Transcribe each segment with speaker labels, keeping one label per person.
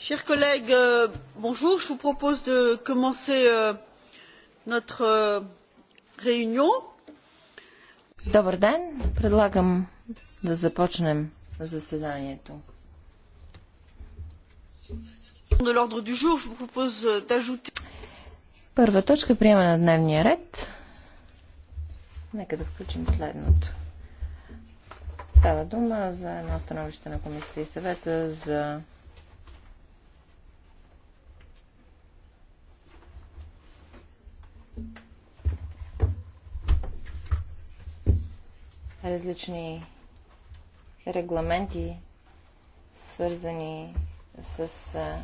Speaker 1: chers collègues euh, je vous propose de commencer euh, notre euh, réunion.
Speaker 2: Добър ден! Предлагам да започнем
Speaker 1: заседанието.
Speaker 2: Първа точка приема на дневния ред.
Speaker 1: Нека да включим
Speaker 2: следното. Става дума за едно становище на комисията и съвета за различни регламенти, свързани с а,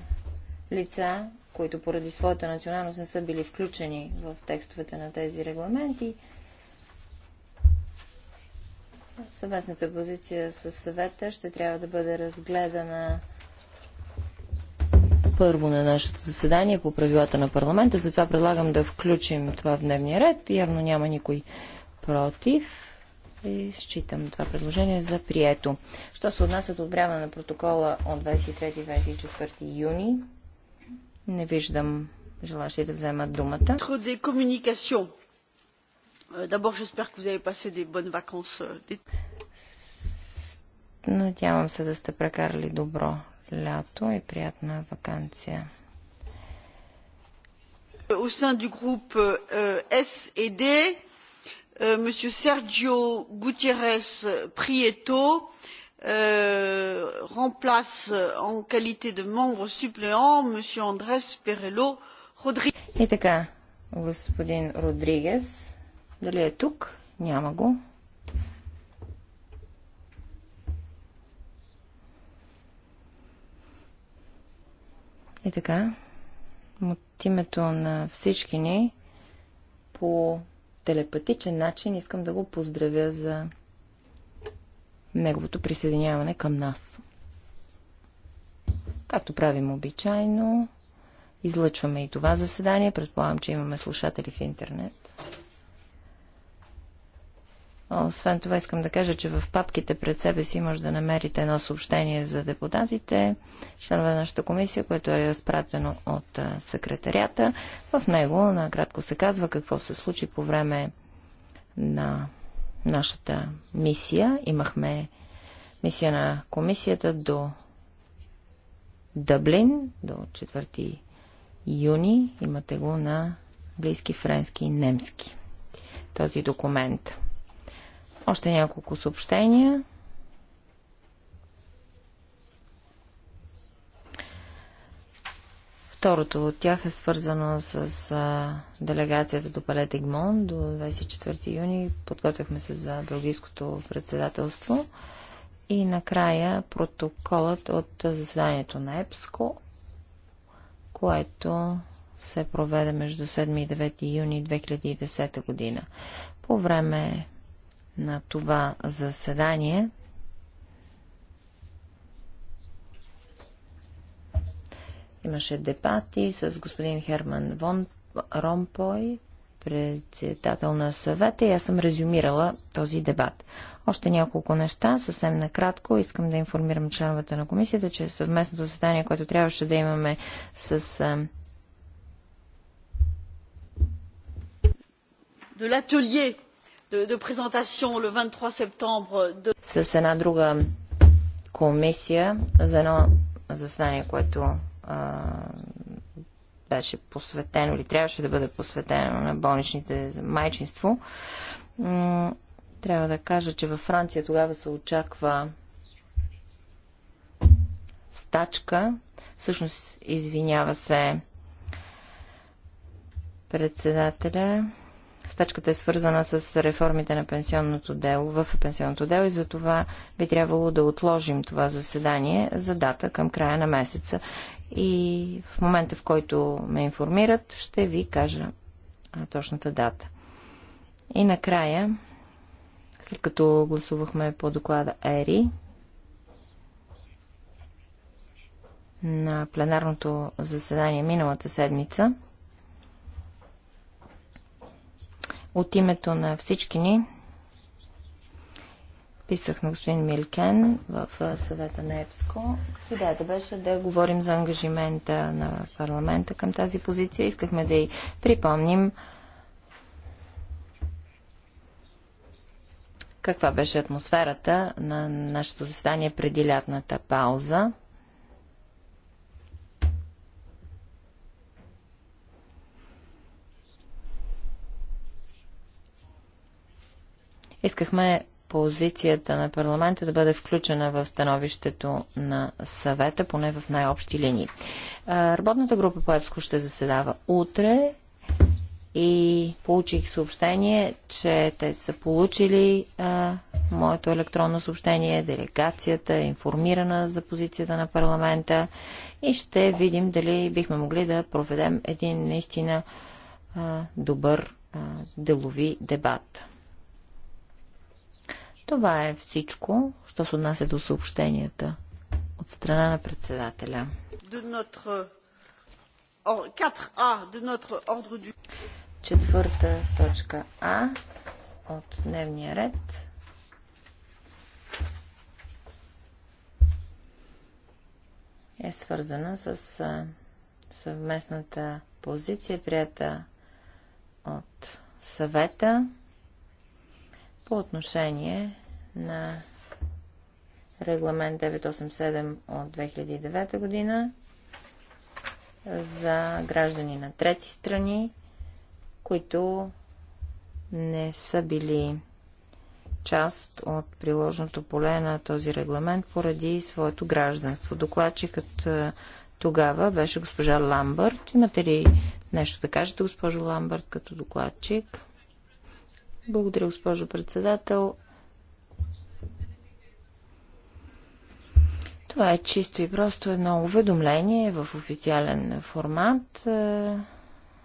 Speaker 2: лица, които поради своята националност не са били включени в текстовете на тези регламенти. Съвместната позиция с съвета ще трябва да бъде разгледана първо на нашето заседание по правилата на парламента, затова предлагам да включим това в дневния ред. Явно няма никой против и считам това предложение за прието. Що се отнася до обряна на протокола от 23-24 юни, не виждам желащи да
Speaker 1: вземат думата. Euh, euh,
Speaker 2: Надявам се да сте прекарали добро лято и приятна вакансия.
Speaker 1: Au sein du groupe euh, S et D, m. sergio gutiérrez prieto remplace en qualité de membre suppléant m. andrés perello rodriguez.
Speaker 2: от името на всички ни по телепатичен начин искам да го поздравя за неговото присъединяване към нас. Както правим обичайно, излъчваме и това заседание. Предполагам, че имаме слушатели в интернет. Освен това искам да кажа, че в папките пред себе си може да намерите едно съобщение за депутатите, членове на нашата комисия, което е разпратено от секретарята. В него накратко се казва какво се случи по време на нашата мисия. Имахме мисия на комисията до Дъблин, до 4 юни. Имате го на близки френски и немски. Този документ. Още няколко съобщения. Второто от тях е свързано с а, делегацията до Палет Егмон до 24 юни. Подготвяхме се за белгийското председателство. И накрая протоколът от заседанието на ЕПСКО, което се проведе между 7 и 9 юни 2010 година. По време на това заседание. Имаше дебати с господин Херман Вон Ромпой, председател на съвета и аз съм резюмирала този дебат. Още няколко неща, съвсем накратко. Искам да информирам членовете на комисията, че съвместното заседание, което трябваше да имаме с
Speaker 1: de l'atelier de présentation le 23 септември.
Speaker 2: С една друга комисия за едно заседание, което а, беше посветено или трябваше да бъде посветено на болничните майчинство. Трябва да кажа, че във Франция тогава се очаква стачка. Всъщност, извинява се председателя. Стачката е свързана с реформите на пенсионното дело, в пенсионното дело и за това би трябвало да отложим това заседание за дата към края на месеца. И в момента, в който ме информират, ще ви кажа точната дата. И накрая, след като гласувахме по доклада ЕРИ, на пленарното заседание миналата седмица, от името на всички ни. Писах на господин Милкен в съвета на ЕПСКО. Идеята беше да говорим за ангажимента на парламента към тази позиция. Искахме да й припомним каква беше атмосферата на нашето застание преди лятната пауза. Искахме позицията на парламента да бъде включена в становището на съвета, поне в най-общи линии. Работната група по ЕПСКО ще заседава утре и получих съобщение, че те са получили а, моето електронно съобщение, делегацията е информирана за позицията на парламента и ще видим дали бихме могли да проведем един наистина а, добър а, делови дебат. Това е всичко, що се отнася до съобщенията от страна на председателя. Четвърта точка А от дневния ред. е свързана с съвместната позиция, прията от съвета по отношение на регламент 987 от 2009 година за граждани на трети страни, които не са били част от приложното поле на този регламент поради своето гражданство. Докладчикът е, тогава беше госпожа Ламбърт. Имате ли нещо да кажете, госпожо Ламбърт, като докладчик? Благодаря, госпожо председател. Това е чисто и просто едно уведомление в официален формат е,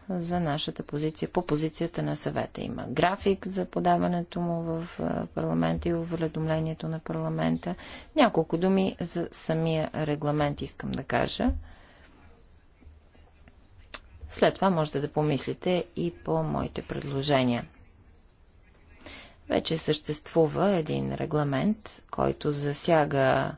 Speaker 2: за нашата позиция. По позицията на съвета има график за подаването му в е, парламента и уведомлението на парламента. Няколко думи за самия регламент искам да кажа. След това можете да помислите и по моите предложения. Вече съществува един регламент, който засяга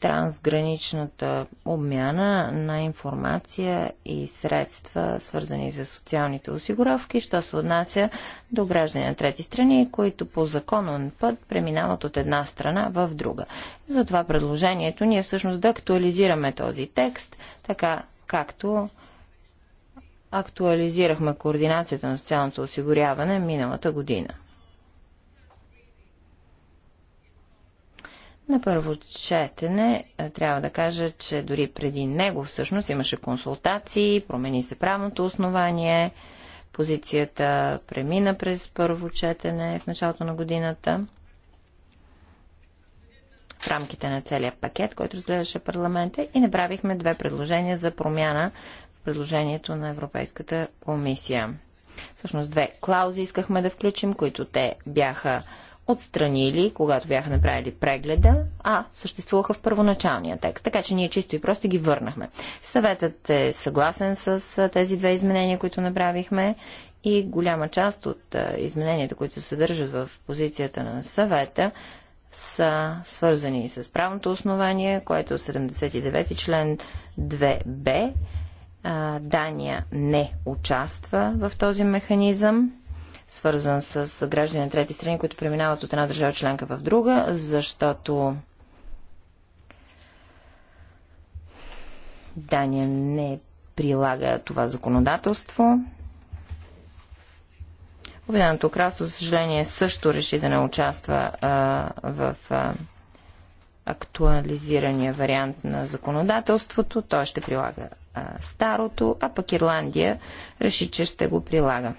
Speaker 2: трансграничната обмяна на информация и средства, свързани с социалните осигуровки, що се отнася до граждани на трети страни, които по законен път преминават от една страна в друга. Затова предложението ни е всъщност да актуализираме този текст, така както актуализирахме координацията на социалното осигуряване миналата година. На първо четене е, трябва да кажа, че дори преди него всъщност имаше консултации, промени се правното основание, позицията премина през първо четене в началото на годината. В рамките на целия пакет, който разгледаше парламента и направихме две предложения за промяна в предложението на Европейската комисия. Всъщност две клаузи искахме да включим, които те бяха отстранили, когато бяха направили прегледа, а съществуваха в първоначалния текст. Така че ние чисто и просто ги върнахме. Съветът е съгласен с тези две изменения, които направихме и голяма част от измененията, които се съдържат в позицията на съвета, са свързани с правното основание, което е 79 член 2б. Дания не участва в този механизъм свързан с граждани на трети страни, които преминават от една държава членка в друга, защото Дания не прилага това законодателство. Обединеното кралство, за съжаление, също реши да не участва а, в а, актуализирания вариант на законодателството. Той ще прилага а, старото, а пък Ирландия реши, че ще го прилага.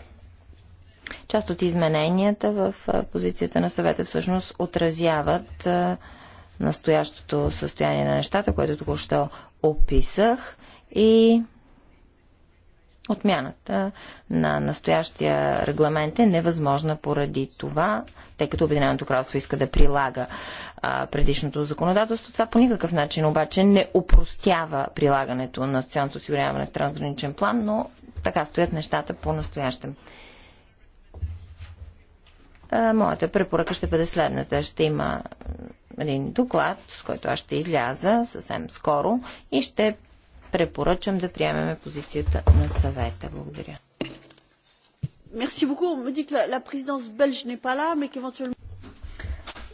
Speaker 2: Част от измененията в позицията на съвета всъщност отразяват настоящото състояние на нещата, което току-що описах и Отмяната на настоящия регламент е невъзможна поради това, тъй като Обединеното кралство иска да прилага а, предишното законодателство. Това по никакъв начин обаче не упростява прилагането на социалното осигуряване в трансграничен план, но така стоят нещата по-настоящем. Моята препоръка ще бъде следната. Ще има един доклад, с който аз ще изляза съвсем скоро и ще препоръчам да приемеме позицията на съвета. Благодаря.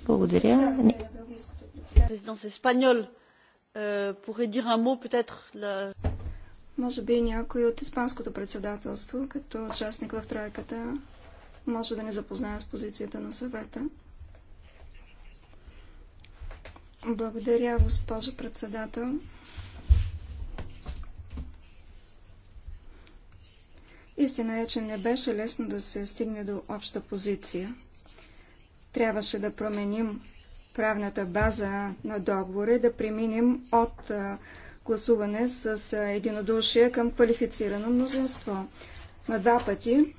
Speaker 2: Благодаря.
Speaker 1: Euh,
Speaker 3: Може би някой от Испанското председателство, като участник в тройката, може да ни запознае с позицията на съвета. Благодаря, госпожо председател. Истина е, че не беше лесно да се стигне до обща позиция. Трябваше да променим правната база на договора и да преминем от гласуване с единодушие към квалифицирано мнозинство. На два пъти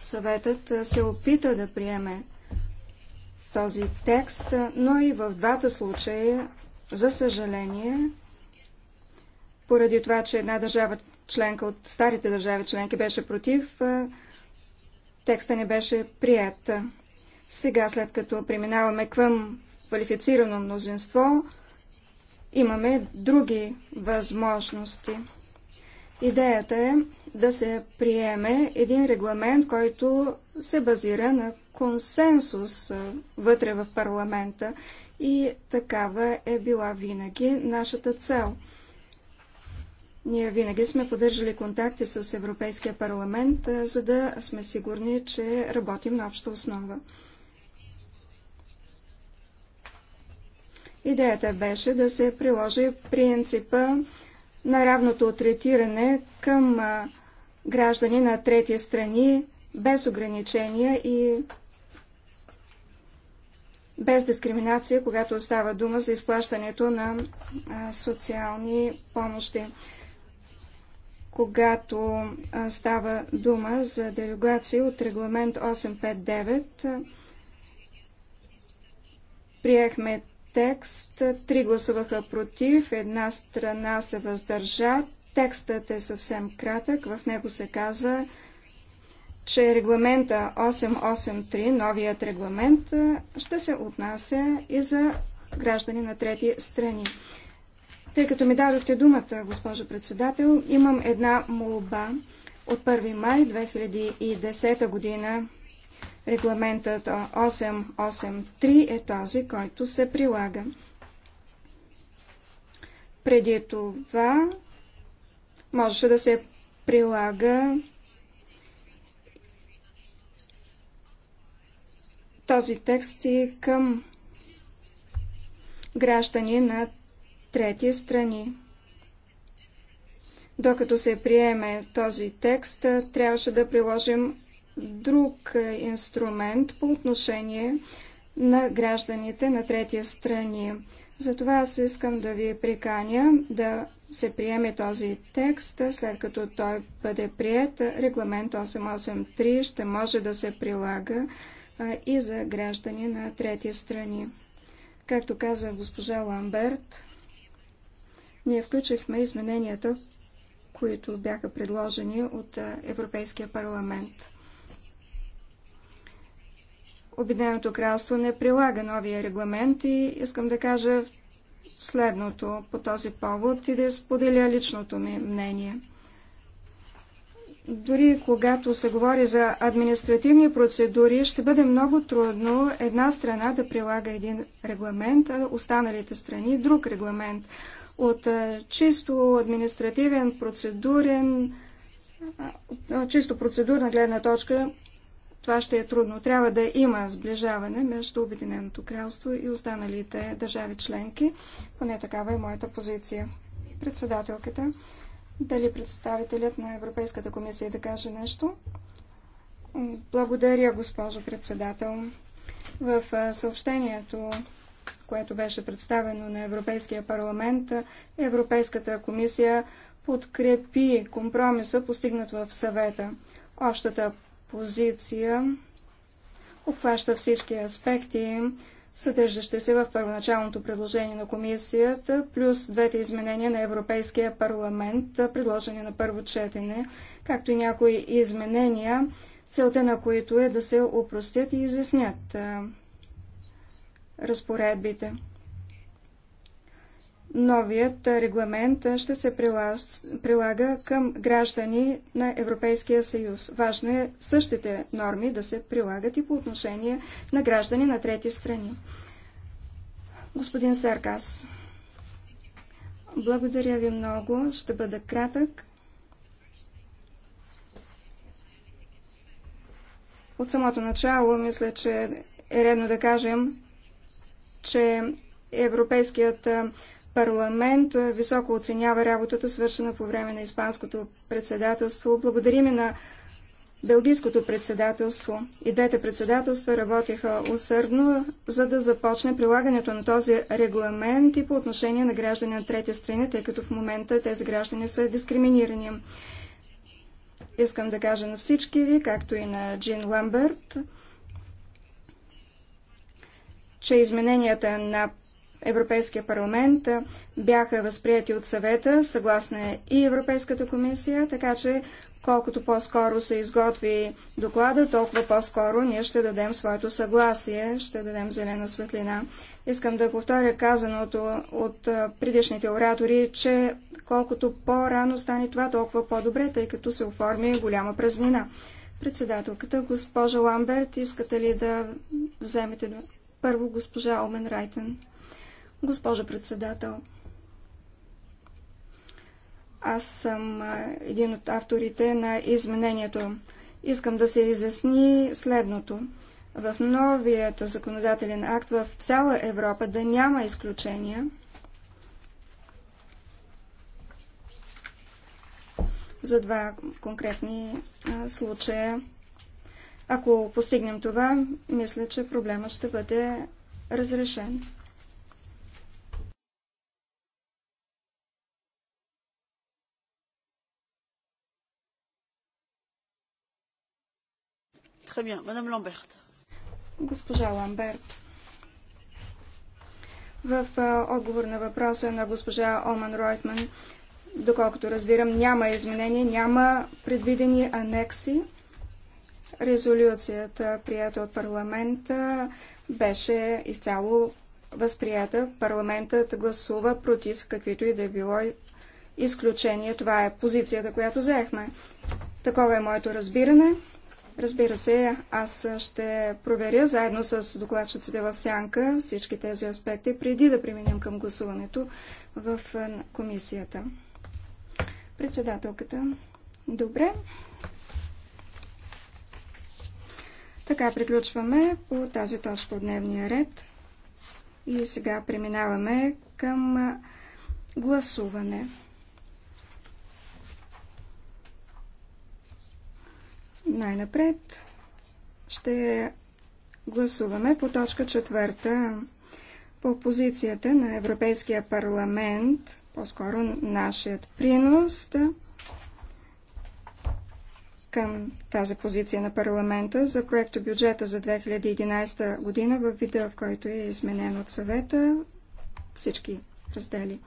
Speaker 3: Съветът се опита да приеме този текст, но и в двата случая, за съжаление, поради това, че една държава членка от старите държави членки беше против, текста не беше прият. Сега, след като преминаваме към квалифицирано мнозинство, имаме други възможности. Идеята е да се приеме един регламент, който се базира на консенсус вътре в парламента и такава е била винаги нашата цел. Ние винаги сме поддържали контакти с Европейския парламент, за да сме сигурни, че работим на обща основа. Идеята беше да се приложи принципа на равното третиране към граждани на трети страни без ограничения и без дискриминация, когато става дума за изплащането на социални помощи. Когато става дума за делегация от регламент 859, приехме текст. Три гласуваха против, една страна се въздържа. Текстът е съвсем кратък. В него се казва, че регламента 883, новият регламент, ще се отнася и за граждани на трети страни. Тъй като ми дадохте думата, госпожо председател, имам една молба. От 1 май 2010 година Регламентът 883 е този, който се прилага. Преди това можеше да се прилага този текст и към граждани на трети страни. Докато се приеме този текст, трябваше да приложим друг е, инструмент по отношение на гражданите на третия страни. Затова аз искам да ви приканя да се приеме този текст, след като той бъде прият. Регламент 883 ще може да се прилага и за граждани на трети страни. Както каза госпожа Ламберт, ние включихме измененията, които бяха предложени от Европейския парламент. Обединеното кралство не прилага новия регламент и искам да кажа следното по този повод и да споделя личното ми мнение. Дори когато се говори за административни процедури, ще бъде много трудно една страна да прилага един регламент, а останалите страни друг регламент. От чисто административен, процедурен, чисто процедурна гледна точка това ще е трудно. Трябва да има сближаване между Обединеното кралство и останалите държави членки. Поне такава е моята позиция. Председателката, дали представителят на Европейската комисия е да каже нещо? Благодаря, госпожо председател. В съобщението, което беше представено на Европейския парламент, Европейската комисия подкрепи компромиса, постигнат в съвета. Общата позиция обхваща всички аспекти, съдържащи се в първоначалното предложение на комисията, плюс двете изменения на Европейския парламент, предложени на първо четене, както и някои изменения, целта на които е да се упростят и изяснят разпоредбите. Новият регламент ще се прилага към граждани на Европейския съюз. Важно е същите норми да се прилагат и по отношение на граждани на трети страни. Господин Саркас. благодаря ви много. Ще бъда кратък. От самото начало мисля, че е редно да кажем, че Европейският парламент е, високо оценява работата, свършена по време на Испанското председателство. Благодариме на Белгийското председателство. И двете председателства работиха усърдно, за да започне прилагането на този регламент и по отношение на граждани на трети страни, тъй като в момента тези граждани са дискриминирани. Искам да кажа на всички ви, както и на Джин Ламберт, че измененията на Европейския парламент бяха възприяти от съвета, съгласна е и Европейската комисия, така че колкото по-скоро се изготви доклада, толкова по-скоро ние ще дадем своето съгласие, ще дадем зелена светлина. Искам да повторя казаното от предишните оратори, че колкото по-рано стане това, толкова по-добре, тъй като се оформи голяма празнина. Председателката, госпожа Ламберт, искате ли да вземете първо госпожа Омен Райтен? Госпожа председател, аз съм един от авторите на изменението. Искам да се изясни следното. В новият законодателен акт в цяла Европа да няма изключения. за два конкретни случая. Ако постигнем това, мисля, че проблема ще бъде разрешен.
Speaker 1: Très bien. Madame Ламберт.
Speaker 3: Госпожа Ламберт. В отговор на въпроса на госпожа Оман Ройтман, доколкото разбирам, няма изменения, няма предвидени анекси. Резолюцията, прията от парламента, беше изцяло възприята. Парламентът гласува против каквито и да е било изключение. Това е позицията, която заехме. Такова е моето разбиране. Разбира се, аз ще проверя заедно с докладчиците в сянка всички тези аспекти, преди да преминем към гласуването в е, комисията. Председателката. Добре. Така приключваме по тази точка от дневния ред. И сега преминаваме към е, гласуване. Най-напред ще гласуваме по точка четвърта по позицията на Европейския парламент, по-скоро нашият принос да към тази позиция на парламента за проекто бюджета за 2011 година в вида, в който е изменен от съвета всички раздели.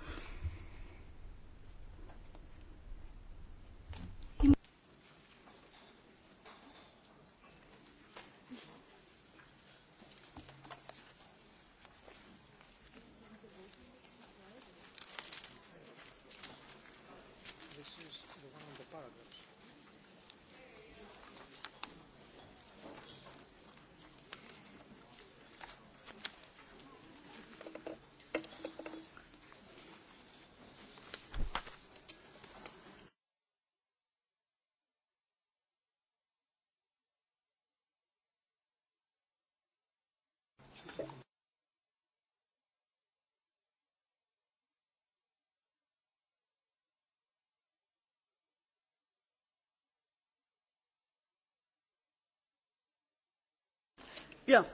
Speaker 1: Bien.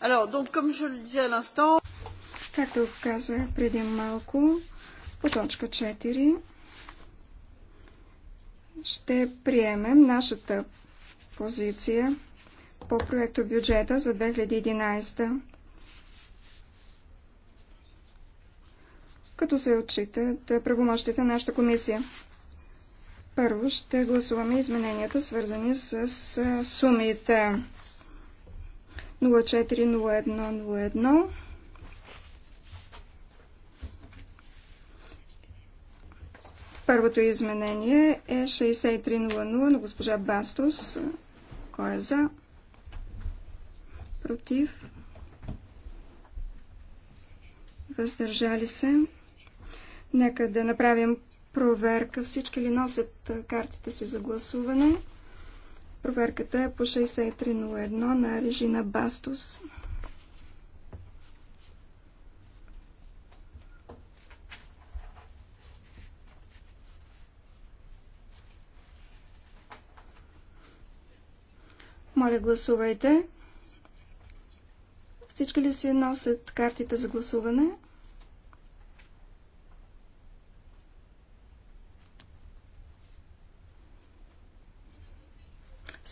Speaker 1: Alors, donc, comme je le disais à l'instant...
Speaker 3: Както каза преди малко, по точка 4 ще приемем нашата позиция по проекто бюджета за 2011 като се отчитат правомощите на нашата комисия. Първо ще гласуваме измененията, свързани с сумите. 040101. Първото изменение е 6300 на госпожа Бастус. Кой е за? Против? Въздържали се? Нека да направим проверка. Всички ли носят картите си за гласуване? Проверката е по 6301 на Режина Бастус. Моля, гласувайте. Всички ли си носят картите за гласуване?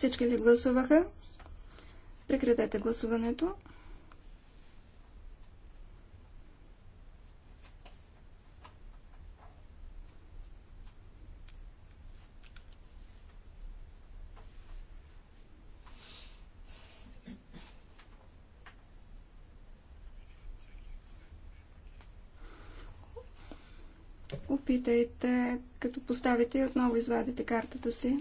Speaker 3: Всички ли гласуваха? Прекратете гласуването. Опитайте, като поставите и отново извадите картата си.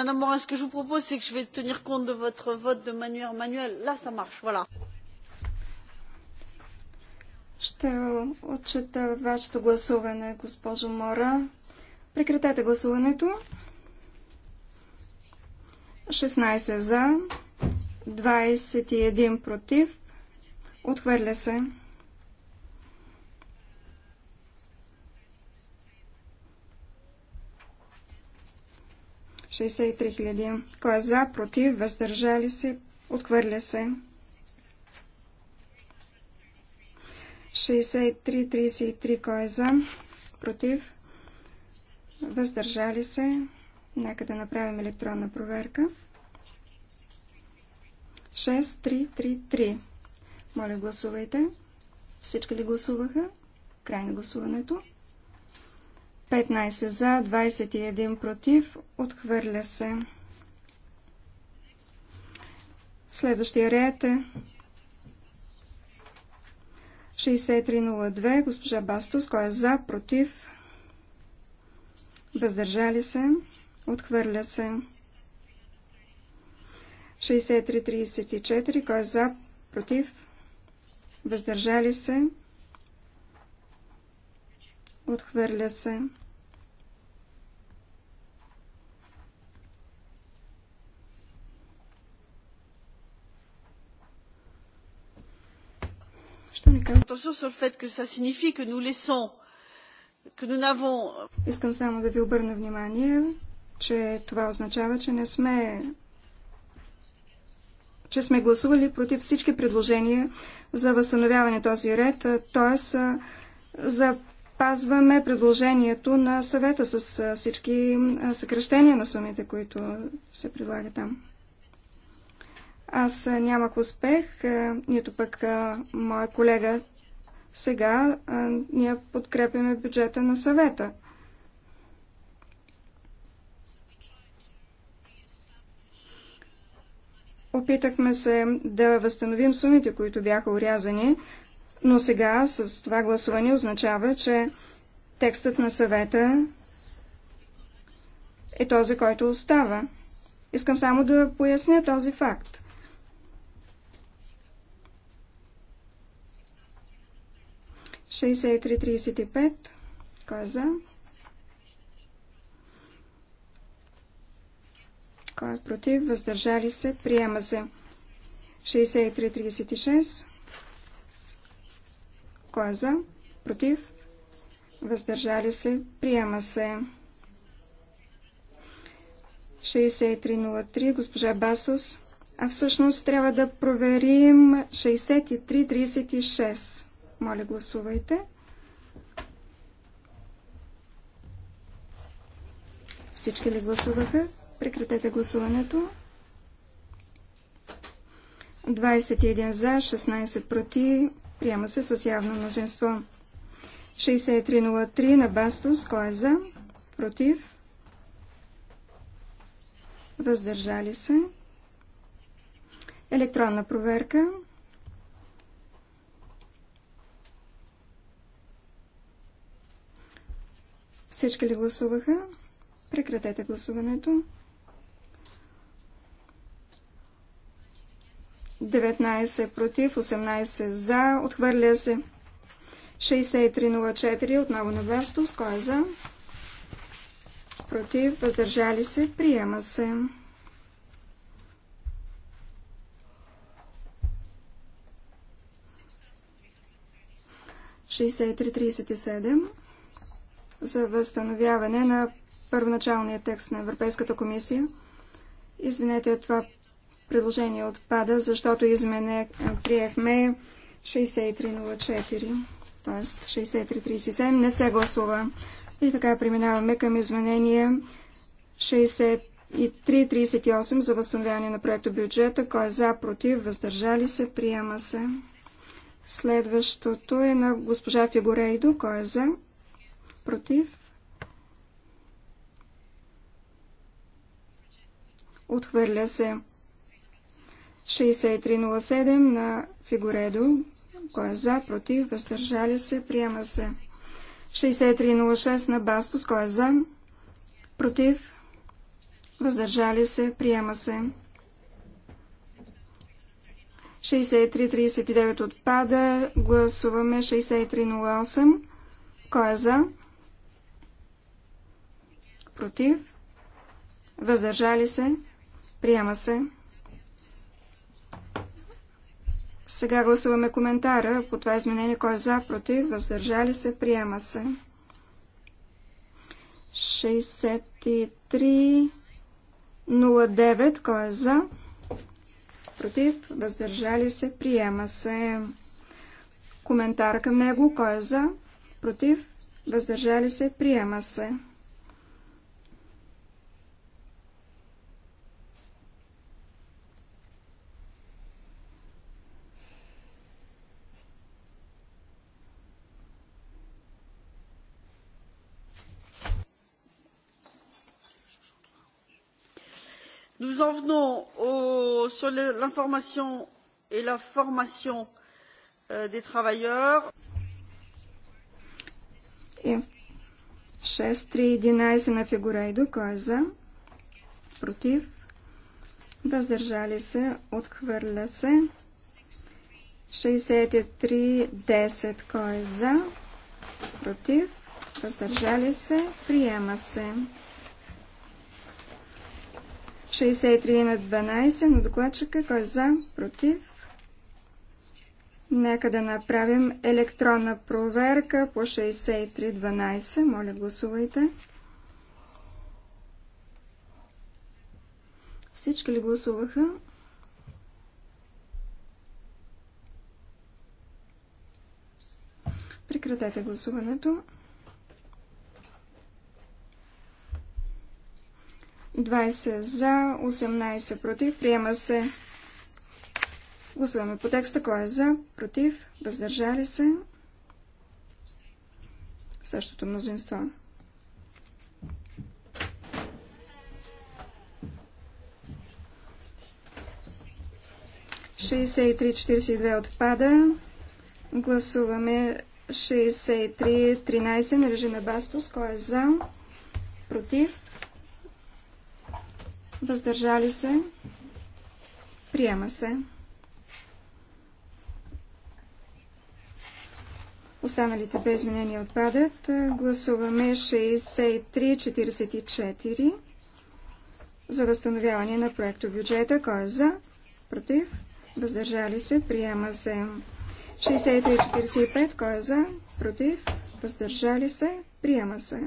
Speaker 1: madame morin ce que je vous propose c'est que je vais tenir compte de votre vote de manière manuelle là ça marche voilà.
Speaker 3: Ще отчета вашето гласуване, госпожо Мора. Прекратете гласуването. 16 за, 21 против. Отхвърля се. 63 хиляди. Кой е за, против, въздържали се, отхвърля се. 63-33, кой е за, против, въздържали се. Нека да направим електронна проверка. 6333. Моля, гласувайте. Всички ли гласуваха? Край на гласуването. 15 за, 21 против, отхвърля се. Следващия ред е 6302, госпожа Бастус, кой е за, против, въздържали се, отхвърля се. 6334, кой е за, против, въздържали се, Отхвърля се.
Speaker 1: Attention sur le fait que ça signifie que nous
Speaker 3: laissons, que nous n'avons. Искам само да ви обърна внимание, че това означава, че не сме че сме гласували против всички предложения за възстановяване този ред, т.е. за спазваме предложението на съвета с всички съкръщения на сумите, които се предлагат там. Аз нямах успех, нито пък моя колега. Сега ние подкрепяме бюджета на съвета. Опитахме се да възстановим сумите, които бяха урязани, но сега с това гласуване означава, че текстът на съвета е този, който остава. Искам само да поясня този факт. Шестдесет Кой е за? Кой е против? Въздържали се? Приема се. 6336. Кой е за? Против? Въздържали се? Приема се. 6303, госпожа Басос. А всъщност трябва да проверим 6336. Моля, гласувайте. Всички ли гласуваха? Прекратете гласуването. 21 за, 16 против, Приема се с явно мнозинство. 6303 на Бастус. Кой е за? Против? Въздържали се. Електронна проверка. Всички ли гласуваха? Прекратете гласуването. 19 против, 18 за, отхвърля се 6304, отново на с кой е за? Против, въздържали се, приема се. 6337 за възстановяване на първоначалния текст на Европейската комисия. Извинете, това Предложение отпада, защото измене приехме 6304, т.е. 6337 не се гласува. И така преминаваме към изменение 6338 за възстановяване на проекта бюджета. Кой е за, против, въздържали се, приема се. Следващото е на госпожа Фигурейдо. Кой е за, против, отхвърля се. 6307 на Фигуредо. Кой е за, против, въздържали се, приема се. 6306 на Бастос. Кой е за, против, въздържали се, приема се. 6339 отпада. Гласуваме 6308. Кой е за? Против? Въздържали се? Приема се. Сега гласуваме коментара по това изменение. Кой е за, против, въздържали се, приема се. 6309. Кой е за? Против, въздържали се, приема се. Коментар към него. Кой е за? Против, въздържали се, приема се.
Speaker 1: nous en venons sur l'information et la formation euh, des travailleurs.
Speaker 3: 6.3.11 на Фигурайдо. Кой е за? Против? Въздържали се? Отхвърля се. 63.10. Кой е за? Против? Въздържали се? Приема се. 63 на 12 но докладчика. Кой е за? Против? Нека да направим електронна проверка по 63-12. Моля, гласувайте. Всички ли гласуваха? Прекратете гласуването. 20 за, 18 против. Приема се. Гласуваме по текста. Кой е за? Против? Въздържали се? Същото мнозинство. Шестдесет и отпада. Гласуваме 63-13 на режим на Бастус. Кой е за? Против? въздържали се, приема се. Останалите без изменения отпадат. Гласуваме 63-44 за възстановяване на проекто бюджета. Кой е за? Против? Въздържали се? Приема се. 63-45. Кой е за? Против? Въздържали се? Приема се.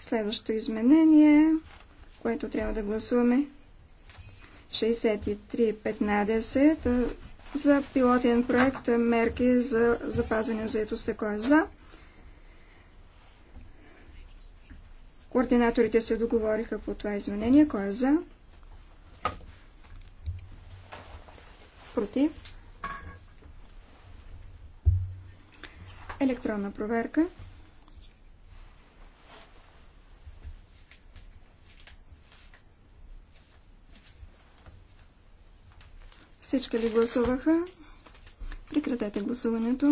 Speaker 3: Следващото изменение което трябва да гласуваме. 63.15 за пилотен проект мерки за запазване на заедостта, Кой е за? Координаторите се договориха по това изменение. Кой е за? Против? Електронна проверка. Всички ли гласуваха? Прекратете гласуването.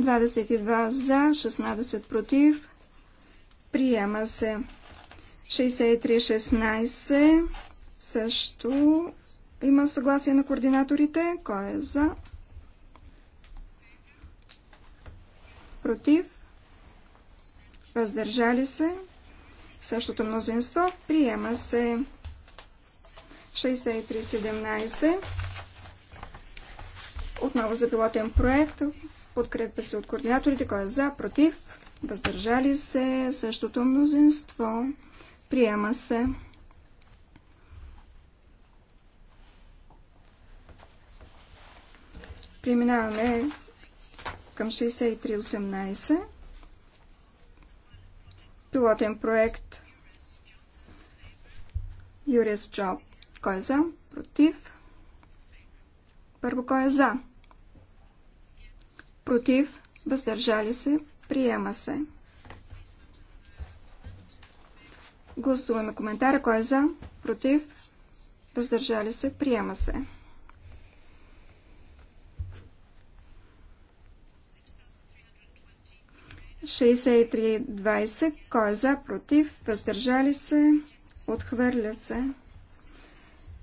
Speaker 3: 22 за, 16 против. Приема се. 63-16 също има съгласие на координаторите. Кой е за? Против? Въздържали се? Същото мнозинство. Приема се. 63-17. Отново за пилотен проект. Подкрепя се от координаторите. Кой е за, против? Въздържали се. Същото мнозинство. Приема се. Преминаваме към 6318. Пилотен проект Юрис Джоб. Кой е за? Против? Първо, кой е за? Против? Въздържали се? Приема се. Гласуваме коментара. Кой е за? Против? Въздържали се? Приема се. 63-20. Кой е за? Против? Въздържали се? Отхвърля се.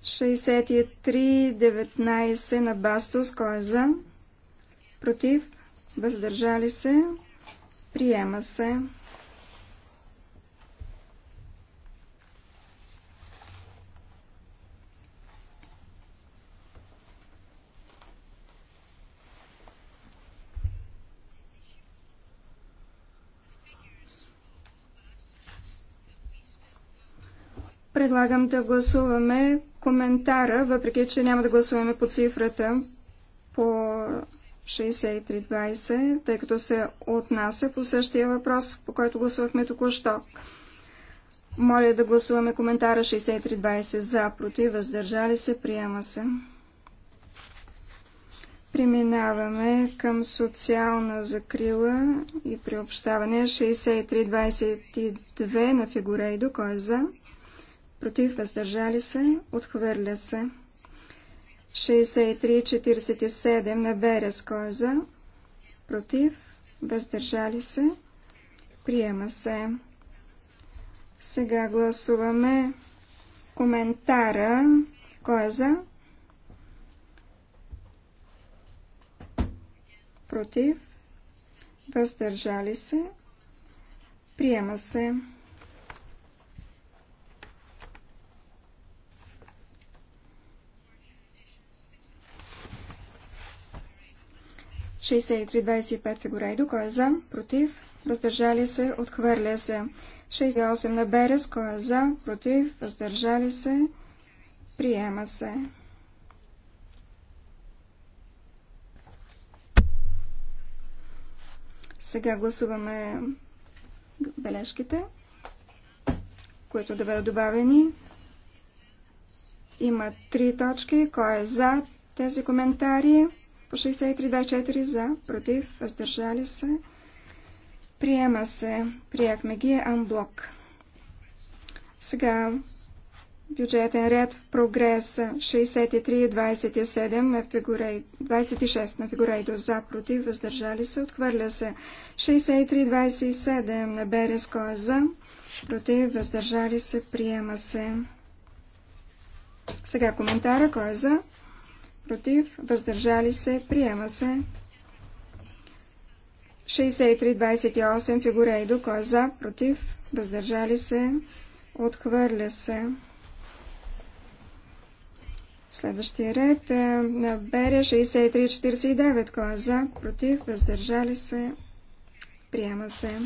Speaker 3: 63-19 на Бастос. Кой е за? Против? Въздържали се? Приема се. Предлагам да гласуваме коментара, въпреки че няма да гласуваме по цифрата по 6320, тъй като се отнася по същия въпрос, по който гласувахме току-що. Моля да гласуваме коментара 6320 за, против, въздържали се, приема се. Преминаваме към социална закрила и приобщаване 6322 на фигурейдо, кой е за, против, въздържали се, отхвърля се. 63-47 на Берез, кой е за, против, въздържали се, приема се. Сега гласуваме коментара, кой е за, против, въздържали се, приема се. 63-25 Фигурейдо, кой е за, против, въздържали се, отхвърля се. 68 на Берес, кой е за, против, въздържали се, приема се. Сега гласуваме бележките, които да бъдат добавени. Има три точки. Кой е за тези коментари? По 63-24 за, против, въздържали се. Приема се. Приехме ги анблок. Сега бюджетен ред в прогрес 63-27 на фигура 26 на за, против, въздържали се, отхвърля се 63-27 на Береско е за, против, въздържали се, приема се. Сега коментара, кой е за? против, въздържали се, приема се. 63-28 фигурейдо, кой е за, против, въздържали се, отхвърля се. Следващия ред е на Берия 63-49, кой е за, против, въздържали се, приема се.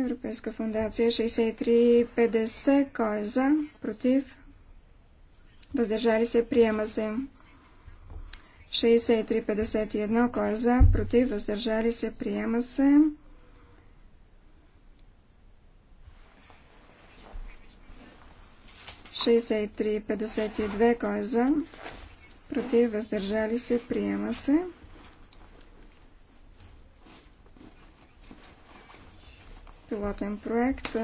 Speaker 3: Европейска фундация 63-50, кой е за, против, въздържали се, приема се. 6351, кой е за, против, въздържали се, приема се. Шестдесет кой е за, против, въздържали се, приема се. пилотен проект.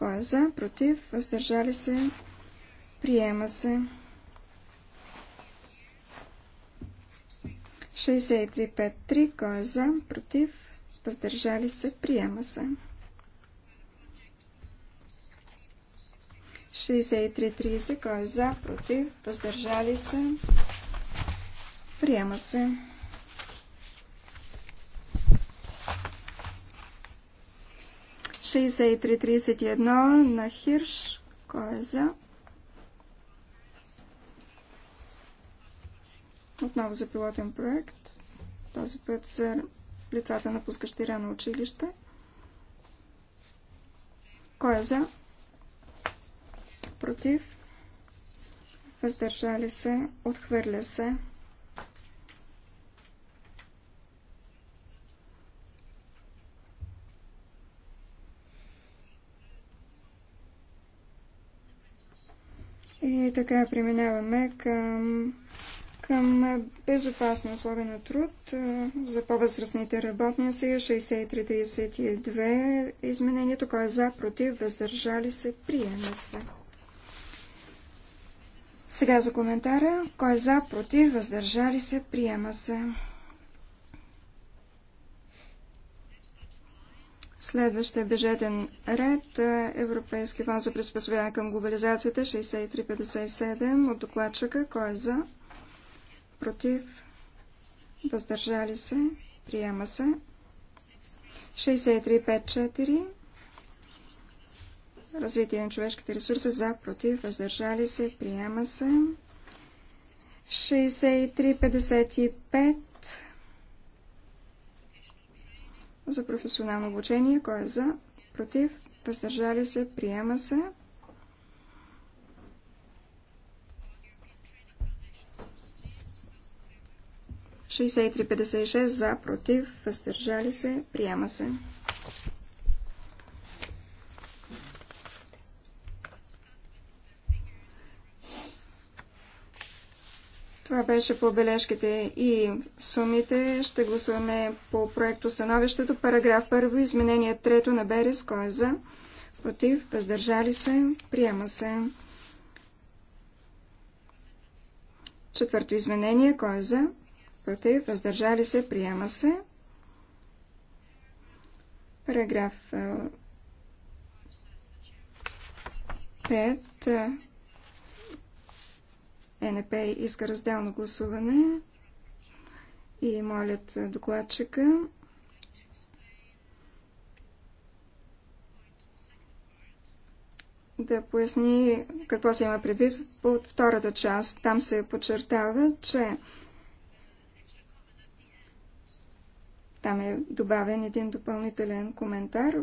Speaker 3: Кой е за? Против? Въздържали се? Приема се. 6353. Кой е за? Против? Въздържали се? Приема се. 6330. Кой е за? Против? Въздържали се? Приема се. 6331 на Хирш. Кой е за? Отново за пилотен проект. Този път за лицата пускащи рано училище. Кой е за? Против? Въздържали се? Отхвърля се? И така преминаваме към, към безопасно условие на труд за по-възрастните работници. 6332 изменението, кой е за, против, въздържали се, приема се. Сега за коментара. Кой е за, против, въздържали се, приема се. Следващия бюджетен ред е, Европейски фонд за приспособяване към глобализацията 6357 от докладчика. Кой е за? Против? Въздържали се? Приема се. 6354 Развитие на човешките ресурси за, против, въздържали се, приема се. 6355 за професионално обучение. Кой е за? Против? Въздържали се? Приема се. Шестдесет за, против, въздържали се, приема се. Това беше по бележките и сумите. Ще гласуваме по проекто становището. Параграф 1. Изменение 3 на Берес. Кой е за? Против? Въздържали се? Приема се. Четвърто изменение. Кой е за? Против? Въздържали се? Приема се. Параграф 5. НП иска разделно гласуване и молят докладчика да поясни какво се има предвид от втората част. Там се подчертава, че там е добавен един допълнителен коментар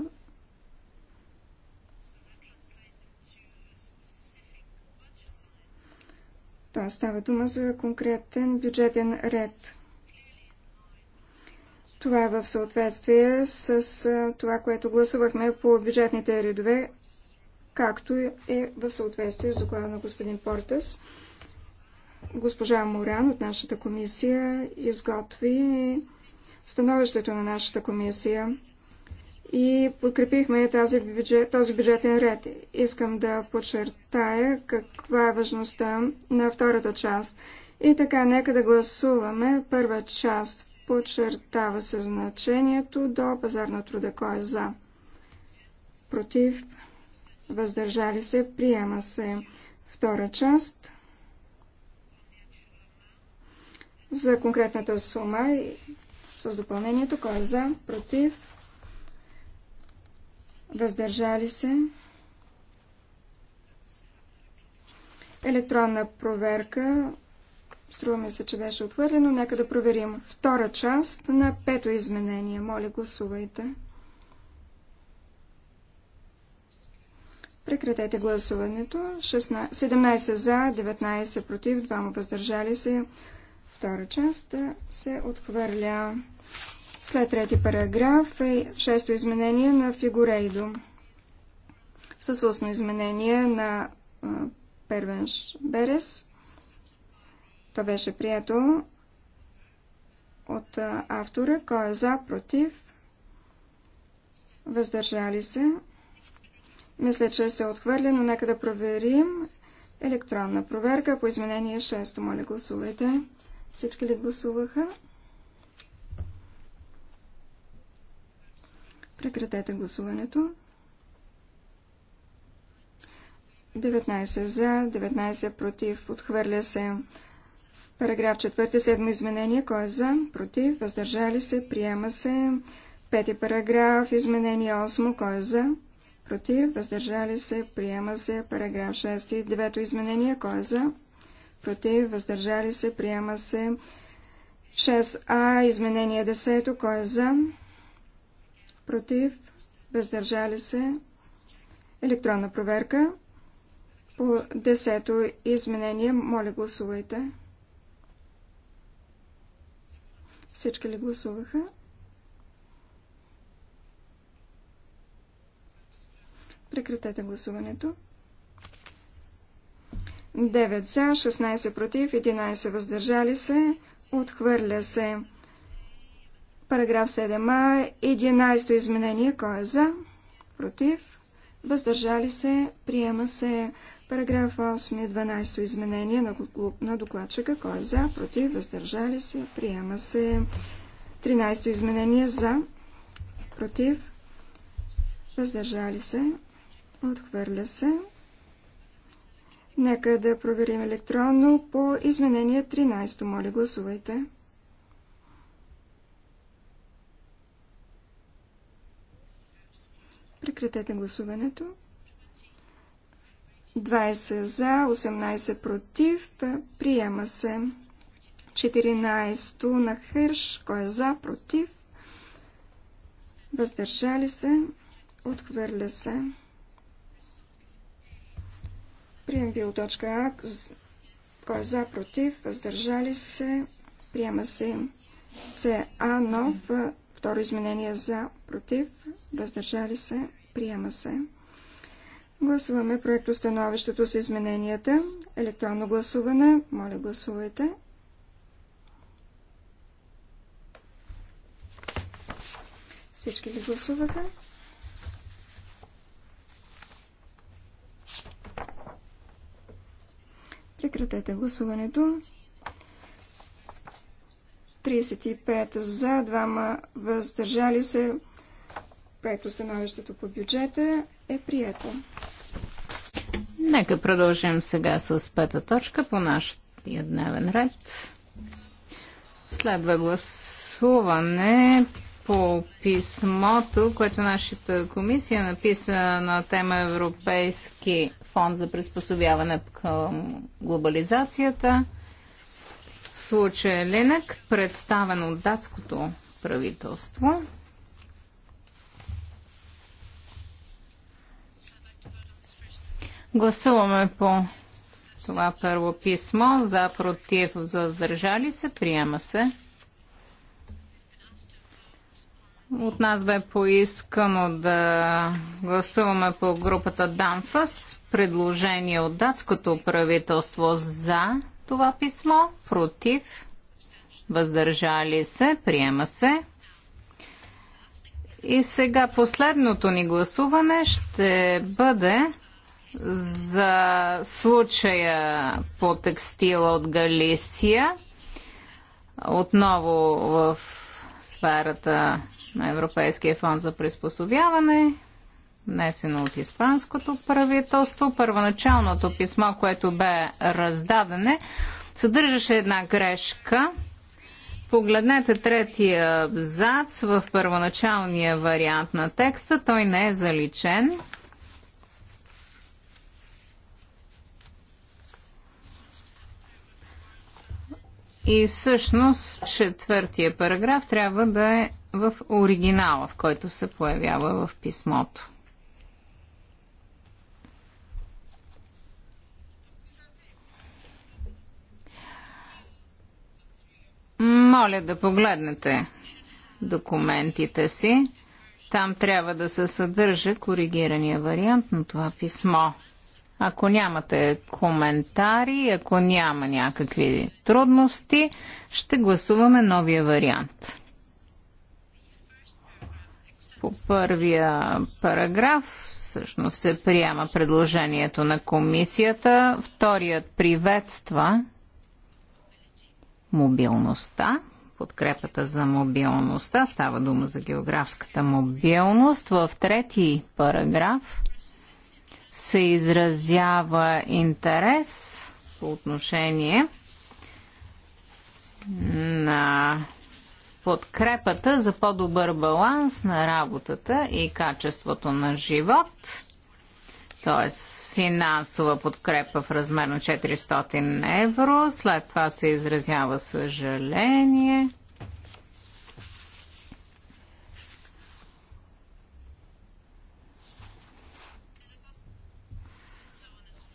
Speaker 3: То става дума за конкретен бюджетен ред. Това е в съответствие с това, което гласувахме по бюджетните редове, както е в съответствие с доклада на господин Портас. Госпожа Моран от нашата комисия изготви становището на нашата комисия и подкрепихме тази бюджет, този бюджетен ред. Искам да подчертая каква е важността на втората част. И така, нека да гласуваме първа част. Подчертава се значението до пазар на труда. Кой е за? Против? Въздържали се? Приема се. Втора част. За конкретната сума и с допълнението. Кой е за? Против? въздържали се. Електронна проверка. Струва ми се, че беше отвърлено. Нека да проверим втора част на пето изменение. Моля, гласувайте. Прекратете гласуването. 16, 17 за, 19 против, 2 въздържали се. Втора част се отхвърля. След трети параграф е шесто изменение на Фигурейдо. С устно изменение на Первенш Берес. То беше прието от автора. Кой е за, против? Въздържали се. Мисля, че се отхвърля, но нека да проверим. Електронна проверка по изменение 6. Моля, гласувайте. Всички ли гласуваха? Прекратете гласуването. 19 за, 19 против. Отхвърля се. Параграф 4, седмо изменение. Кой е за? Против. Въздържали се. Приема се. Пети параграф, изменение 8. Кой е за? Против. Въздържали се. Приема се. Параграф 6. Девето изменение. Кой е за? Против. Въздържали се. Приема се. 6а. Изменение 10. Кой е за? против, въздържали се, електронна проверка. По десето изменение, моля гласувайте. Всички ли гласуваха? Прекратете гласуването. 9 за, 16 против, 11 въздържали се, отхвърля се. Параграф 7а, 11 изменение. Кой е за? Против? Въздържали се? Приема се. Параграф 8, 12 изменение на, на докладчика. Кой е за? Против? Въздържали се? Приема се. 13 изменение за? Против? Въздържали се? Отхвърля се. Нека да проверим електронно по изменение 13. Моля, гласувайте. Прекратете гласуването. 20 за, 18 против. Приема се. 14 на Хърш. Кой е за, против? Въздържали се. Отхвърля се. Прием бил точка А. Кой е за, против? Въздържали се. Приема се. ЦА нов Второ изменение за, против, въздържали се, приема се. Гласуваме проекто становището с измененията. Електронно гласуване. Моля, гласувайте. Всички ли гласуваха? Прекратете гласуването. 35 за, 2 въздържали се. Проекто становището по бюджета е прието.
Speaker 4: Нека продължим сега с пета точка по нашия дневен ред. Следва гласуване по писмото, което нашата комисия написа на тема Европейски фонд за приспособяване към глобализацията случая е Ленък, представен от датското правителство. Гласуваме по това първо писмо. За, против, задържали се. Приема се. От нас бе поискано да гласуваме по групата Данфас. Предложение от датското правителство за това писмо, против, въздържали се, приема се. И сега последното ни гласуване ще бъде за случая по текстила от Галисия, отново в сферата на Европейския фонд за приспособяване внесено от Испанското правителство. Първоначалното писмо, което бе раздадене, съдържаше една грешка. Погледнете третия абзац в първоначалния вариант на текста. Той не е заличен. И всъщност четвъртия параграф трябва да е в оригинала, в който се появява в писмото. Моля да погледнете документите си. Там трябва да се съдържа коригирания вариант на това писмо. Ако нямате коментари, ако няма някакви трудности, ще гласуваме новия вариант. По първия параграф всъщност се приема предложението на комисията. Вторият приветства мобилността, подкрепата за мобилността. Става дума за географската мобилност. В трети параграф се изразява интерес по отношение на подкрепата за по-добър баланс на работата и качеството на живот, т.е финансова подкрепа в размер на 400 евро. След това се изразява съжаление.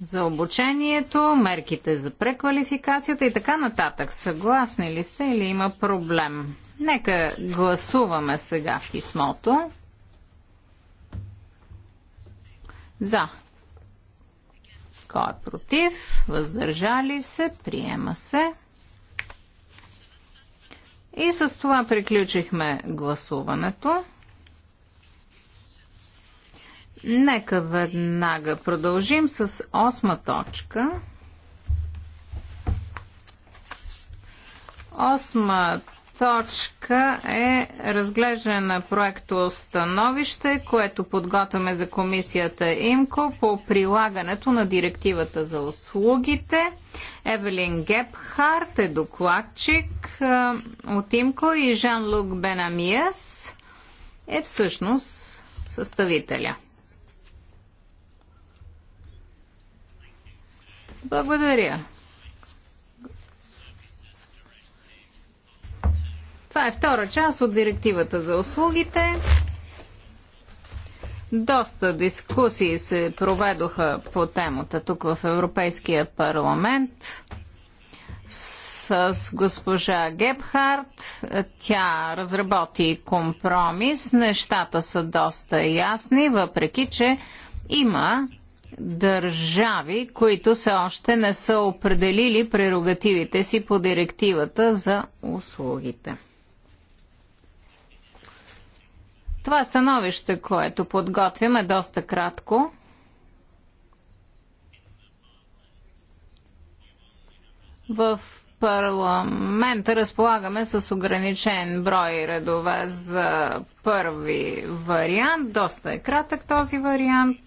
Speaker 4: за обучението, мерките за преквалификацията и така нататък. Съгласни ли сте или има проблем? Нека гласуваме сега в писмото. За кой е против? Въздържали се? Приема се. И с това приключихме гласуването. Нека веднага продължим с осма точка. Осма точка е разглеждане на проекто становище, което подготвяме за комисията ИМКО по прилагането на директивата за услугите. Евелин Гепхарт е докладчик е, от ИМКО и Жан-Лук Бенамиес е всъщност съставителя. Благодаря. Това е втора част от директивата за услугите. Доста дискусии се проведоха по темата тук в Европейския парламент с госпожа Гебхарт. Тя разработи компромис. Нещата са доста ясни, въпреки че има държави, които все още не са определили прерогативите си по директивата за услугите. Това становище, което подготвим, е доста кратко. В парламента разполагаме с ограничен брой редове за първи вариант. Доста е кратък този вариант.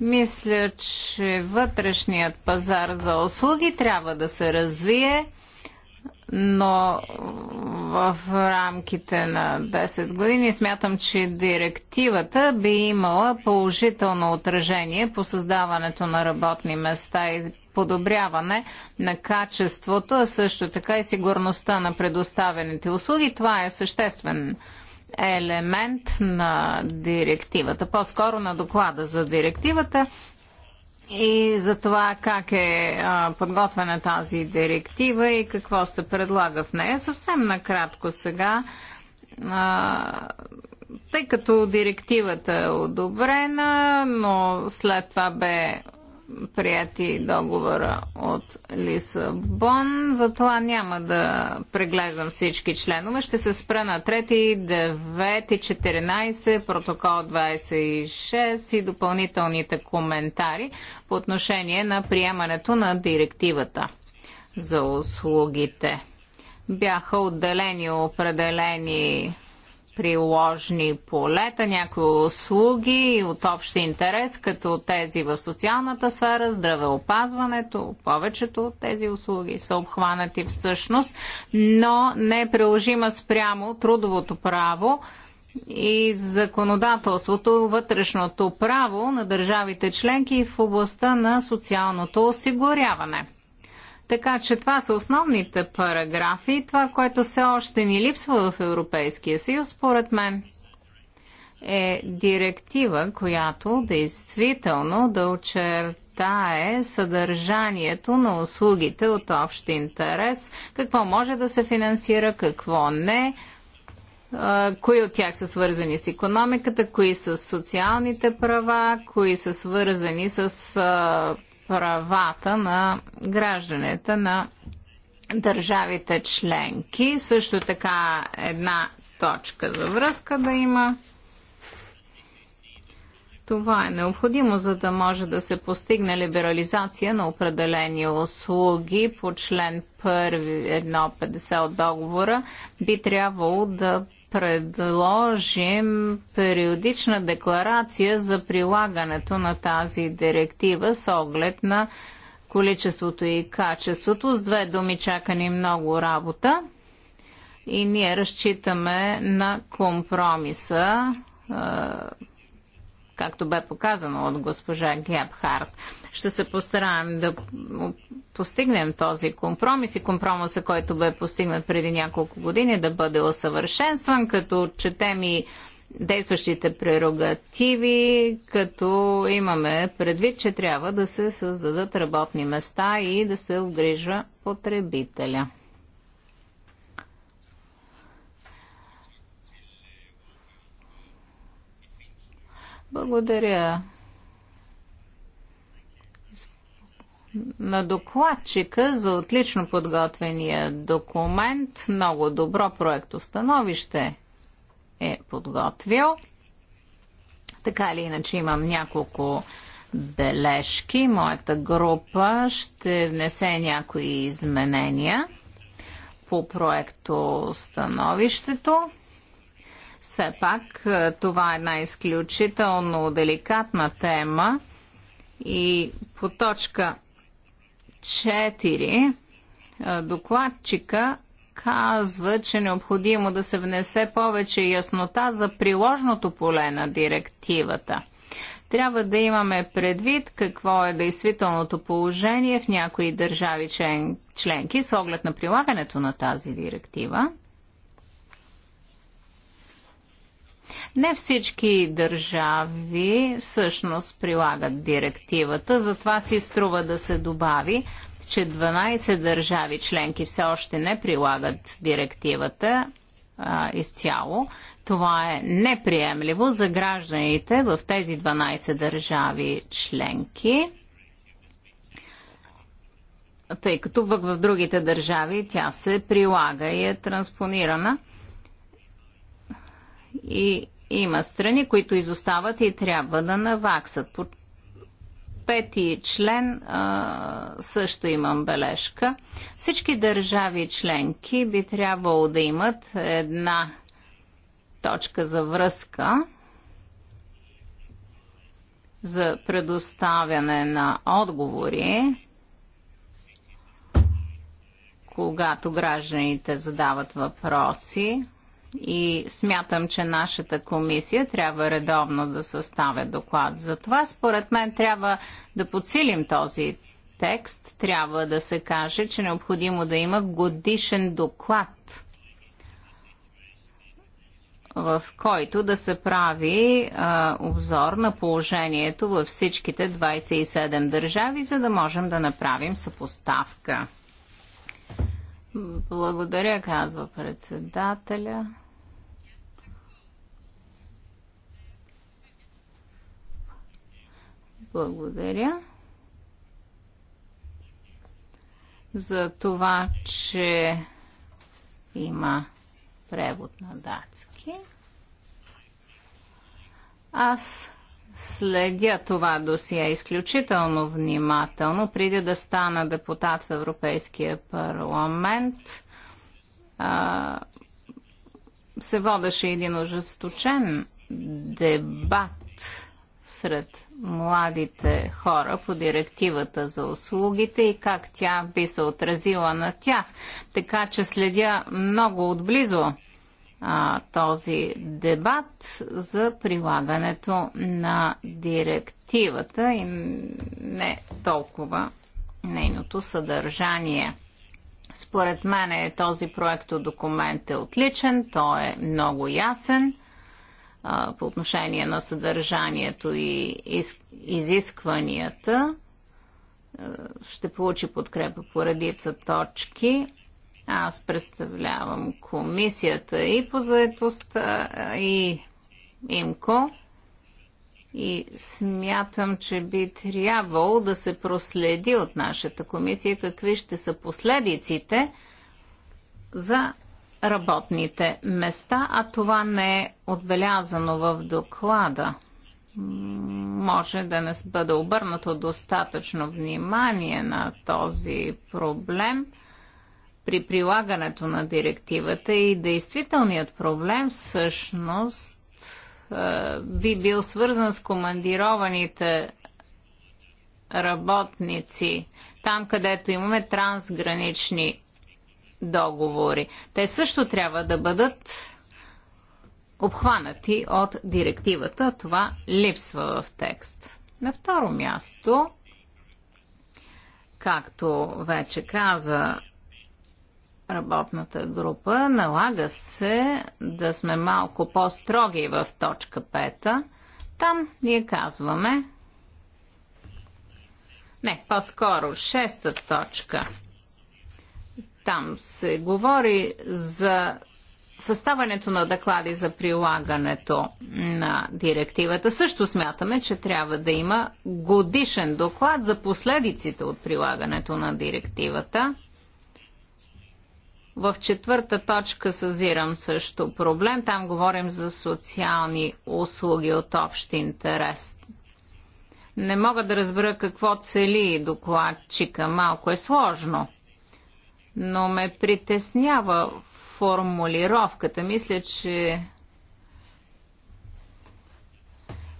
Speaker 4: Мисля, че вътрешният пазар за услуги трябва да се развие но в рамките на 10 години смятам, че директивата би имала положително отражение по създаването на работни места и подобряване на качеството, а също така и сигурността на предоставените услуги. Това е съществен елемент на директивата, по-скоро на доклада за директивата и за това как е а, подготвена тази директива и какво се предлага в нея. Съвсем накратко сега. А, тъй като директивата е одобрена, но след това бе прияти договора от Лисабон. Затова няма да преглеждам всички членове. Ще се спра на 3, 9, 14, протокол 26 и допълнителните коментари по отношение на приемането на директивата за услугите. Бяха отделени определени приложни полета, някои услуги от общ интерес, като тези в социалната сфера, здравеопазването, повечето от тези услуги са обхванати всъщност, но не е приложима спрямо трудовото право и законодателството, вътрешното право на държавите членки в областта на социалното осигуряване. Така че това са основните параграфи, това, което все още ни липсва в Европейския съюз, според мен е директива, която действително да очертае съдържанието на услугите от общ интерес, какво може да се финансира, какво не, кои от тях са свързани с економиката, кои с социалните права, кои са свързани с правата на гражданите на държавите членки. Също така една точка за връзка да има. Това е необходимо, за да може да се постигне либерализация на определени услуги по член 1.50 от договора. Би трябвало да предложим периодична декларация за прилагането на тази директива с оглед на количеството и качеството. С две думи чака ни много работа и ние разчитаме на компромиса както бе показано от госпожа Гебхарт. Ще се постараем да постигнем този компромис и компромиса, който бе постигнат преди няколко години, да бъде усъвършенстван, като четем и действащите прерогативи, като имаме предвид, че трябва да се създадат работни места и да се обгрижва потребителя. Благодаря на докладчика за отлично подготвения документ. Много добро проекто становище е подготвил. Така или иначе имам няколко бележки. Моята група ще внесе някои изменения по проекто становището. Все пак е, това е една изключително деликатна тема и по точка 4 е, докладчика казва, че е необходимо да се внесе повече яснота за приложното поле на директивата. Трябва да имаме предвид какво е действителното положение в някои държави член, членки с оглед на прилагането на тази директива. Не всички държави всъщност прилагат директивата, затова си струва да се добави, че 12 държави членки все още не прилагат директивата а, изцяло. Това е неприемливо за гражданите в тези 12 държави членки тъй като пък в другите държави тя се прилага и е транспонирана. И има страни, които изостават и трябва да наваксат. По пети член а, също имам бележка. Всички държави членки би трябвало да имат една точка за връзка за предоставяне на отговори, когато гражданите задават въпроси и смятам, че нашата комисия трябва редовно да съставя доклад. за това. според мен трябва да подсилим този текст. Трябва да се каже, че е необходимо да има годишен доклад в който да се прави а, обзор на положението във всичките 27 държави, за да можем да направим съпоставка. Благодаря, казва председателя. Благодаря. За това, че има превод на датски. Аз следя това досие изключително внимателно. Преди да стана депутат в Европейския парламент, а, се водеше един ожесточен дебат сред младите хора по директивата за услугите и как тя би се отразила на тях. Така че следя много отблизо а, този дебат за прилагането на директивата и не толкова нейното съдържание. Според мен е, този проект документ е отличен, той е много ясен а, по отношение на съдържанието и из, изискванията. Ще получи подкрепа по редица точки. Аз представлявам комисията и по заедостта, и ИМКО. И смятам, че би трябвало да се проследи от нашата комисия какви ще са последиците за работните места, а това не е отбелязано в доклада. Може да не бъде обърнато достатъчно внимание на този проблем при прилагането на директивата и действителният проблем всъщност е, би бил свързан с командированите работници, там където имаме трансгранични договори. Те също трябва да бъдат обхванати от директивата. Това липсва в текст. На второ място, както вече каза работната група, налага се да сме малко по-строги в точка 5. Там ние казваме, не, по-скоро шеста точка – там се говори за съставането на доклади за прилагането на директивата. Също смятаме, че трябва да има годишен доклад за последиците от прилагането на директивата. В четвърта точка съзирам също проблем. Там говорим за социални услуги от общ интерес. Не мога да разбера какво цели докладчика. Малко е сложно – но ме притеснява формулировката. Мисля, че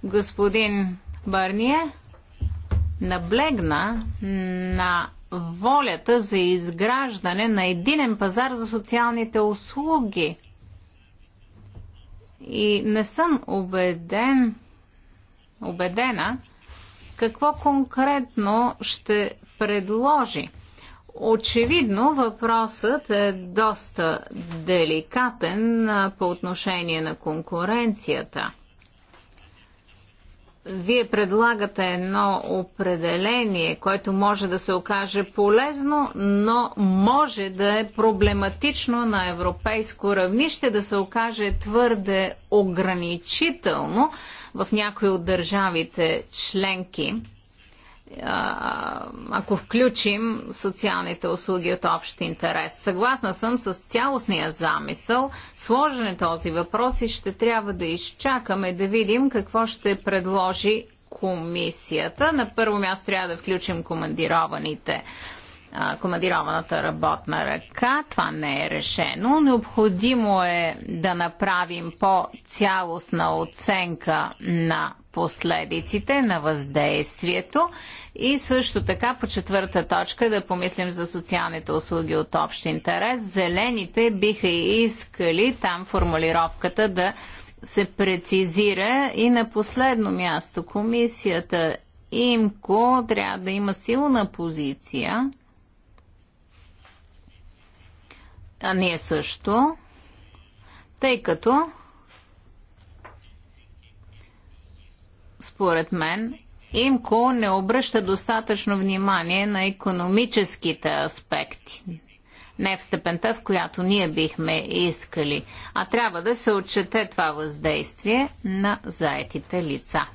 Speaker 4: господин Барния наблегна на волята за изграждане на единен пазар за социалните услуги. И не съм убеден, убедена какво конкретно ще предложи. Очевидно въпросът е доста деликатен по отношение на конкуренцията. Вие предлагате едно определение, което може да се окаже полезно, но може да е проблематично на европейско равнище, да се окаже твърде ограничително в някои от държавите членки ако включим социалните услуги от общ интерес. Съгласна съм с цялостния замисъл. Сложен е този въпрос и ще трябва да изчакаме да видим какво ще предложи комисията. На първо място трябва да включим командированите командированата работна ръка. Това не е решено. Необходимо е да направим по-цялостна оценка на последиците, на въздействието и също така по четвърта точка да помислим за социалните услуги от общ интерес. Зелените биха искали там формулировката да се прецизира и на последно място комисията ИМКО трябва да има силна позиция. А ние също, тъй като според мен, ИМКО не обръща достатъчно внимание на економическите аспекти. Не в степента, в която ние бихме искали, а трябва да се отчете това въздействие на заетите лица.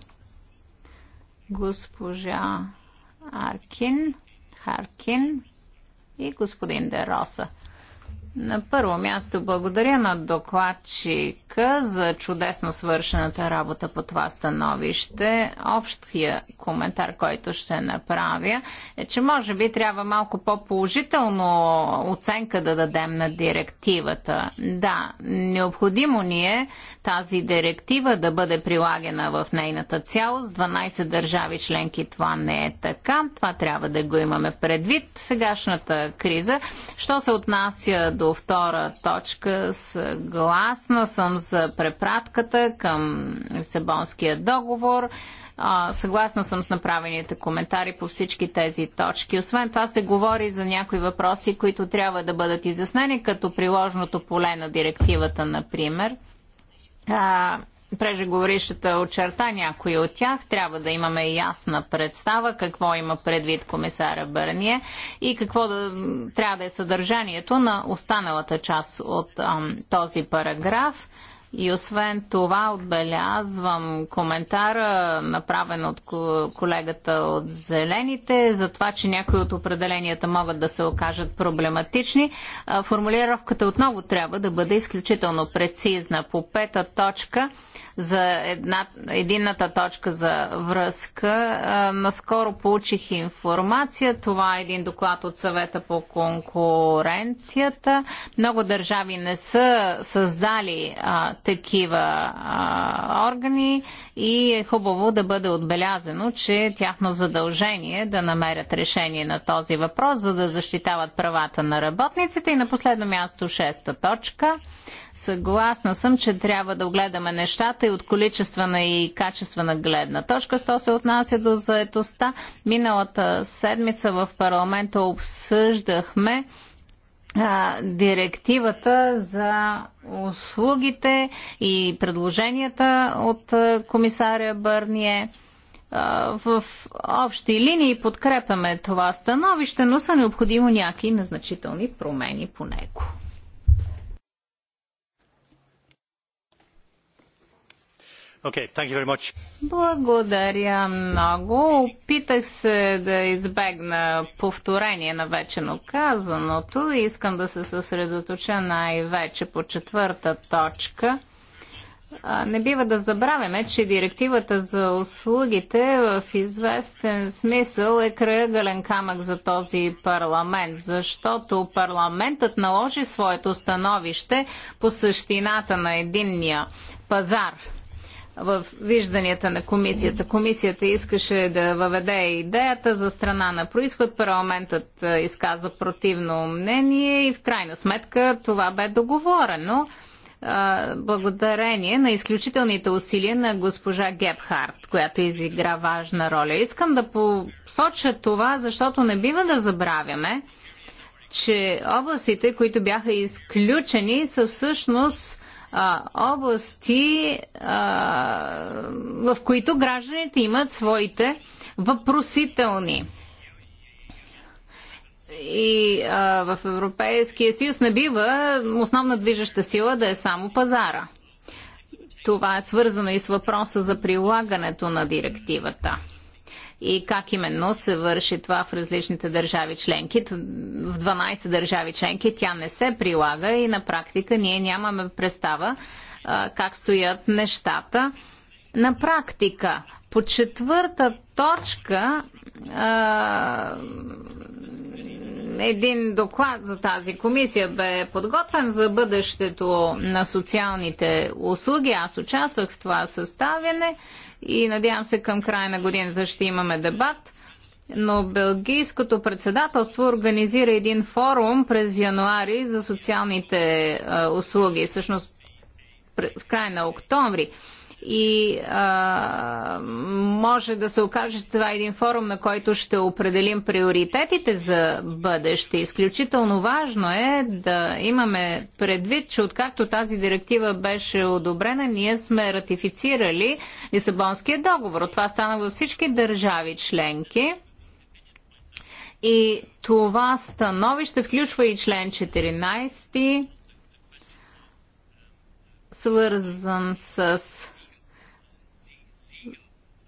Speaker 4: Госпожа Аркин, Харкин и господин Дероса. На първо място благодаря на докладчика за чудесно свършената работа по това становище. Общия коментар, който ще направя, е, че може би трябва малко по-положително оценка да дадем на директивата. Да, необходимо ни е тази директива да бъде прилагена в нейната цялост. 12 държави членки това не е така. Това трябва да го имаме предвид. Сегашната криза. Що се отнася до до втора точка. Съгласна съм за препратката към Лисабонския договор. А, съгласна съм с направените коментари по всички тези точки. Освен това се говори за някои въпроси, които трябва да бъдат изяснени, като приложното поле на директивата, например. А, прежеговорившата очерта някои от тях. Трябва да имаме ясна представа какво има предвид комисара Бърние и какво да, трябва да е съдържанието на останалата част от ам, този параграф. И освен това отбелязвам коментара, направен от колегата от Зелените, за това, че някои от определенията могат да се окажат проблематични. Формулировката отново трябва да бъде изключително прецизна. По пета точка за една, едината точка за връзка. Наскоро получих информация. Това е един доклад от съвета по конкуренцията. Много държави не са създали а, такива а, органи и е хубаво да бъде отбелязано, че е тяхно задължение да намерят решение на този въпрос, за да защитават правата на работниците. И на последно място, шеста точка. Съгласна съм, че трябва да огледаме нещата и от количествена и качествена гледна точка. Сто се отнася до заетостта, миналата седмица в парламента обсъждахме директивата за услугите и предложенията от комисаря Бърние. В общи линии подкрепяме това становище, но са необходимо някакви незначителни промени по него.
Speaker 3: Okay, thank you very much.
Speaker 4: Благодаря много. Опитах се да избегна повторение на вече наказаното и искам да се съсредоточа най-вече по четвърта точка. Не бива да забравяме, че директивата за услугите в известен смисъл е кръгален камък за този парламент, защото парламентът наложи своето становище по същината на единния пазар в вижданията на комисията. Комисията искаше да въведе идеята за страна на происход, парламентът е, изказа противно мнение и в крайна сметка това бе договорено е, благодарение на изключителните усилия на госпожа Гепхарт, която изигра важна роля. Искам да посоча това, защото не бива да забравяме, че областите, които бяха изключени, са всъщност а, области, а, в които гражданите имат своите въпросителни и а, в Европейския съюз не бива основна движеща сила да е само пазара. Това е свързано и с въпроса за прилагането на директивата и как именно се върши това в различните държави членки. В 12 държави членки тя не се прилага и на практика ние нямаме представа как стоят нещата. На практика, по четвърта точка един доклад за тази комисия бе подготвен за бъдещето на социалните услуги. Аз участвах в това съставяне и надявам се към края на годината ще имаме дебат. Но Белгийското председателство организира един форум през януари за социалните а, услуги, всъщност в края на октомври и а, може да се окаже, че това е един форум, на който ще определим приоритетите за бъдеще. Изключително важно е да имаме предвид, че откакто тази директива беше одобрена, ние сме ратифицирали Лисабонския договор. От това стана във всички държави членки. И това становище включва и член 14, свързан с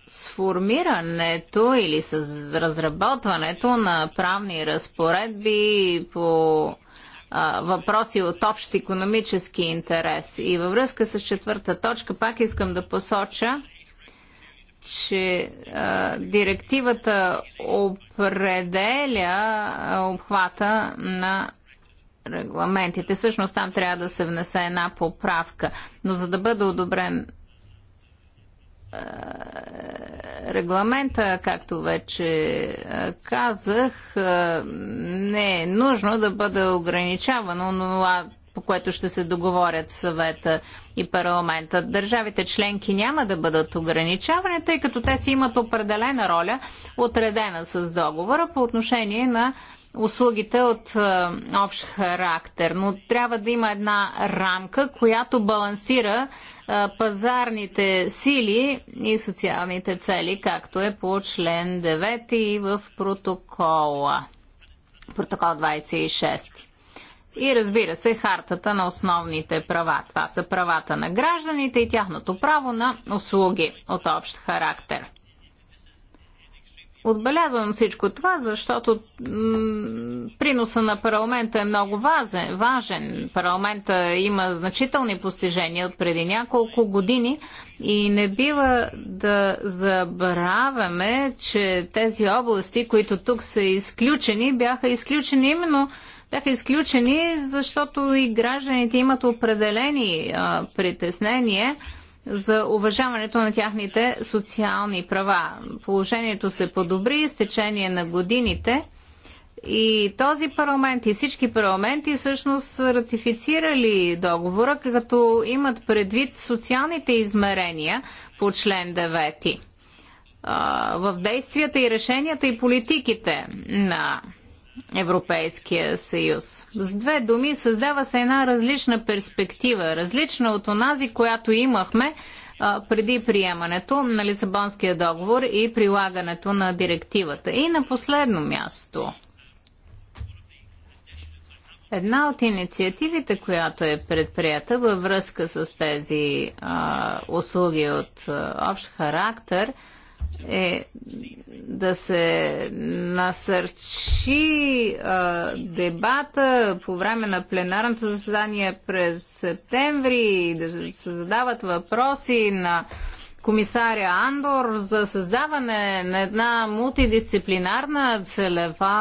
Speaker 4: сформирането или с разработването на правни разпоредби по а, въпроси от общ економически интерес. И във връзка с четвърта точка пак искам да посоча, че а, директивата определя обхвата на регламентите. Всъщност там трябва да се внесе една поправка. Но за да бъде одобрен е, регламента, както вече е, казах, е, не е нужно да бъде ограничавано, но по което ще се договорят съвета и парламента. Държавите членки няма да бъдат ограничавани, тъй като те си имат определена роля, отредена с договора по отношение на услугите от общ характер. Но трябва да има една рамка, която балансира пазарните сили и социалните цели, както е по член 9 и в протокола. Протокол 26. И разбира се, хартата на основните права. Това са правата на гражданите и тяхното право на услуги от общ характер. Отбелязвам всичко това, защото приноса на парламента е много важен. Парламента има значителни постижения от преди няколко години и не бива да забравяме, че тези области, които тук са изключени, бяха изключени именно бяха изключени, защото и гражданите имат определени а, притеснения за уважаването на тяхните социални права. Положението се подобри с течение на годините и този парламент и всички парламенти всъщност са ратифицирали договора, като имат предвид социалните измерения по член 9 в действията и решенията и политиките на Европейския съюз. С две думи създава се една различна перспектива, различна от онази, която имахме а, преди приемането на Лисабонския договор и прилагането на директивата. И на последно място. Една от инициативите, която е предприята във връзка с тези а, услуги от а, общ характер – е да се насърчи а, дебата по време на пленарното заседание през септември, да се задават въпроси на комисаря Андор за създаване на една мултидисциплинарна целева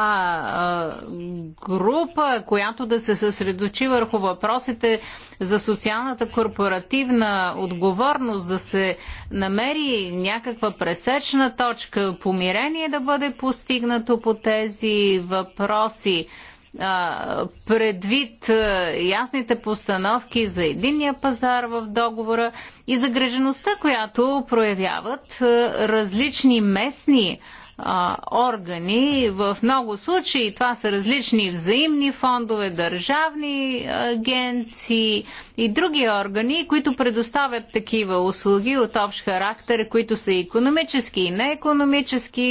Speaker 4: група, която да се съсредочи върху въпросите за социалната корпоративна отговорност, да се намери някаква пресечна точка, помирение да бъде постигнато по тези въпроси а, предвид ясните постановки за единния пазар в договора и загрежеността, която проявяват различни местни а, органи. В много случаи това са различни взаимни фондове, държавни агенции и други органи, които предоставят такива услуги от общ характер, които са и економически, и неекономически,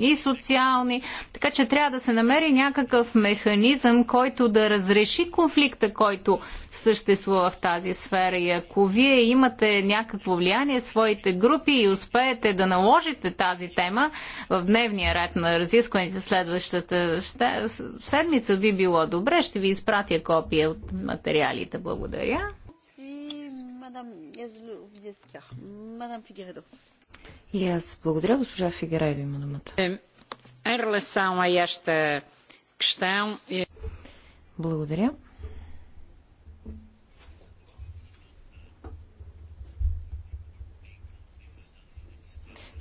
Speaker 4: и социални. Така че трябва да се намери някакъв механизъм, който да разреши конфликта, който съществува в тази сфера. И ако вие имате някакво влияние в своите групи и успеете да наложите тази тема в дневния ред на разискването следващата седмица би било добре. Ще ви изпратя копия от материалите. Благодаря.
Speaker 2: И аз благодаря, госпожа Фигерайдо има думата.
Speaker 4: Е, е, е, благодаря.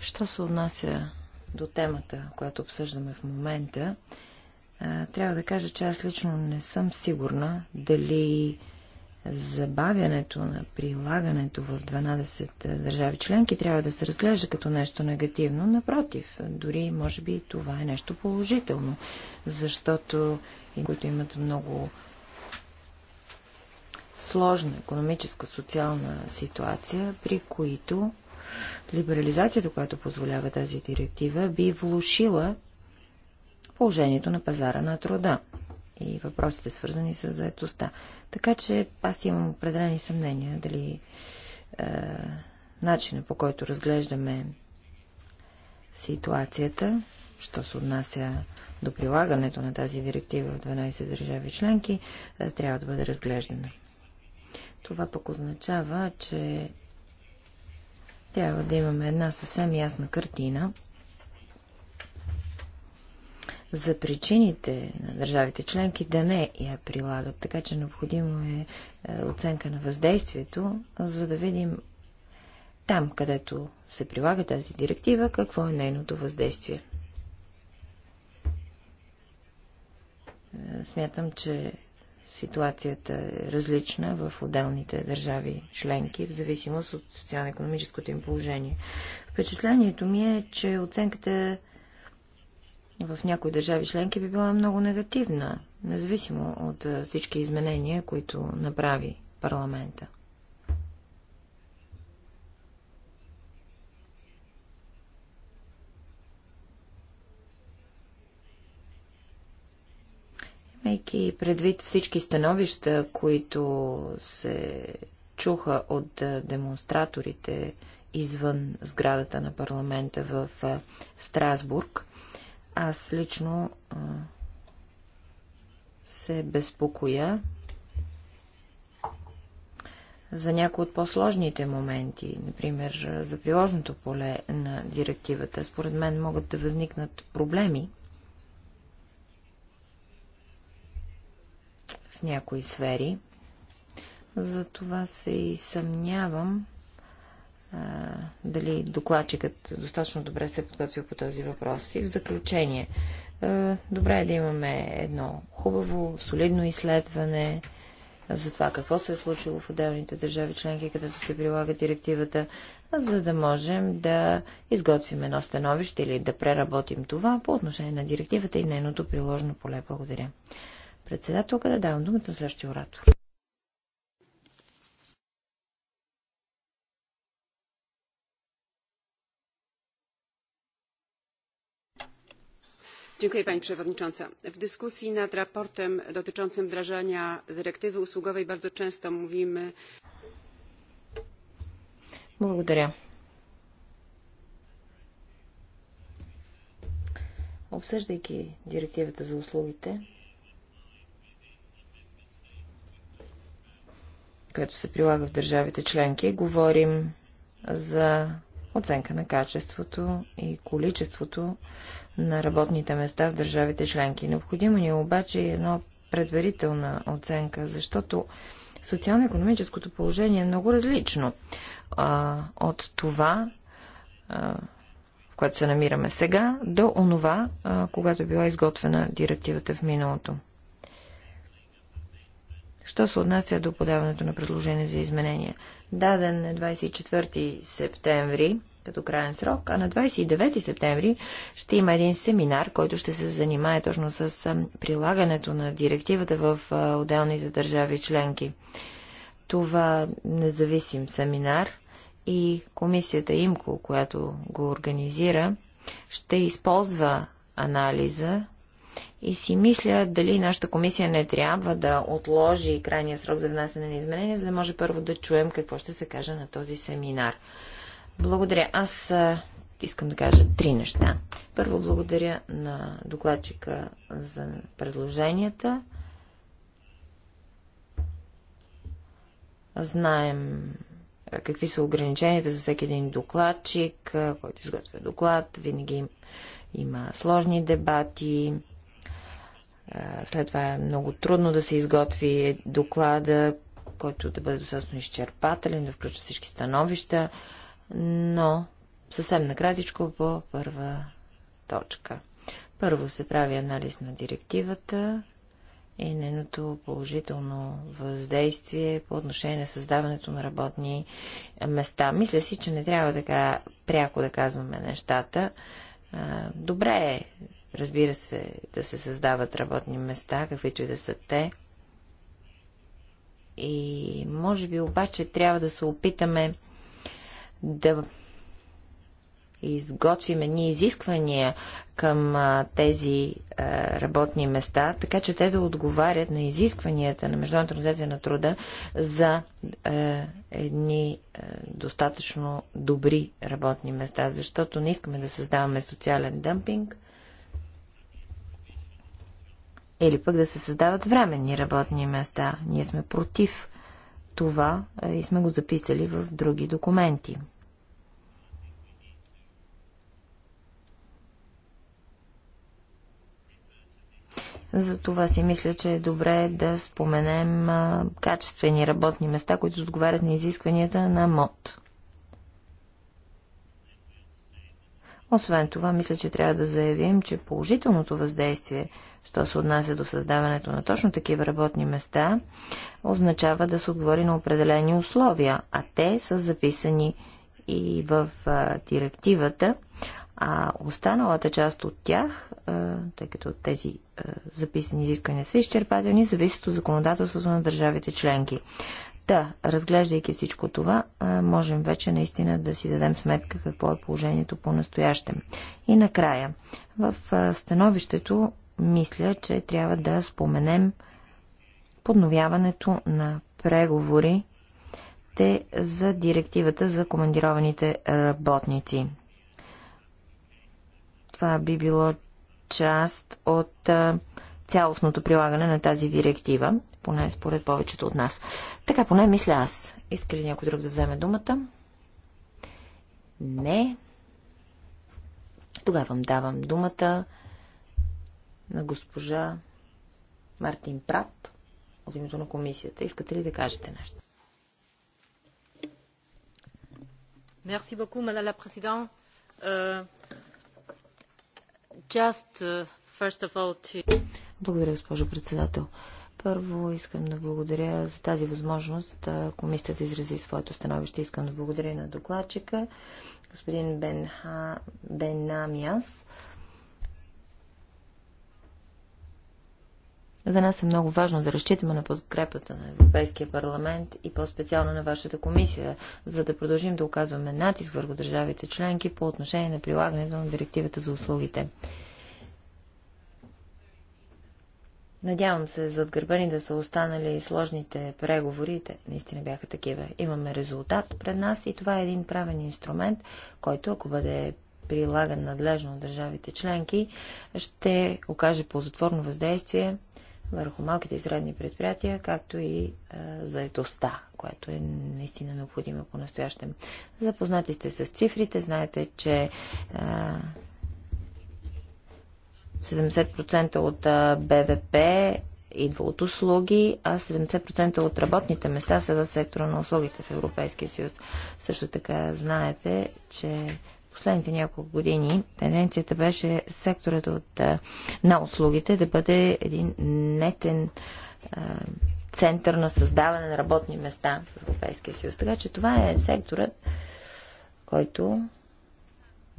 Speaker 2: Що се отнася до темата, която обсъждаме в момента, трябва да кажа, че аз лично не съм сигурна дали забавянето на прилагането в 12 държави членки трябва да се разглежда като нещо негативно. Напротив, дори може би това е нещо положително, защото и които имат много сложна економическа, социална ситуация, при които Либерализацията, която позволява тази директива, би влушила положението на пазара на труда и въпросите свързани с заетостта. Така че аз имам определени съмнения дали е, начина по който разглеждаме ситуацията, що се отнася до прилагането на тази директива в 12 държави членки, е, трябва да бъде разглеждана. Това пък означава, че трябва да имаме една съвсем ясна картина за причините на държавите членки да не я прилагат. Така че необходимо е, е оценка на въздействието, за да видим там, където се прилага тази директива, какво е нейното въздействие. Е, смятам, че Ситуацията е различна в отделните държави членки, в зависимост от социално-економическото им положение. Впечатлението ми е, че оценката в някои държави членки би била много негативна, независимо от всички изменения, които направи парламента. имайки предвид всички становища, които се чуха от демонстраторите извън сградата на парламента в Страсбург, аз лично се безпокоя за някои от по-сложните моменти, например за приложното поле на директивата. Според мен могат да възникнат проблеми, в някои сфери. Затова се и съмнявам а, дали докладчикът достатъчно добре се е подготвил по този въпрос. И в заключение, а, добре е да имаме едно хубаво, солидно изследване за това какво се е случило в отделните държави членки, където се прилага директивата, за да можем да изготвим едно становище или да преработим това по отношение на директивата и нейното приложено поле. Благодаря председателка. Да давам думата на следващия оратор.
Speaker 3: Dziękuję pani przewodnicząca! w dyskusji nad raportem dotyczącym wdrażania dyrektywy usługowej bardzo często mówimy
Speaker 2: Благодаря. Обсъждайки директивата за услугите, което се прилага в държавите членки, говорим за оценка на качеството и количеството на работните места в държавите членки. Необходимо ни е обаче едно предварителна оценка, защото социално-економическото положение е много различно а, от това, а, в което се намираме сега, до онова, а, когато е била изготвена директивата в миналото. Що се отнася до подаването на предложение за изменения? Даден е 24 септември като крайен срок, а на 29 септември ще има един семинар, който ще се занимае точно с прилагането на директивата в отделните държави членки. Това независим семинар и комисията ИМКО, която го организира, ще използва анализа, и си мисля дали нашата комисия не трябва да отложи крайния срок за внасяне на изменения, за да може първо да чуем какво ще се каже на този семинар. Благодаря. Аз искам да кажа три неща. Първо, благодаря на докладчика за предложенията. Знаем какви са ограниченията за всеки един докладчик, който изготвя доклад. Винаги има сложни дебати. След това е много трудно да се изготви доклада, който да бъде достатъчно изчерпателен, да включва всички становища, но съвсем накратичко по първа точка. Първо се прави анализ на директивата и нейното положително въздействие по отношение на създаването на работни места. Мисля си, че не трябва така пряко да казваме нещата. Добре е Разбира се, да се създават работни места, каквито и да са те. И може би обаче трябва да се опитаме да изготвиме ние изисквания към а, тези а, работни места, така че те да отговарят на изискванията на Международната организация на труда за а, едни а, достатъчно добри работни места, защото не искаме да създаваме социален дъмпинг – или пък да се създават временни работни места. Ние сме против това и сме го записали в други документи. За това си мисля, че е добре да споменем качествени работни места, които отговарят на изискванията на МОД. Освен това, мисля, че трябва да заявим, че положителното въздействие, що се отнася до създаването на точно такива работни места, означава да се отговори на определени условия, а те са записани и в а, директивата, а останалата част от тях, а, тъй като тези а, записани изисквания са изчерпателни, зависят от законодателството на държавите членки. Та, да, разглеждайки всичко това, можем вече наистина да си дадем сметка какво е положението по-настоящем. И накрая, в становището мисля, че трябва да споменем подновяването на те за директивата за командированите работници. Това би било част от цялостното прилагане на тази директива, поне според повечето от нас. Така поне мисля аз. Иска ли някой друг да вземе думата? Не. Тогава давам думата на госпожа Мартин Прат от името на комисията. Искате ли да кажете нещо? Merci beaucoup, Madame la
Speaker 4: Présidente. Uh, just uh, first of all to...
Speaker 2: Благодаря, госпожо председател. Първо искам да благодаря за тази възможност. Комисията изрази своето становище. Искам да благодаря на докладчика, господин Бен Бенамиас. За нас е много важно да разчитаме на подкрепата на Европейския парламент и по-специално на вашата комисия, за да продължим да оказваме натиск върху държавите членки по отношение на прилагането на директивата за услугите. Надявам се зад гърба ни да са останали сложните преговори, те наистина бяха такива. Имаме резултат пред нас и това е един правен инструмент, който, ако бъде прилаган надлежно от държавите членки, ще окаже ползотворно въздействие върху малките и средни предприятия, както и е, заедостта, което е наистина необходимо по-настоящем. Запознати сте с цифрите, знаете, че е, 70% от БВП идва от услуги, а 70% от работните места са в сектора на услугите в Европейския съюз. Също така знаете, че последните няколко години тенденцията беше секторът от, на услугите да бъде един нетен център на създаване на работни места в Европейския съюз. Така че това е секторът, който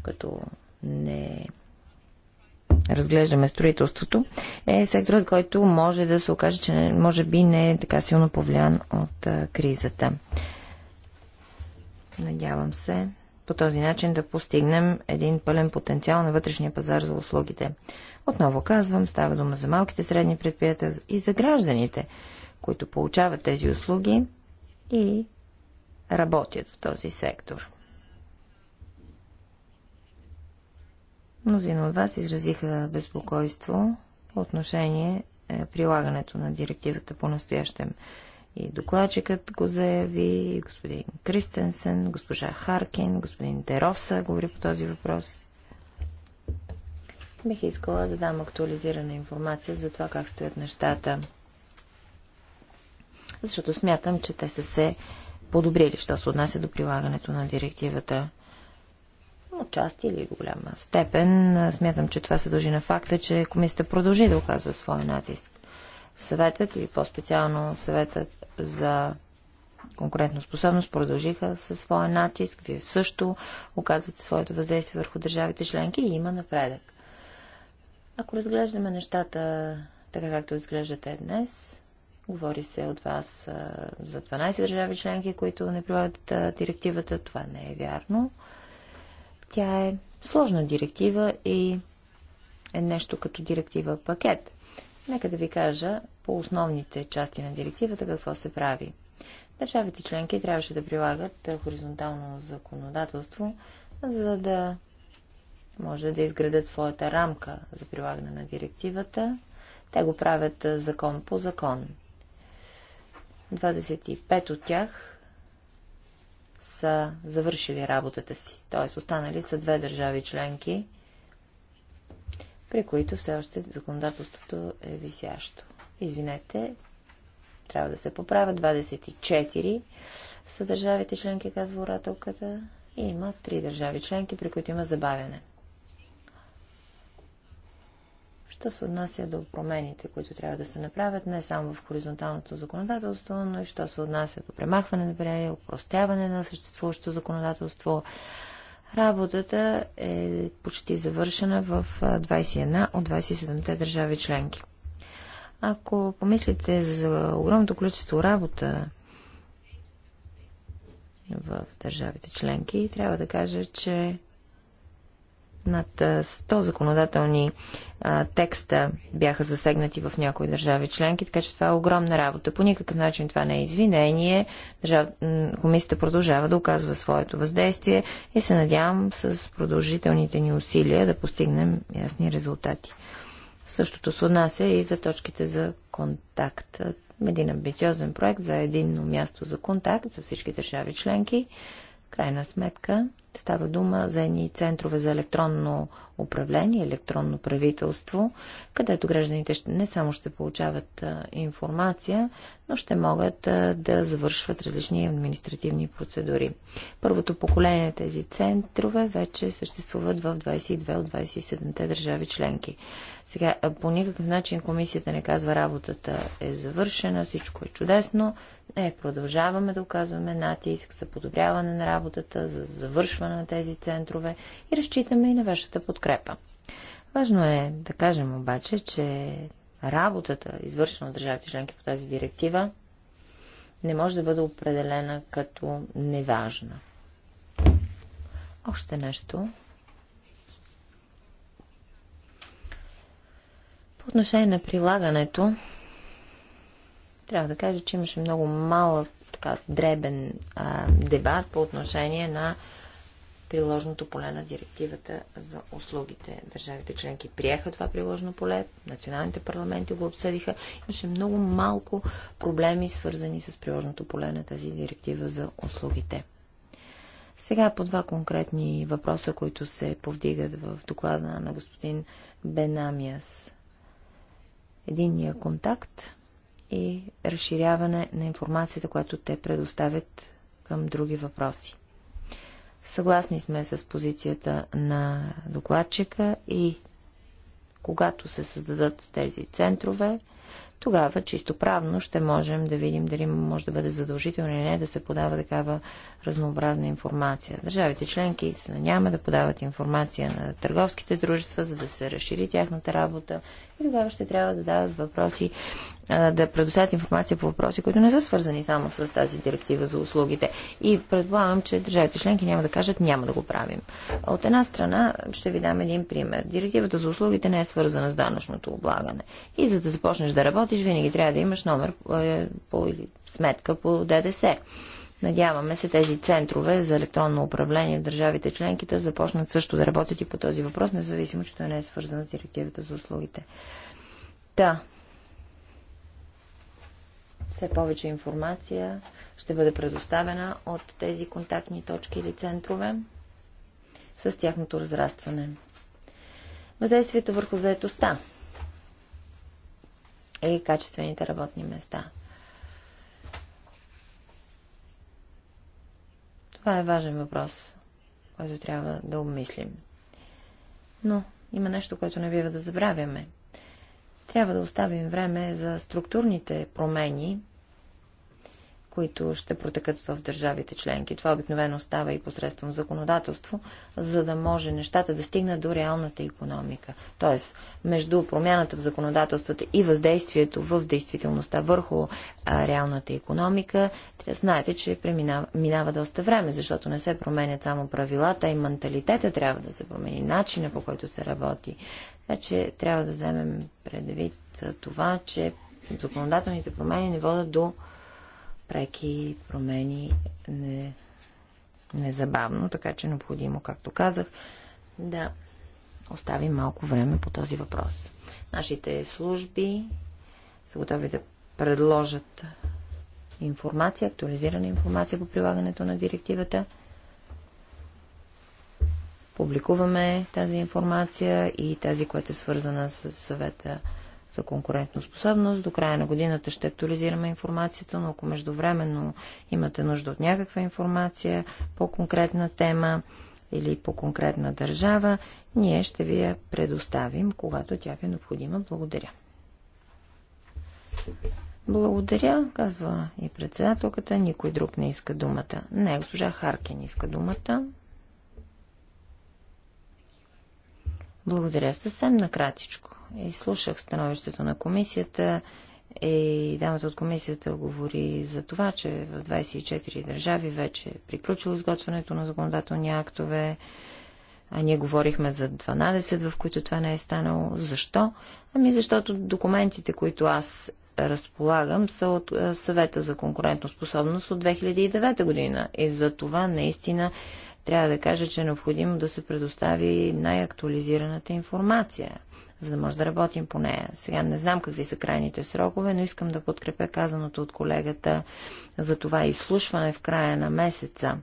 Speaker 2: като не разглеждаме строителството, е секторът, който може да се окаже, че може би не е така силно повлиян от кризата. Надявам се по този начин да постигнем един пълен потенциал на вътрешния пазар за услугите. Отново казвам, става дума за малките средни предприятия и за гражданите, които получават тези услуги и работят в този сектор. Мнозина от вас изразиха безпокойство по отношение е, прилагането на директивата по настоящем. И докладчикът го заяви, и господин Кристенсен, госпожа Харкин, господин Деровса говори по този въпрос. Бих искала да дам актуализирана информация за това как стоят нещата. Защото смятам, че те са се подобрили, що се отнася до прилагането на директивата. Отчасти или до голяма степен смятам, че това се дължи на факта, че комисията продължи да оказва своя натиск. Съветът или по-специално съветът за конкурентно способност продължиха със своя натиск. Вие също оказвате своето въздействие върху държавите членки и има напредък. Ако разглеждаме нещата така както изглеждате днес, говори се от вас за 12 държави членки, които не прилагат директивата. Това не е вярно. Тя е сложна директива и е нещо като директива пакет. Нека да ви кажа по основните части на директивата какво се прави. Държавите членки трябваше да прилагат хоризонтално законодателство, за да може да изградат своята рамка за прилагане на директивата. Те го правят закон по закон. 25 от тях са завършили работата си, т.е. останали са две държави членки, при които все още законодателството е висящо. Извинете, трябва да се поправя. 24 са държавите членки, казва орателката. И има три държави членки, при които има забавяне. Що се отнася до промените, които трябва да се направят не само в хоризонталното законодателство, но и що се отнася до премахване на бариери, упростяване на съществуващото законодателство. Работата е почти завършена в 21 от 27-те държави членки. Ако помислите за огромното количество работа в държавите членки, трябва да кажа, че над 100 законодателни а, текста бяха засегнати в някои държави членки, така че това е огромна работа. По никакъв начин това не е извинение. Държав... Комисията продължава да оказва своето въздействие и се надявам с продължителните ни усилия да постигнем ясни резултати. Същото се отнася и за точките за контакт. Един амбициозен проект за единно място за контакт за всички държави членки. Крайна сметка Става дума за едни центрове за електронно управление, електронно правителство, където гражданите не само ще получават информация, но ще могат да завършват различни административни процедури. Първото поколение на тези центрове вече съществуват в 22 от 27-те държави членки. Сега, по никакъв начин комисията не казва работата е завършена, всичко е чудесно. Не, продължаваме да оказваме натиск за подобряване на работата, за завършване включване на тези центрове и разчитаме и на вашата подкрепа. Важно е да кажем обаче, че работата, извършена от държавите членки по тази директива, не може да бъде определена като неважна. Още нещо. По отношение на прилагането, трябва да кажа, че имаше много малък така дребен а, дебат по отношение на приложното поле на директивата за услугите. Държавите членки приеха това приложено поле, националните парламенти го обсъдиха. Имаше много малко проблеми, свързани с приложното поле на тази директива за услугите. Сега по два конкретни въпроса, които се повдигат в доклада на господин Бенамиас. Единния контакт и разширяване на информацията, която те предоставят към други въпроси. Съгласни сме с позицията на докладчика и когато се създадат тези центрове, тогава чисто правно ще можем да видим дали може да бъде задължително или не да се подава такава разнообразна информация. Държавите членки няма да подават информация на търговските дружества, за да се разшири тяхната работа и тогава ще трябва да дадат въпроси, да предоставят информация по въпроси, които не са свързани само с тази директива за услугите. И предполагам, че държавите членки няма да кажат няма да го правим. От една страна ще ви дам един пример. Директивата за услугите не е свързана с данъчното облагане. И за да започнеш да работиш, винаги трябва да имаш номер по, е, по или сметка по ДДС. Надяваме се тези центрове за електронно управление в държавите членки да започнат също да работят и по този въпрос, независимо, че той не е свързан с директивата за услугите. Да. Все повече информация ще бъде предоставена от тези контактни точки или центрове с тяхното разрастване. Въздействието върху заетостта и качествените работни места – Това е важен въпрос, който трябва да обмислим. Но има нещо, което не бива да забравяме. Трябва да оставим време за структурните промени, които ще протекат в държавите членки. Това обикновено става и посредством законодателство, за да може нещата да стигнат до реалната економика. Тоест, между промяната в законодателството и въздействието в действителността върху а, реалната економика, знаете, че преминава, минава доста време, защото не се променят само правилата и менталитета трябва да се промени, начина по който се работи. Така че трябва да вземем предвид това, че законодателните промени не водят до преки промени не, незабавно, така че е необходимо, както казах, да оставим малко време по този въпрос. Нашите служби са готови да предложат информация, актуализирана информация по прилагането на директивата. Публикуваме тази информация и тази, която е свързана с съвета нашата конкурентоспособност. До края на годината ще актуализираме информацията, но ако междувременно имате нужда от някаква информация по конкретна тема или по конкретна държава, ние ще ви я предоставим, когато тя ви е необходима. Благодаря. Благодаря, казва и председателката. Никой друг не иска думата. Не, госпожа Харкин иска думата. Благодаря съвсем накратичко и слушах становището на комисията е, и дамата от комисията говори за това, че в 24 държави вече е приключило изготвянето на законодателни актове, а ние говорихме за 12, в които това не е станало. Защо? Ами защото документите, които аз разполагам, са от е, съвета за конкурентоспособност от 2009 година. И за това наистина трябва да кажа, че е необходимо да се предостави най-актуализираната информация за да може да работим по нея. Сега не знам какви са крайните срокове, но искам да подкрепя казаното от колегата за това изслушване в края на месеца.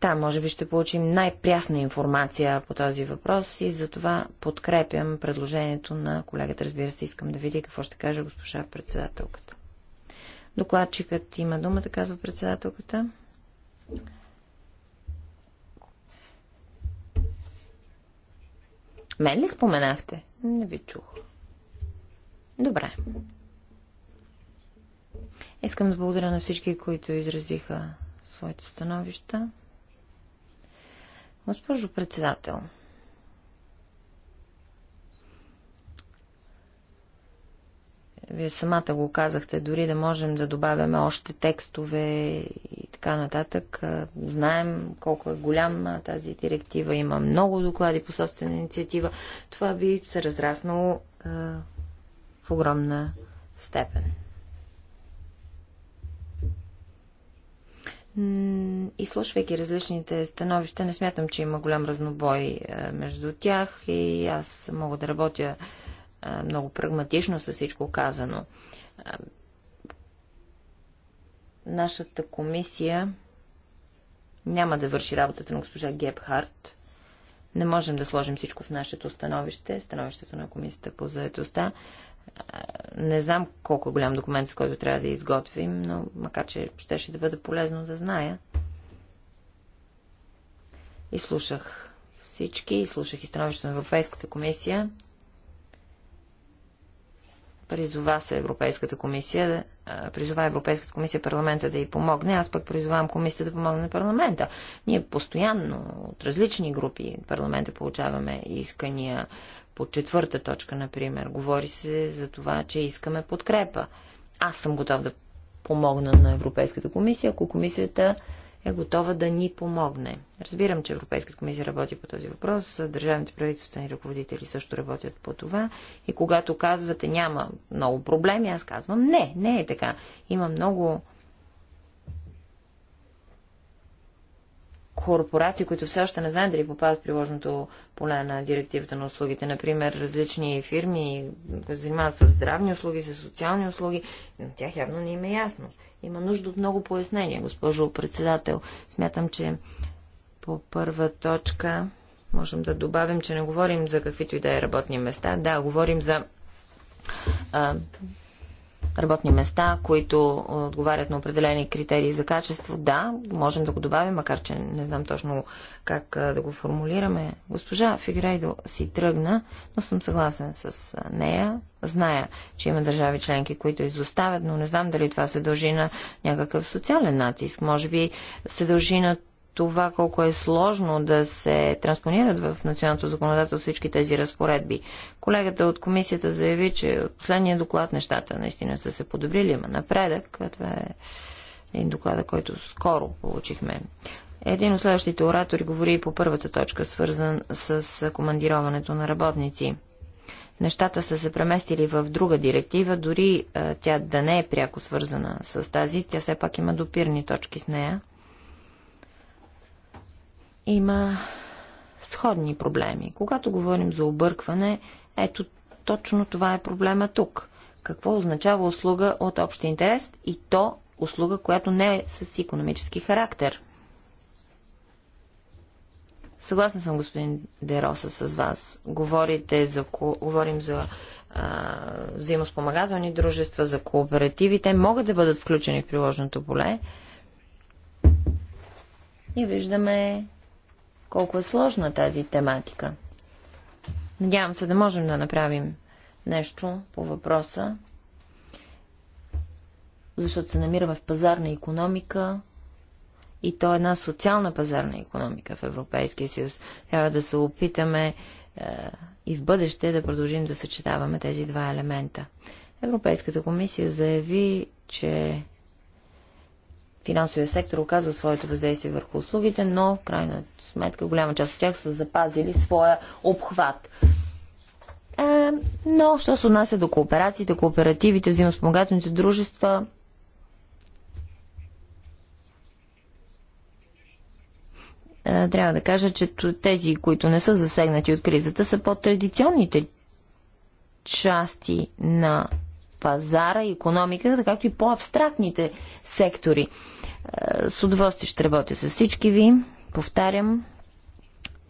Speaker 2: Там може би ще получим най-прясна информация по този въпрос и за това подкрепям предложението на колегата. Разбира се, искам да видя какво ще каже госпожа председателката. Докладчикът има думата, казва председателката. Мен ли споменахте? Не ви чух. Добре. Искам да благодаря на всички, които изразиха своите становища. Госпожо председател, Вие самата го казахте, дори да можем да добавяме още текстове и така нататък. Знаем колко е голяма тази директива, има много доклади по собствена инициатива. Това би се разраснало е, в огромна степен. И слушвайки различните становища, не смятам, че има голям разнобой между тях и аз мога да работя много прагматично с всичко казано. Нашата комисия няма да върши работата на госпожа Гебхарт. Не можем да сложим всичко в нашето становище, становището на комисията по заедостта. Не знам колко е голям документ, с който трябва да изготвим, но макар че ще да бъде полезно да зная. И слушах всички, и слушах и становището на Европейската комисия призова се Европейската комисия, призова Европейската комисия парламента да й помогне, аз пък призовавам комисията да помогне на парламента. Ние постоянно от различни групи парламента получаваме искания по четвърта точка, например. Говори се за това, че искаме подкрепа. Аз съм готов да помогна на Европейската комисия, ако комисията е готова да ни помогне. Разбирам, че Европейската комисия работи по този въпрос, държавните правителствени ръководители също работят по това и когато казвате няма много проблеми, аз казвам не, не е така. Има много корпорации, които все още не знаят дали попадат в приложното поле на директивата на услугите. Например, различни фирми, които занимават с здравни услуги, с социални услуги, на тях явно не им е ясно. Има нужда от много пояснения, госпожо председател. Смятам, че по първа точка можем да добавим, че не говорим за каквито и да е работни места. Да, говорим за а, работни места, които отговарят на определени критерии за качество. Да, можем да го добавим, макар че не знам точно как да го формулираме. Госпожа Фигрейдо си тръгна, но съм съгласен с нея. Зная, че има държави членки, които изоставят, но не знам дали това се дължи на някакъв социален натиск. Може би се дължи на това колко е сложно да се транспонират в националното законодателство всички тези разпоредби. Колегата от комисията заяви, че от последния доклад нещата наистина са се подобрили, има напредък. Това е един доклада, който скоро получихме. Един от следващите оратори говори и по първата точка, свързан с командироването на работници. Нещата са се преместили в друга директива, дори тя да не е пряко свързана с тази, тя все пак има допирни точки с нея има сходни проблеми. Когато говорим за объркване, ето точно това е проблема тук. Какво означава услуга от общ интерес и то услуга, която не е с економически характер? Съгласен съм, господин Дероса, с вас. Говорите за, говорим за а, взаимоспомагателни дружества, за кооперативи. Те могат да бъдат включени в приложеното поле. И виждаме колко е сложна тази тематика. Надявам се да можем да направим нещо по въпроса, защото се намира в пазарна економика и то е една социална пазарна економика в Европейския съюз. Трябва да се опитаме е, и в бъдеще да продължим да съчетаваме тези два елемента. Европейската комисия заяви, че финансовия сектор оказва своето въздействие върху услугите, но в крайна сметка голяма част от тях са запазили своя обхват. Е, но, що се отнася до кооперациите, кооперативите, взаимоспомагателните дружества, е, трябва да кажа, че тези, които не са засегнати от кризата, са по-традиционните части на пазара и економиката, както и по-абстрактните сектори. Е, с удоволствие ще работя с всички ви. Повтарям,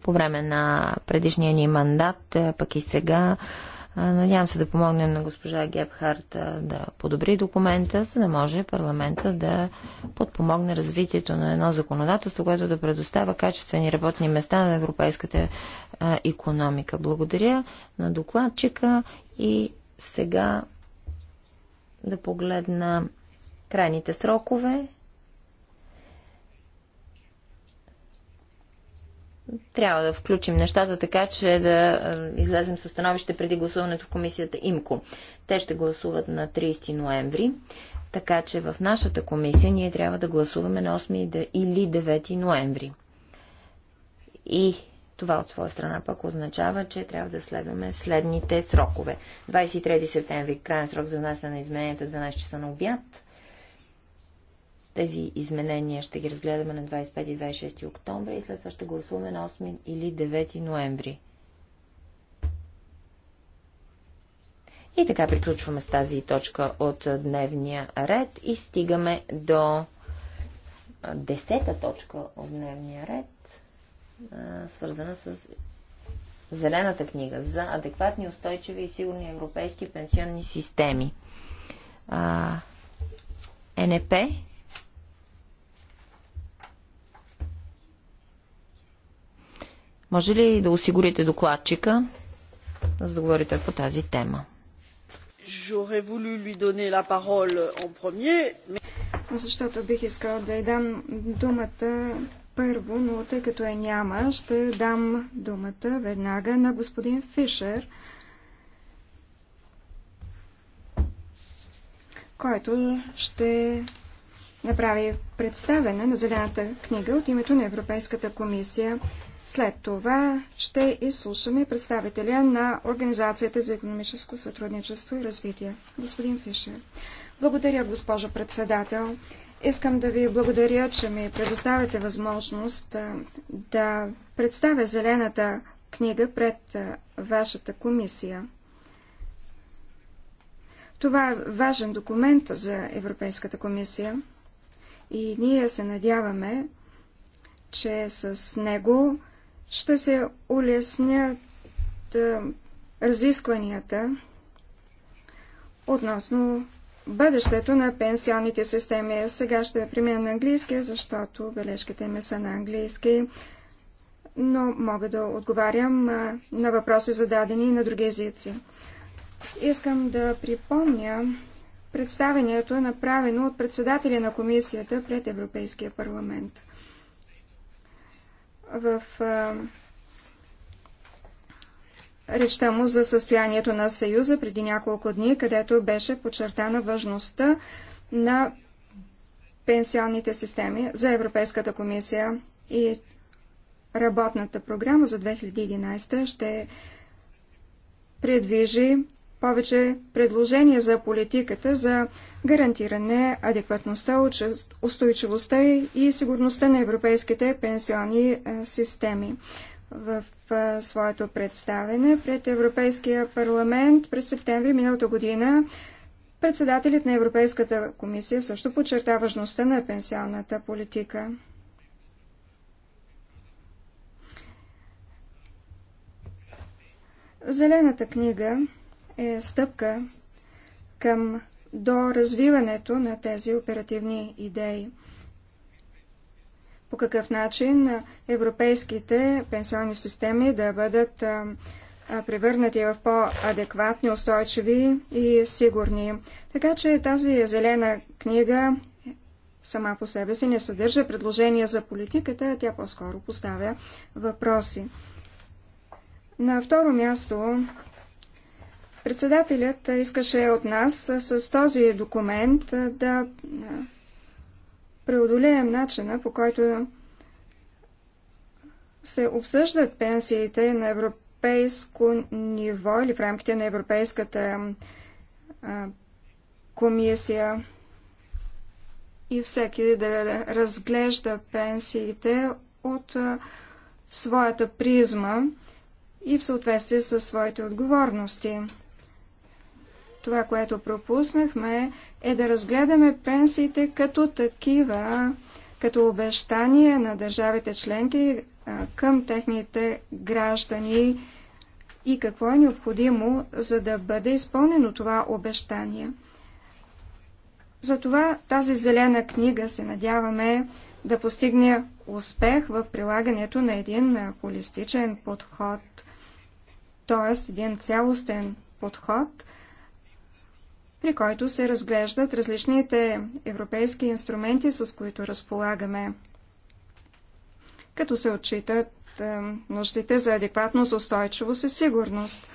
Speaker 2: по време на предишния ни мандат, е, пък и сега, е, Надявам се да помогнем на госпожа Гебхарт да подобри документа, за да може парламента да подпомогне развитието на едно законодателство, което да предоставя качествени работни места на европейската економика. Благодаря на докладчика и сега да погледна крайните срокове. Трябва да включим нещата така, че да е, излезем със становище преди гласуването в комисията ИМКО. Те ще гласуват на 30 ноември, така че в нашата комисия ние трябва да гласуваме на 8 или 9 ноември. И това от своя страна пък означава, че трябва да следваме следните срокове. 23 септември, крайен срок за внасяне на измененията 12 часа на обяд. Тези изменения ще ги разгледаме на 25 и 26 октомври и след това ще гласуваме на 8 или 9 ноември. И така приключваме с тази точка от дневния ред и стигаме до десета точка от дневния ред свързана с Зелената книга за адекватни, устойчиви и сигурни европейски пенсионни системи. А, НП. Може ли да осигурите докладчика, за да говорите по тази тема?
Speaker 3: Защото бих искал да й дам думата първо, но тъй като я е няма, ще дам думата веднага на господин Фишер, който ще направи представене на Зелената книга от името на Европейската комисия. След това ще изслушаме представителя на Организацията за економическо сътрудничество и развитие. Господин Фишер. Благодаря, госпожо председател. Искам да ви благодаря, че ми предоставяте възможност да представя зелената книга пред вашата комисия. Това е важен документ за Европейската комисия и ние се надяваме, че с него ще се улеснят разискванията относно бъдещето на пенсионните системи. Сега ще премина на английски, защото бележките ми са на английски, но мога да отговарям на въпроси зададени и на други езици. Искам да припомня представението е направено от председателя на комисията пред Европейския парламент. В речта му за състоянието на Съюза преди няколко дни, където беше подчертана важността на пенсионните системи за Европейската комисия и работната програма за 2011 ще предвижи повече предложения за политиката за гарантиране адекватността, устойчивостта и сигурността на европейските пенсионни е, системи в своето представене пред Европейския парламент през септември миналата година. Председателят на Европейската комисия също подчерта важността на пенсионната политика. Зелената книга е стъпка към доразвиването на тези оперативни идеи по какъв начин европейските пенсионни системи да бъдат превърнати в по-адекватни, устойчиви и сигурни. Така че тази зелена книга сама по себе си не съдържа предложения за политиката, тя по-скоро поставя въпроси. На второ място, председателят искаше от нас с този документ да преодолеем начина, по който се обсъждат пенсиите на европейско ниво или в рамките на Европейската комисия и всеки да разглежда пенсиите от своята призма и в съответствие със своите отговорности. Това, което пропуснахме, е да разгледаме пенсиите като такива, като обещание на държавите членки към техните граждани и какво е необходимо, за да бъде изпълнено това обещание. Затова тази зелена книга се надяваме да постигне успех в прилагането на един холистичен подход, т.е. един цялостен подход – при който се разглеждат различните европейски инструменти, с които разполагаме, като се отчитат е, нуждите за адекватност, устойчивост и сигурност.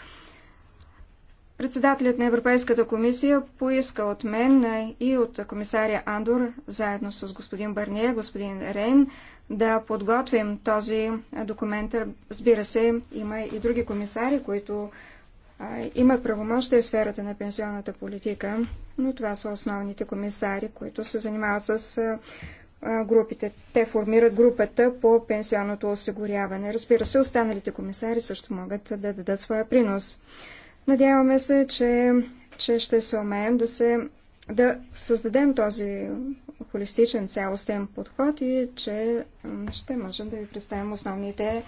Speaker 3: Председателят на Европейската комисия поиска от мен е, и от комисаря Андор, заедно с господин Барния, господин Рейн, да подготвим този документ. Разбира се, има и други комисари, които имат правомощия в сферата на пенсионната политика, но това са основните комисари, които се занимават с групите. Те формират групата по пенсионното осигуряване. Разбира се, останалите комисари също могат да дадат своя принос. Надяваме се, че, че ще се умеем да, се, да създадем този холистичен цялостен подход и че ще можем да ви представим основните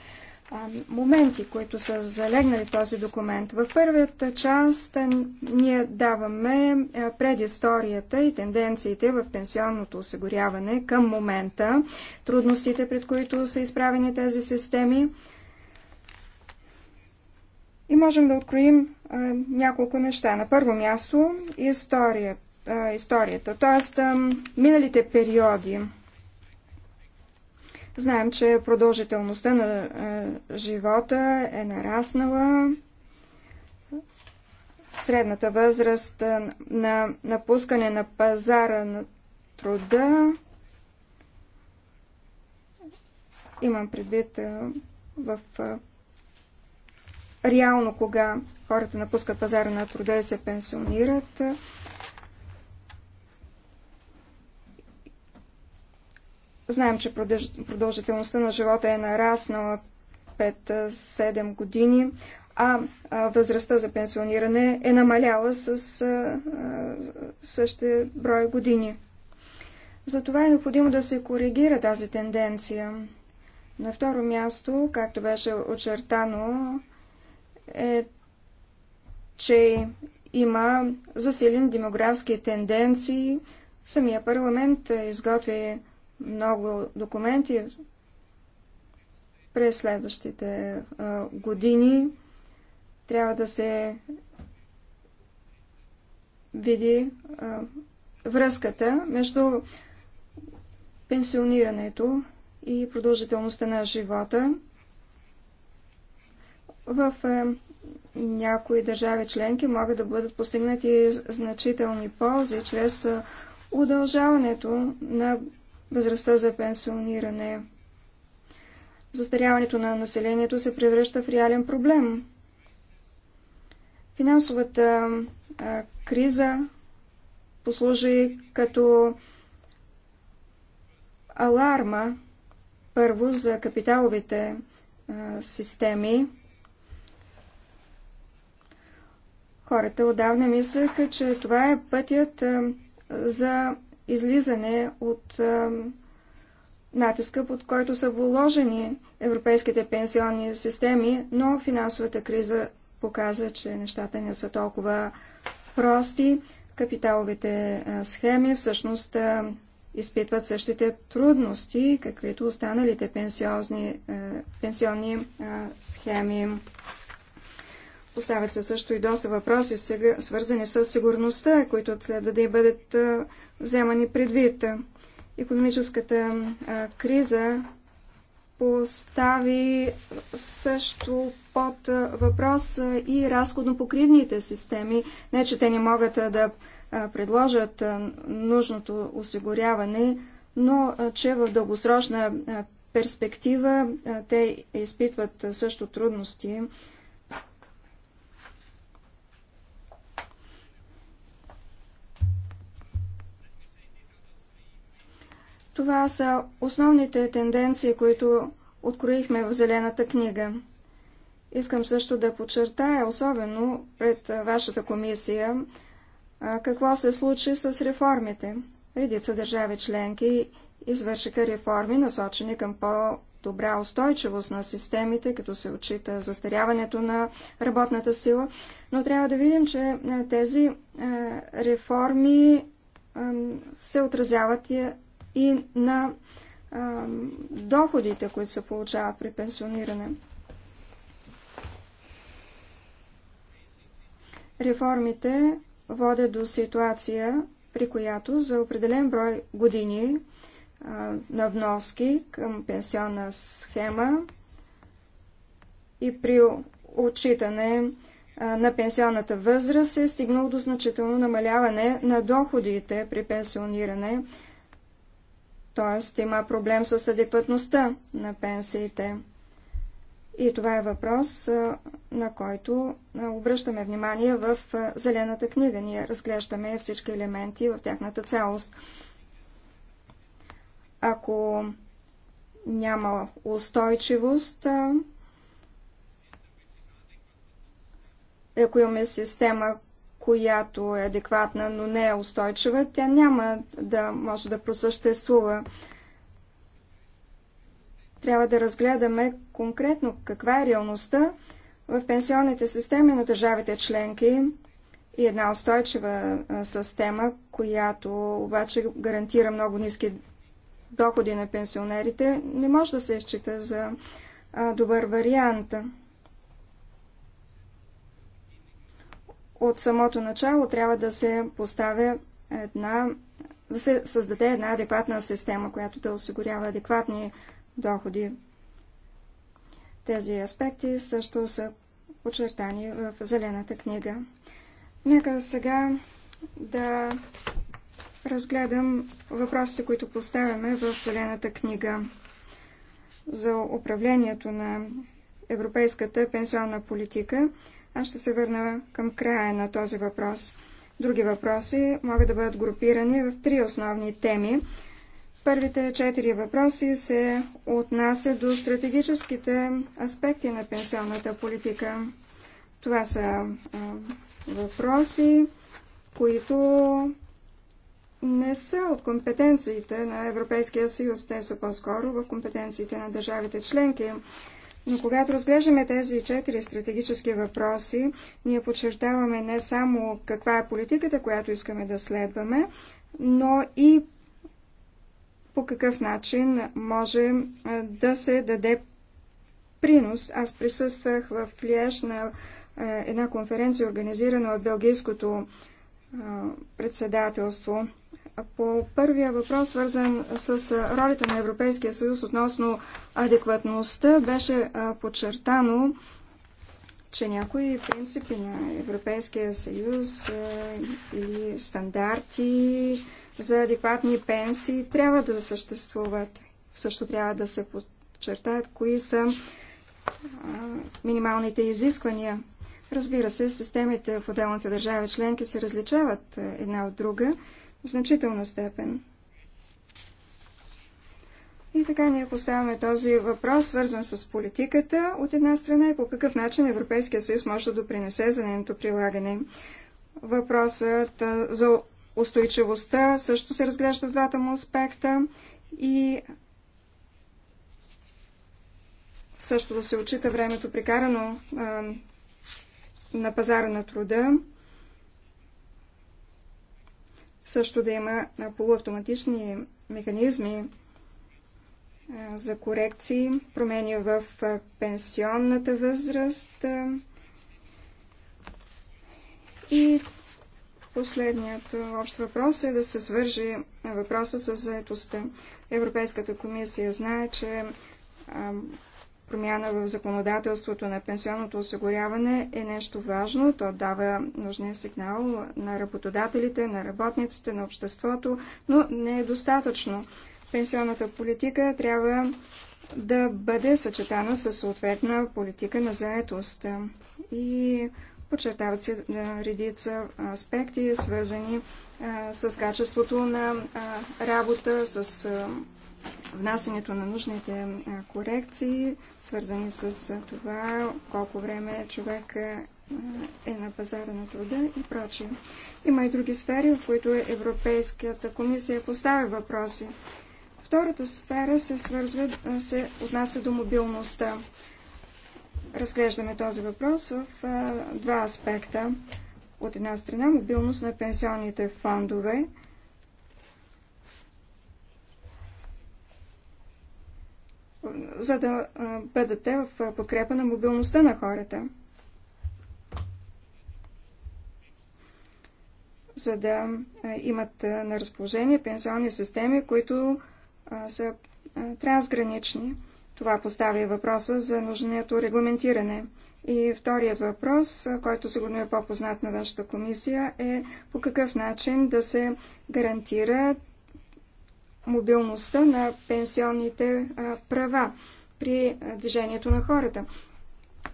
Speaker 3: моменти, които са залегнали в този документ. В първата част е, ние даваме предисторията и тенденциите в пенсионното осигуряване към момента, трудностите, пред които са изправени тези системи. И можем да откроим няколко неща. На първо място история, историята, т.е. миналите периоди Знаем, че продължителността на е, живота е нараснала. Средната възраст е, на напускане на пазара на труда. Имам предвид е, в реално кога хората напускат пазара на труда и се пенсионират. Знаем, че продължителността на живота е нараснала 5-7 години, а възрастта за пенсиониране е намаляла с същия брой години. Затова е необходимо да се коригира тази тенденция. На второ място, както беше очертано, е, че има засилен демографски тенденции. Самия парламент е, изготви много документи през следващите години. Трябва да се види връзката между пенсионирането и продължителността на живота. В някои държави членки могат да бъдат постигнати значителни ползи чрез удължаването на възрастта за пенсиониране. Застаряването на населението се превръща в реален проблем. Финансовата а, криза послужи като аларма първо за капиталовите а, системи. Хората отдавна мислеха, че това е пътят а, за излизане от натиска, под който са вложени европейските пенсионни системи, но финансовата криза показа, че нещата не са толкова прости. Капиталовите схеми всъщност изпитват същите трудности, каквито останалите пенсионни, пенсионни схеми. Поставят се също и доста въпроси, свързани с сигурността, които следва да бъдат вземани предвид. Економическата криза постави също под въпрос и разходно-покривните системи. Не, че те не могат да предложат нужното осигуряване, но че в дългосрочна перспектива те изпитват също трудности Това са основните тенденции, които откроихме в Зелената книга. Искам също да подчертая, особено пред вашата комисия, какво се случи с реформите. Редица държави членки извършиха реформи, насочени към по-добра устойчивост на системите, като се отчита застаряването на работната сила. Но трябва да видим, че тези реформи се отразяват и и на а, доходите, които се получават при пенсиониране. Реформите водят до ситуация, при която за определен брой години а, на вноски към пенсионна схема и при отчитане на пенсионната възраст е стигнал до значително намаляване на доходите при пенсиониране, Тоест има проблем с адекватността на пенсиите. И това е въпрос, на който обръщаме внимание в Зелената книга. Ние разглеждаме всички елементи в тяхната цялост. Ако няма устойчивост, ако имаме система, която е адекватна, но не е устойчива, тя няма да може да просъществува. Трябва да разгледаме конкретно каква е реалността в пенсионните системи на държавите членки и една устойчива система, която обаче гарантира много ниски доходи на пенсионерите, не може да се изчита за добър вариант. от самото начало трябва да се поставя една, да се създаде една адекватна система, която да осигурява адекватни доходи. Тези аспекти също са очертани в Зелената книга. Нека сега да разгледам въпросите, които поставяме в Зелената книга за управлението на европейската пенсионна политика. Аз ще се върна към края на този въпрос. Други въпроси могат да бъдат групирани в три основни теми. Първите четири въпроси се отнасят до стратегическите аспекти на пенсионната политика. Това са а, въпроси, които не са от компетенциите на Европейския съюз, те са по-скоро в компетенциите на държавите членки. Но когато разглеждаме тези четири стратегически въпроси, ние подчертаваме не само каква е политиката, която искаме да следваме, но и по какъв начин може да се даде принос. Аз присъствах в Лиеж на една конференция, организирана от Белгийското председателство. По първия въпрос, свързан с ролята на Европейския съюз относно адекватността, беше подчертано, че някои принципи на Европейския съюз или стандарти за адекватни пенсии трябва да съществуват. Също трябва да се подчертаят кои са минималните изисквания. Разбира се, системите в отделните държави членки се различават една от друга в значителна степен. И така ние поставяме този въпрос, свързан с политиката от една страна и по какъв начин Европейския съюз може да допринесе за нейното прилагане. Въпросът за устойчивостта също се разглежда в двата му аспекта и също да се отчита времето прикарано а, на пазара на труда също да има полуавтоматични механизми за корекции, промени в пенсионната възраст и Последният общ въпрос е да се свържи въпроса с заетостта. Европейската комисия знае, че промяна в законодателството на пенсионното осигуряване е нещо важно. То дава нужния сигнал на работодателите, на работниците, на обществото, но не е достатъчно. Пенсионната политика трябва да бъде съчетана с съответна политика на заетост. И подчертават се редица аспекти, свързани с качеството на работа, с внасянето на нужните корекции, свързани с това колко време човек е на пазара на труда и прочие. Има и други сфери, в които Европейската комисия поставя въпроси. Втората сфера се, свързва, се отнася до мобилността. Разглеждаме този въпрос в два аспекта. От една страна мобилност на пенсионните фондове – за да бъдат те в подкрепа на мобилността на хората. За да имат на разположение пенсионни системи, които са трансгранични. Това поставя и въпроса за нужното регламентиране. И вторият въпрос, който сигурно е по-познат на вашата комисия, е по какъв начин да се гарантира мобилността на пенсионните права при движението на хората.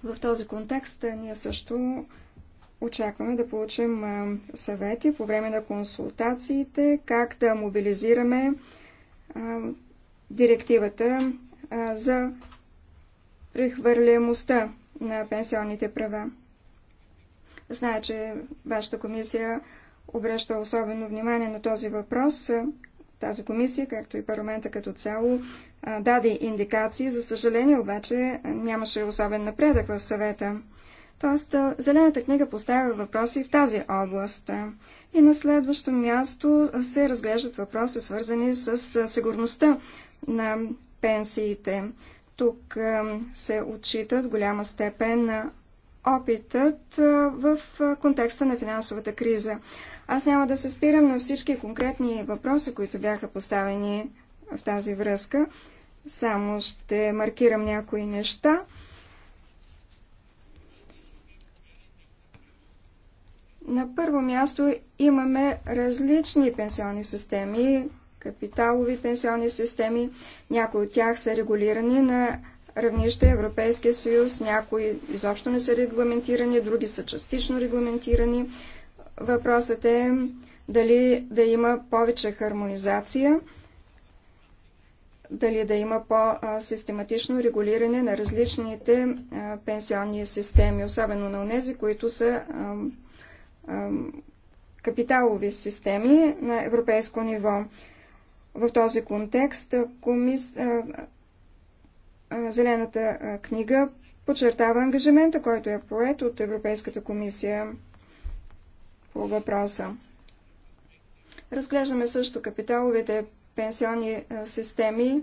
Speaker 3: В този контекст ние също очакваме да получим съвети по време на консултациите, как да мобилизираме директивата за прехвърляемостта на пенсионните права. Зная, че вашата комисия обръща особено внимание на този въпрос, тази комисия, както и парламента като цяло, даде индикации. За съжаление обаче нямаше особен напредък в съвета. Тоест, Зелената книга поставя въпроси в тази област. И на следващо място се разглеждат въпроси, свързани с сигурността на пенсиите. Тук се отчитат голяма степен на опитът в контекста на финансовата криза. Аз няма да се спирам на всички конкретни въпроси, които бяха поставени в тази връзка. Само ще маркирам някои неща. На първо място имаме различни пенсионни системи, капиталови пенсионни системи. Някои от тях са регулирани на равнище Европейския съюз, някои изобщо не са регламентирани, други са частично регламентирани. Въпросът е дали да има повече хармонизация, дали да има по-систематично регулиране на различните пенсионни системи, особено на тези, които са капиталови системи на европейско ниво. В този контекст комис... Зелената книга подчертава ангажимента, който е поет от Европейската комисия по въпроса. Разглеждаме също капиталовите пенсионни системи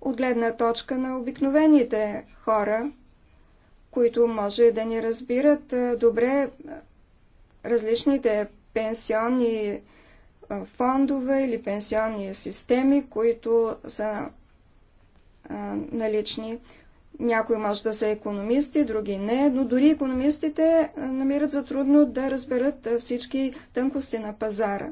Speaker 3: от гледна точка на обикновените хора, които може да ни разбират добре различните пенсионни фондове или пенсионни системи, които са налични. Някои може да са економисти, други не, но дори економистите е, намират за трудно да разберат е, всички тънкости на пазара.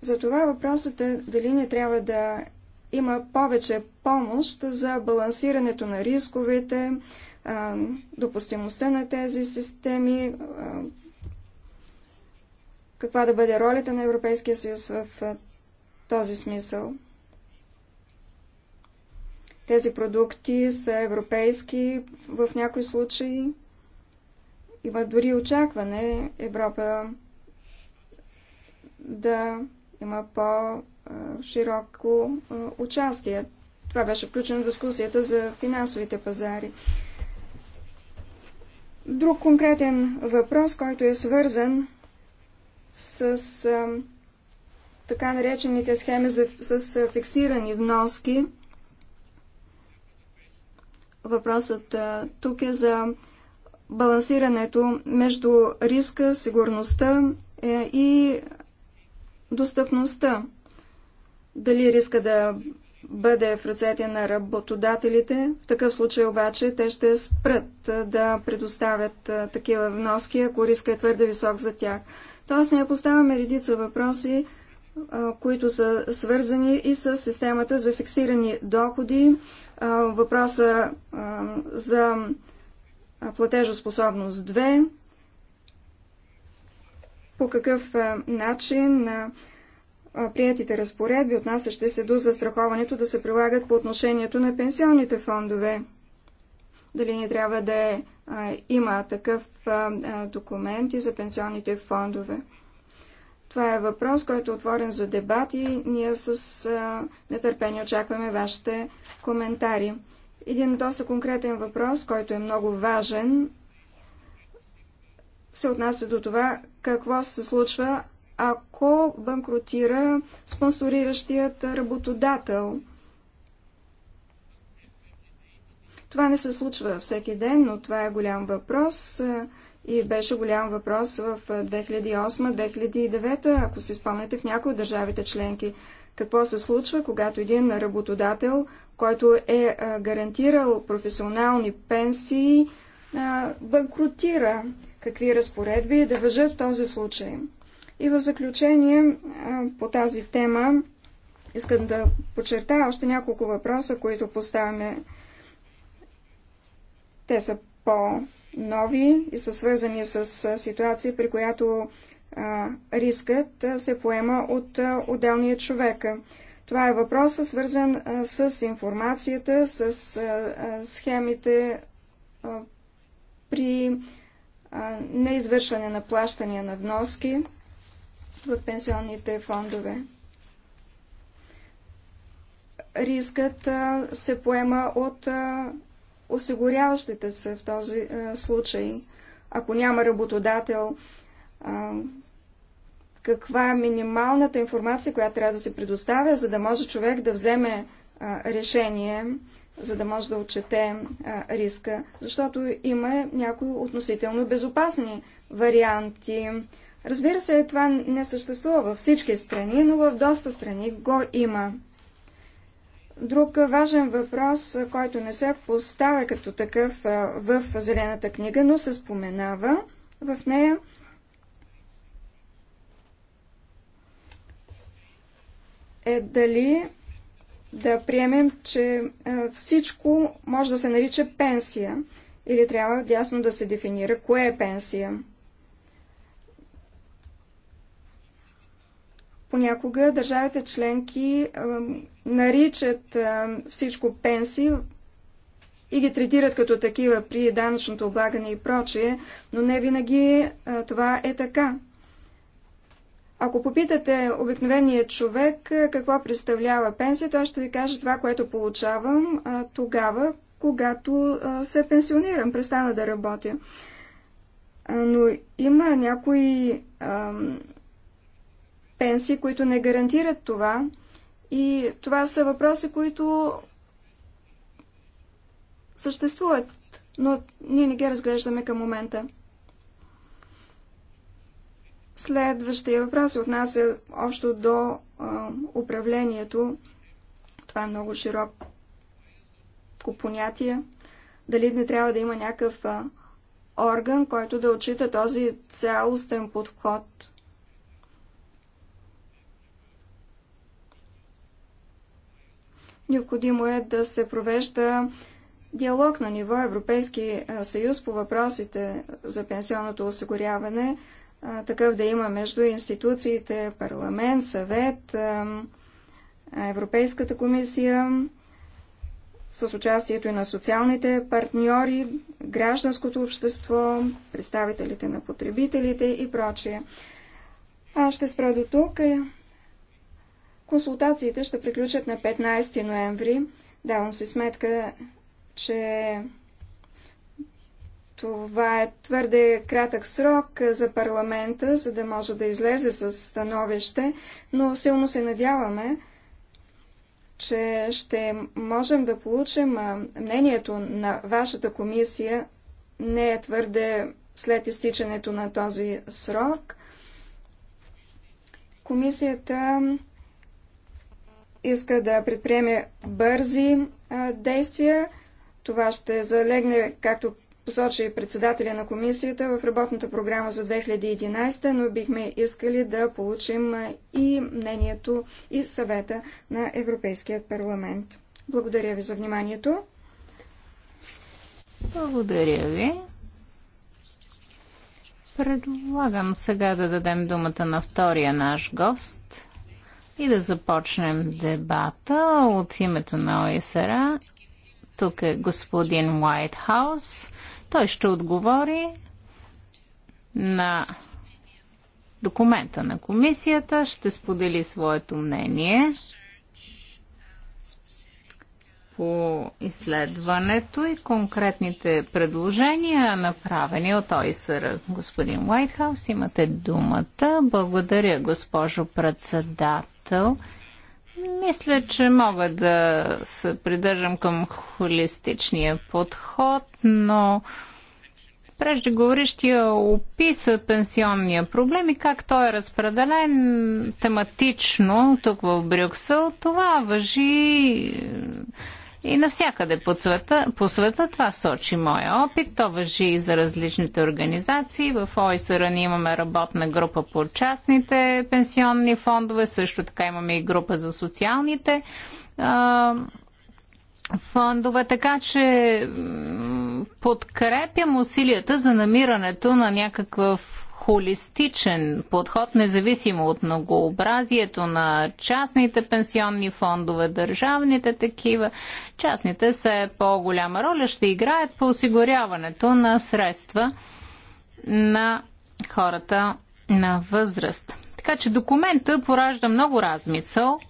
Speaker 3: Затова въпросът е дали не трябва да има повече помощ за балансирането на рисковете, е, допустимостта на тези системи, каква да бъде ролята на Европейския съюз в този смисъл. Тези продукти са европейски в някои случаи. Има дори очакване Европа да има по-широко участие. Това беше включено в дискусията за финансовите пазари. Друг конкретен въпрос, който е свързан с а, така наречените схеми за, с фиксирани вноски – Въпросът тук е за балансирането между риска, сигурността е, и достъпността. Дали риска да бъде в ръцете на работодателите. В такъв случай обаче те ще спрат да предоставят такива вноски, ако риска е твърде висок за тях. Тоест ние поставяме редица въпроси, които са свързани и с системата за фиксирани доходи, въпроса за платежоспособност 2, по какъв начин приятите разпоредби, отнасящи се до застраховането, да се прилагат по отношението на пенсионните фондове. Дали не трябва да има такъв документ и за пенсионните фондове. Това е въпрос, който е отворен за дебат и ние с нетърпение очакваме вашите коментари. Един доста конкретен въпрос, който е много важен, се отнася до това какво се случва, ако банкротира спонсориращият работодател. Това не се случва всеки ден, но това е голям въпрос и беше голям въпрос в 2008-2009, ако си спомняте в някои от държавите членки. Какво се случва, когато един работодател, който е гарантирал професионални пенсии, банкротира? Какви разпоредби да въжат в този случай? И в заключение по тази тема искам да подчертая още няколко въпроса, които поставяме. Те са по нови и са свързани с ситуация, при която рискът се поема от отделния човек. Това е въпросът, свързан с информацията, с схемите при неизвършване на плащания на вноски в пенсионните фондове. Рискът се поема от осигуряващите се в този е, случай. Ако няма работодател, е, каква е минималната информация, която трябва да се предоставя, за да може човек да вземе е, решение, за да може да отчете риска, защото има някои относително безопасни варианти. Разбира се, това не съществува във всички страни, но в доста страни го има. Друг важен въпрос, който не се поставя като такъв в Зелената книга, но се споменава в нея, е дали да приемем, че всичко може да се нарича пенсия или трябва ясно да се дефинира кое е пенсия. Понякога държавите членки наричат всичко пенсии и ги третират като такива при данъчното облагане и прочие, но не винаги това е така. Ако попитате обикновения човек какво представлява пенсия, той ще ви каже това, което получавам тогава, когато се пенсионирам, престана да работя. Но има някои пенсии, които не гарантират това. И това са въпроси, които съществуват, но ние не ги разглеждаме към момента. Следващия въпрос нас отнася общо до а, управлението. Това е много широко понятие. Дали не трябва да има някакъв а, орган, който да отчита този цялостен подход Необходимо е да се провежда диалог на ниво Европейски съюз по въпросите за пенсионното осигуряване, такъв да има между институциите, парламент, съвет, Европейската комисия, с участието и на социалните партньори, гражданското общество, представителите на потребителите и прочие. Аз ще спра до тук. Консултациите ще приключат на 15 ноември. Давам си сметка, че това е твърде кратък срок за парламента, за да може да излезе с становище, но силно се надяваме, че ще можем да получим мнението на вашата комисия не е твърде след изтичането на този срок. Комисията иска да предприеме бързи действия. Това ще залегне, както посочи председателя на комисията в работната програма за 2011, но бихме искали да получим и мнението и съвета на Европейският парламент. Благодаря ви за вниманието.
Speaker 4: Благодаря ви. Предлагам сега да дадем думата на втория наш гост и да започнем дебата от името на ОСР, Тук е господин Уайтхаус. Той ще отговори на документа на комисията, ще сподели своето мнение по изследването и конкретните предложения, направени от ОИСР. Господин Уайтхаус, имате думата. Благодаря, госпожо председател приятел. Мисля, че мога да се придържам към холистичния подход, но преждеговорещия описа пенсионния проблем и как той е разпределен тематично тук в Брюксел. Това въжи и навсякъде по света, по света това сочи моя опит. То въжи и за различните организации. В ОИСР ни имаме работна група по частните пенсионни фондове. Също така имаме и група за социалните а, фондове. Така че подкрепям усилията за намирането на някакъв холистичен подход, независимо от многообразието на частните пенсионни фондове, държавните такива. Частните са по-голяма роля, ще играят по осигуряването на средства на хората на възраст. Така че документа поражда много размисъл.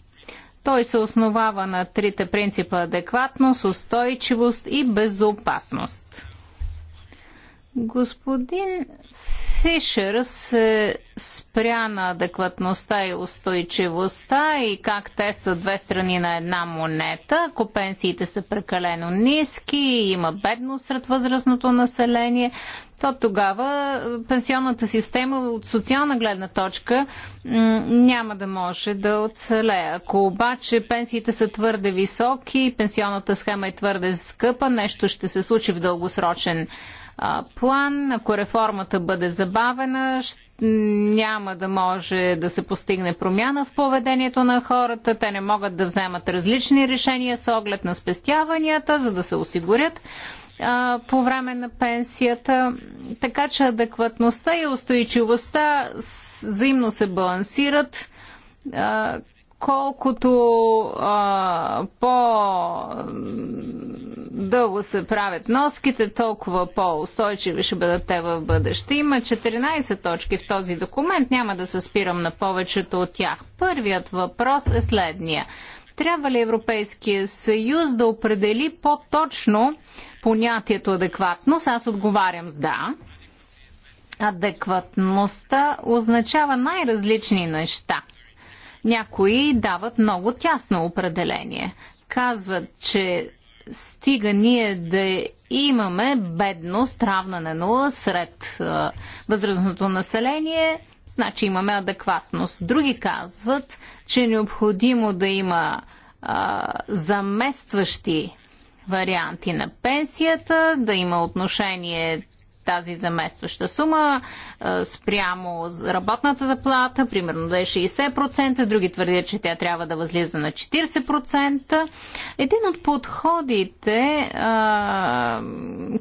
Speaker 4: Той се основава на трите принципа адекватност, устойчивост и безопасност. Господин Фишер се спря на адекватността и устойчивостта и как те са две страни на една монета. Ако пенсиите са прекалено ниски, има бедност сред възрастното население, то тогава е, пенсионната система от социална гледна точка няма да може да оцелее. Ако обаче пенсиите са твърде високи, пенсионната схема е твърде скъпа, нещо ще се случи в дългосрочен план. Ако реформата бъде забавена, няма да може да се постигне промяна в поведението на хората. Те не могат да вземат различни решения с оглед на спестяванията, за да се осигурят по време на пенсията. Така че адекватността и устойчивостта взаимно се балансират колкото а, по дълго се правят носките, толкова по-устойчиви ще бъдат те в бъдеще. Има 14 точки в този документ, няма да се спирам на повечето от тях. Първият въпрос е следния. Трябва ли Европейския съюз да определи по-точно понятието адекватност? Аз отговарям с да. Адекватността означава най-различни неща – някои дават много тясно определение. Казват, че стига ние да имаме бедност равна на нула сред възрастното население, значи имаме адекватност. Други казват, че е необходимо да има а, заместващи варианти на пенсията, да има отношение тази заместваща сума спрямо работната заплата, примерно да е 60%, други твърдят, че тя трябва да възлиза на 40%. Един от подходите,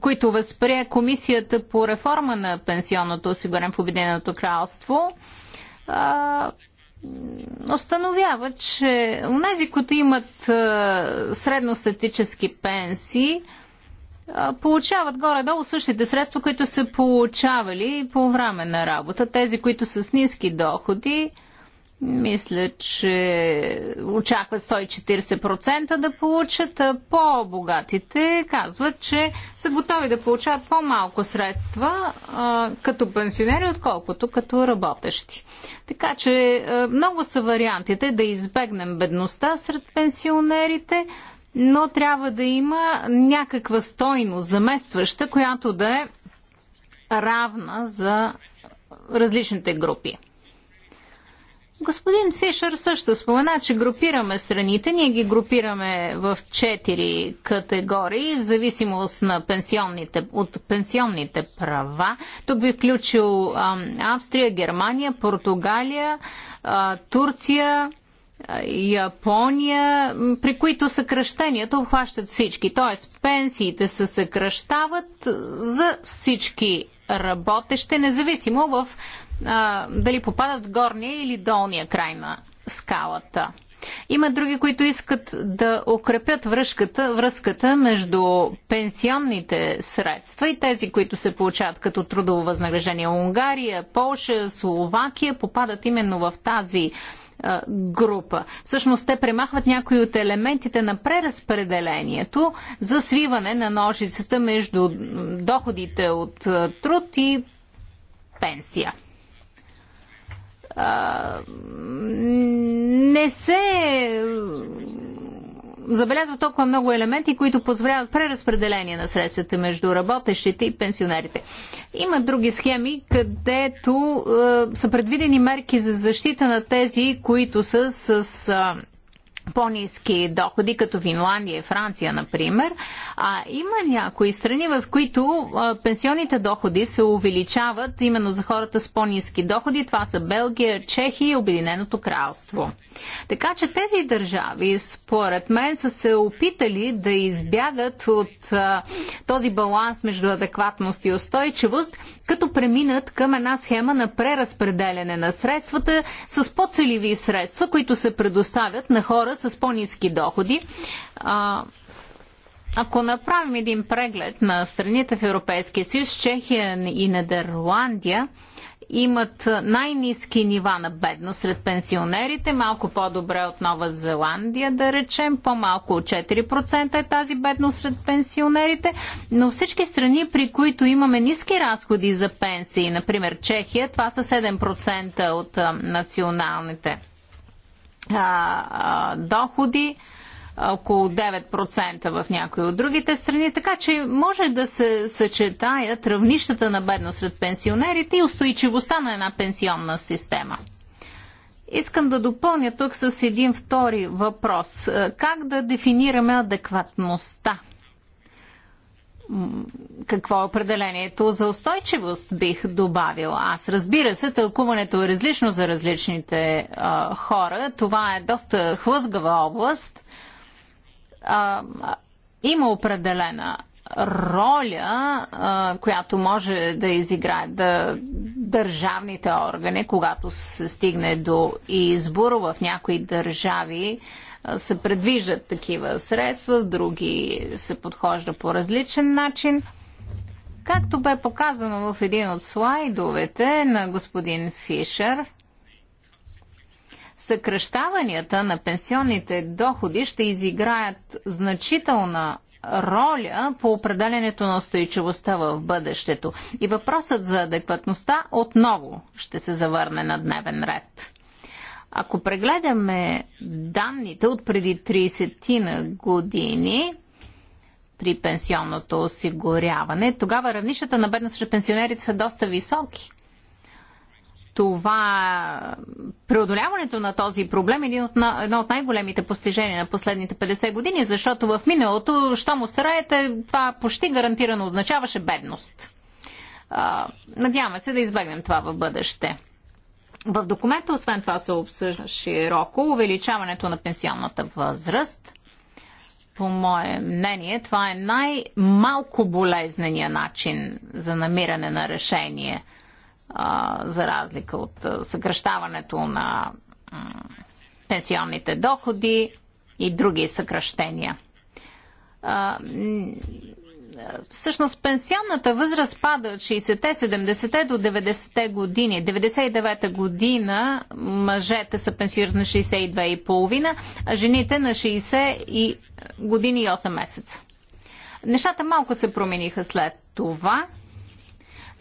Speaker 4: които възприе Комисията по реформа на пенсионното осигурен в Обединеното кралство, установява, че онези, които имат средностатически пенсии, получават горе-долу същите средства, които са получавали по време на работа. Тези, които са с ниски доходи, мисля, че очакват 140% да получат, а по-богатите казват, че са готови да получават по-малко средства а, като пенсионери, отколкото като работещи. Така че а, много са вариантите да избегнем бедността сред пенсионерите, но трябва да има някаква стойност заместваща, която да е равна за различните групи. Господин Фишер също спомена, че групираме страните. Ние ги групираме в четири категории, в зависимост на пенсионните, от пенсионните права. Тук би включил а, Австрия, Германия, Португалия, а, Турция, Япония, при които съкръщението обхващат всички. Т.е. пенсиите се съкръщават за всички работещи, независимо в а, дали попадат в горния или долния край на скалата. Има други, които искат да укрепят връзката, връзката между пенсионните средства и тези, които се получават като трудово възнаграждение. Унгария, Полша, Словакия попадат именно в тази група. Всъщност те премахват някои от елементите на преразпределението за свиване на ножицата между доходите от труд и пенсия не се забелязва толкова много елементи, които позволяват преразпределение на средствата между работещите и пенсионерите. Има други схеми, където е, са предвидени мерки за защита на тези, които са с. Е, по-низки доходи, като Финландия и Франция, например, а има някои страни, в които пенсионните доходи се увеличават именно за хората с по-низки доходи. Това са Белгия, Чехия и Обединеното кралство. Така че тези държави, според мен, са се опитали да избягат от а, този баланс между адекватност и устойчивост, като преминат към една схема на преразпределяне на средствата с по целиви средства, които се предоставят на хора с по-низки доходи. А, ако направим един преглед на страните в Европейския съюз, Чехия и Нидерландия имат най-низки нива на бедност сред пенсионерите, малко по-добре от Нова Зеландия, да речем, по-малко от 4% е тази бедност сред пенсионерите, но всички страни, при които имаме ниски разходи за пенсии, например Чехия, това са 7% от националните а, доходи, около 9% в някои от другите страни, така че може да се съчетаят равнищата на бедност сред пенсионерите и устойчивостта на една пенсионна система. Искам да допълня тук с един втори въпрос. Как да дефинираме адекватността? какво е определението за устойчивост, бих добавил. Аз разбира се, тълкуването е различно за различните а, хора. Това е доста хлъзгава област. А, има определена роля, а, която може да изиграят да, държавните органи, когато се стигне до избор в някои държави. А, се предвиждат такива средства, в други се подхожда по различен начин. Както бе показано в един от слайдовете на господин Фишер, съкръщаванията на пенсионните доходи ще изиграят значителна роля по определенето на устойчивостта в бъдещето. И въпросът за адекватността отново ще се завърне на дневен ред. Ако прегледаме данните от преди 30 на години при пенсионното осигуряване, тогава равнищата на бедност сред пенсионерите са доста високи. Това преодоляването на този проблем е един от, едно от най-големите постижения на последните 50 години, защото в миналото, що му стараете, това почти гарантирано означаваше бедност. Надяваме се да избегнем това в бъдеще. В документа, освен това, се обсъжда широко увеличаването на пенсионната възраст. По мое мнение, това е най-малко болезнения начин за намиране на решение, за разлика от съкръщаването на пенсионните доходи и други съкръщения всъщност пенсионната възраст пада от 60-те, 70-те до 90-те години. 99-та година мъжете са пенсионирани на 62,5, а жените на 60 и години и 8 месеца. Нещата малко се промениха след това,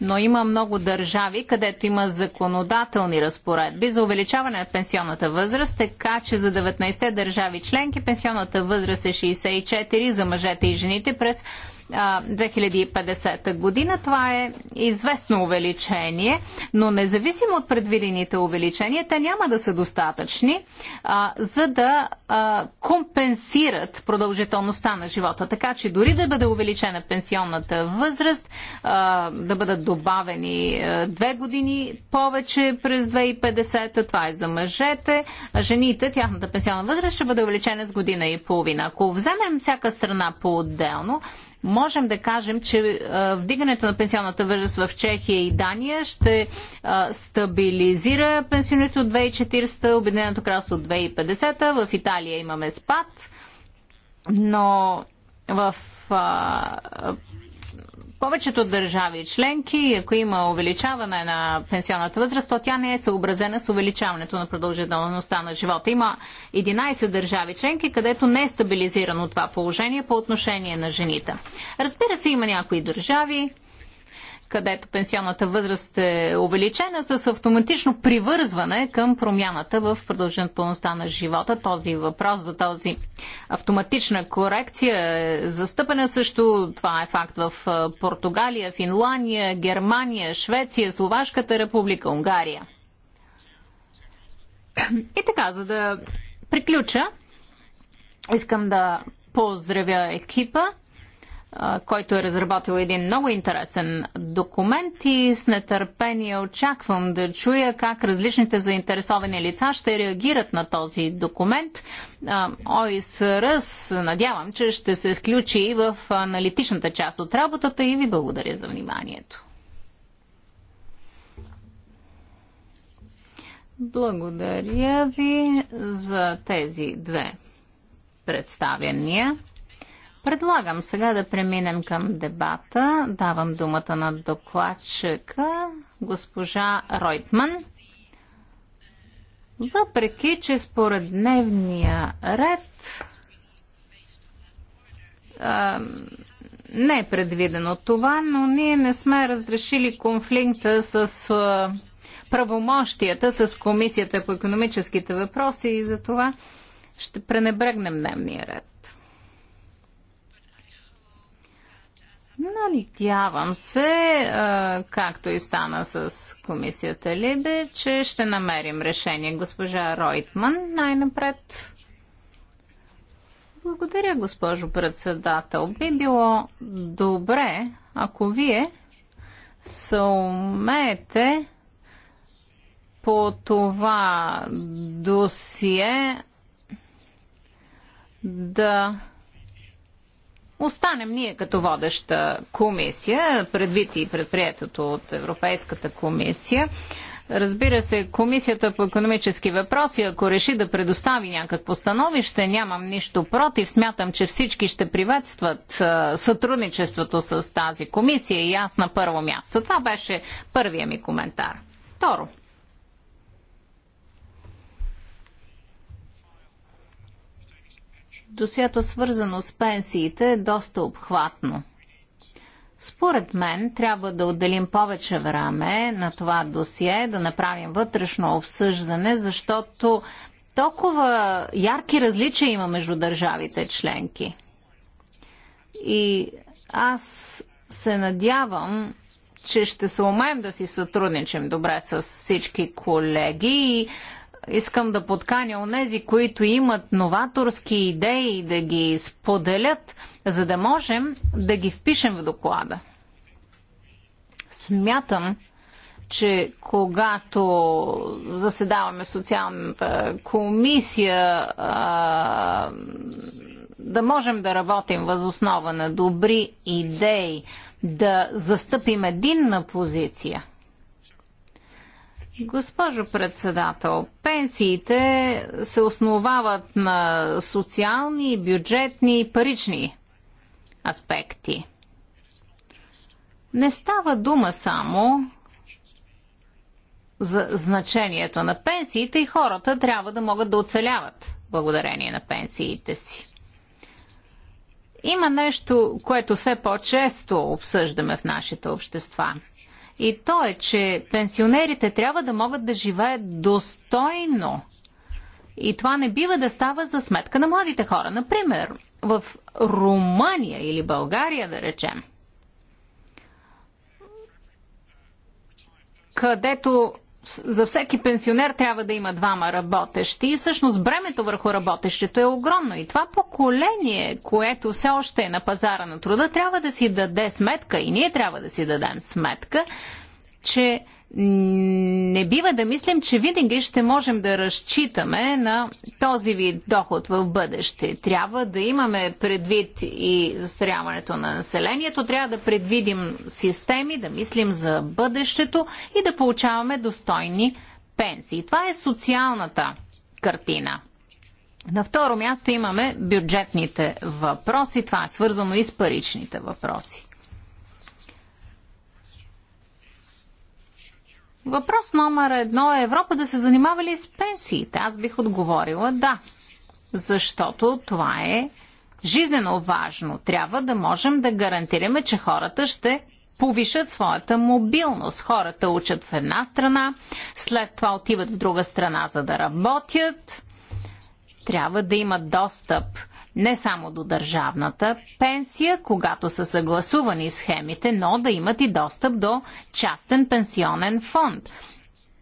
Speaker 4: но има много държави, където има законодателни разпоредби за увеличаване на пенсионната възраст, така че за 19-те държави членки пенсионната възраст е 64 за мъжете и жените през 2050 година. Това е известно увеличение, но независимо от предвидените увеличения, те няма да са достатъчни, а, за да а, компенсират продължителността на живота. Така че дори да бъде увеличена пенсионната възраст, а, да бъдат добавени две години повече през 2050, това е за мъжете, а жените, тяхната пенсионна възраст ще бъде увеличена с година и половина. Ако вземем всяка страна по-отделно, можем да кажем, че е, вдигането на пенсионната възраст в Чехия и Дания ще е, стабилизира пенсионите от 2040, Обединеното кралство от 2050, в Италия имаме спад, но в повечето държави членки, ако има увеличаване на пенсионната възраст, то тя не е съобразена с увеличаването на продължителността на живота. Има 11 държави членки, където не е стабилизирано това положение по отношение на жените. Разбира се, има някои държави, където пенсионната възраст е увеличена с автоматично привързване към промяната в продължителността на живота. Този въпрос за този автоматична корекция е застъпена също. Това е факт в Португалия, Финландия, Германия, Швеция, Словашката република, Унгария. И така, за да приключа, искам да поздравя екипа който е разработил един много интересен документ и с нетърпение очаквам да чуя как различните заинтересовани лица ще реагират на този документ. раз. надявам, че ще се включи и в аналитичната част от работата и ви благодаря за вниманието. Благодаря ви за тези две представяния. Предлагам сега да преминем към дебата. Давам думата на докладчика, госпожа Ройтман. Въпреки, че според дневния ред а, не е предвидено това, но ние не сме разрешили конфликта с а, правомощията с Комисията по економическите въпроси и за това ще пренебрегнем дневния ред. Надявам се, както и стана с комисията Либе, че ще намерим решение. Госпожа Ройтман, най-напред. Благодаря, госпожо председател. Би било добре, ако вие се умеете по това досие да останем ние като водеща комисия, предвид и предприетото от Европейската комисия. Разбира се, Комисията по економически въпроси, ако реши да предостави някакво становище, нямам нищо против. Смятам, че всички ще приветстват сътрудничеството с тази комисия и аз на първо място. Това беше първия ми коментар. Второ, досието свързано с пенсиите е доста обхватно. Според мен трябва да отделим повече време на това досие, да направим вътрешно обсъждане, защото толкова ярки различия има между държавите членки. И аз се надявам, че ще се умеем да си сътрудничим добре с всички колеги и искам да подканя онези, които имат новаторски идеи, да ги споделят, за да можем да ги впишем в доклада. Смятам, че когато заседаваме в социалната комисия, да можем да работим възоснова на добри идеи, да застъпим единна позиция – Госпожо председател, пенсиите се основават на социални, бюджетни и парични аспекти. Не става дума само за значението на пенсиите и хората трябва да могат да оцеляват благодарение на пенсиите си. Има нещо, което все по-често обсъждаме в нашите общества – и то е, че пенсионерите трябва да могат да живеят достойно. И това не бива да става за сметка на младите хора. Например, в Румъния или България, да речем, където за всеки пенсионер трябва да има двама работещи и всъщност бремето върху работещето е огромно. И това поколение, което все още е на пазара на труда, трябва да си даде сметка и ние трябва да си дадем сметка, че не бива да мислим, че винаги ще можем да разчитаме на този вид доход в бъдеще. Трябва да имаме предвид и застаряването на населението, трябва да предвидим системи, да мислим за бъдещето и да получаваме достойни пенсии. Това е социалната картина. На второ място имаме бюджетните въпроси. Това е свързано и с паричните въпроси. Въпрос номер едно е Европа да се занимава ли с пенсиите? Аз бих отговорила да, защото това е жизнено важно. Трябва да можем да гарантираме, че хората ще повишат своята мобилност. Хората учат в една страна, след това отиват в друга страна, за да работят. Трябва да имат достъп не само до държавната пенсия, когато са съгласувани схемите, но да имат и достъп до частен пенсионен фонд.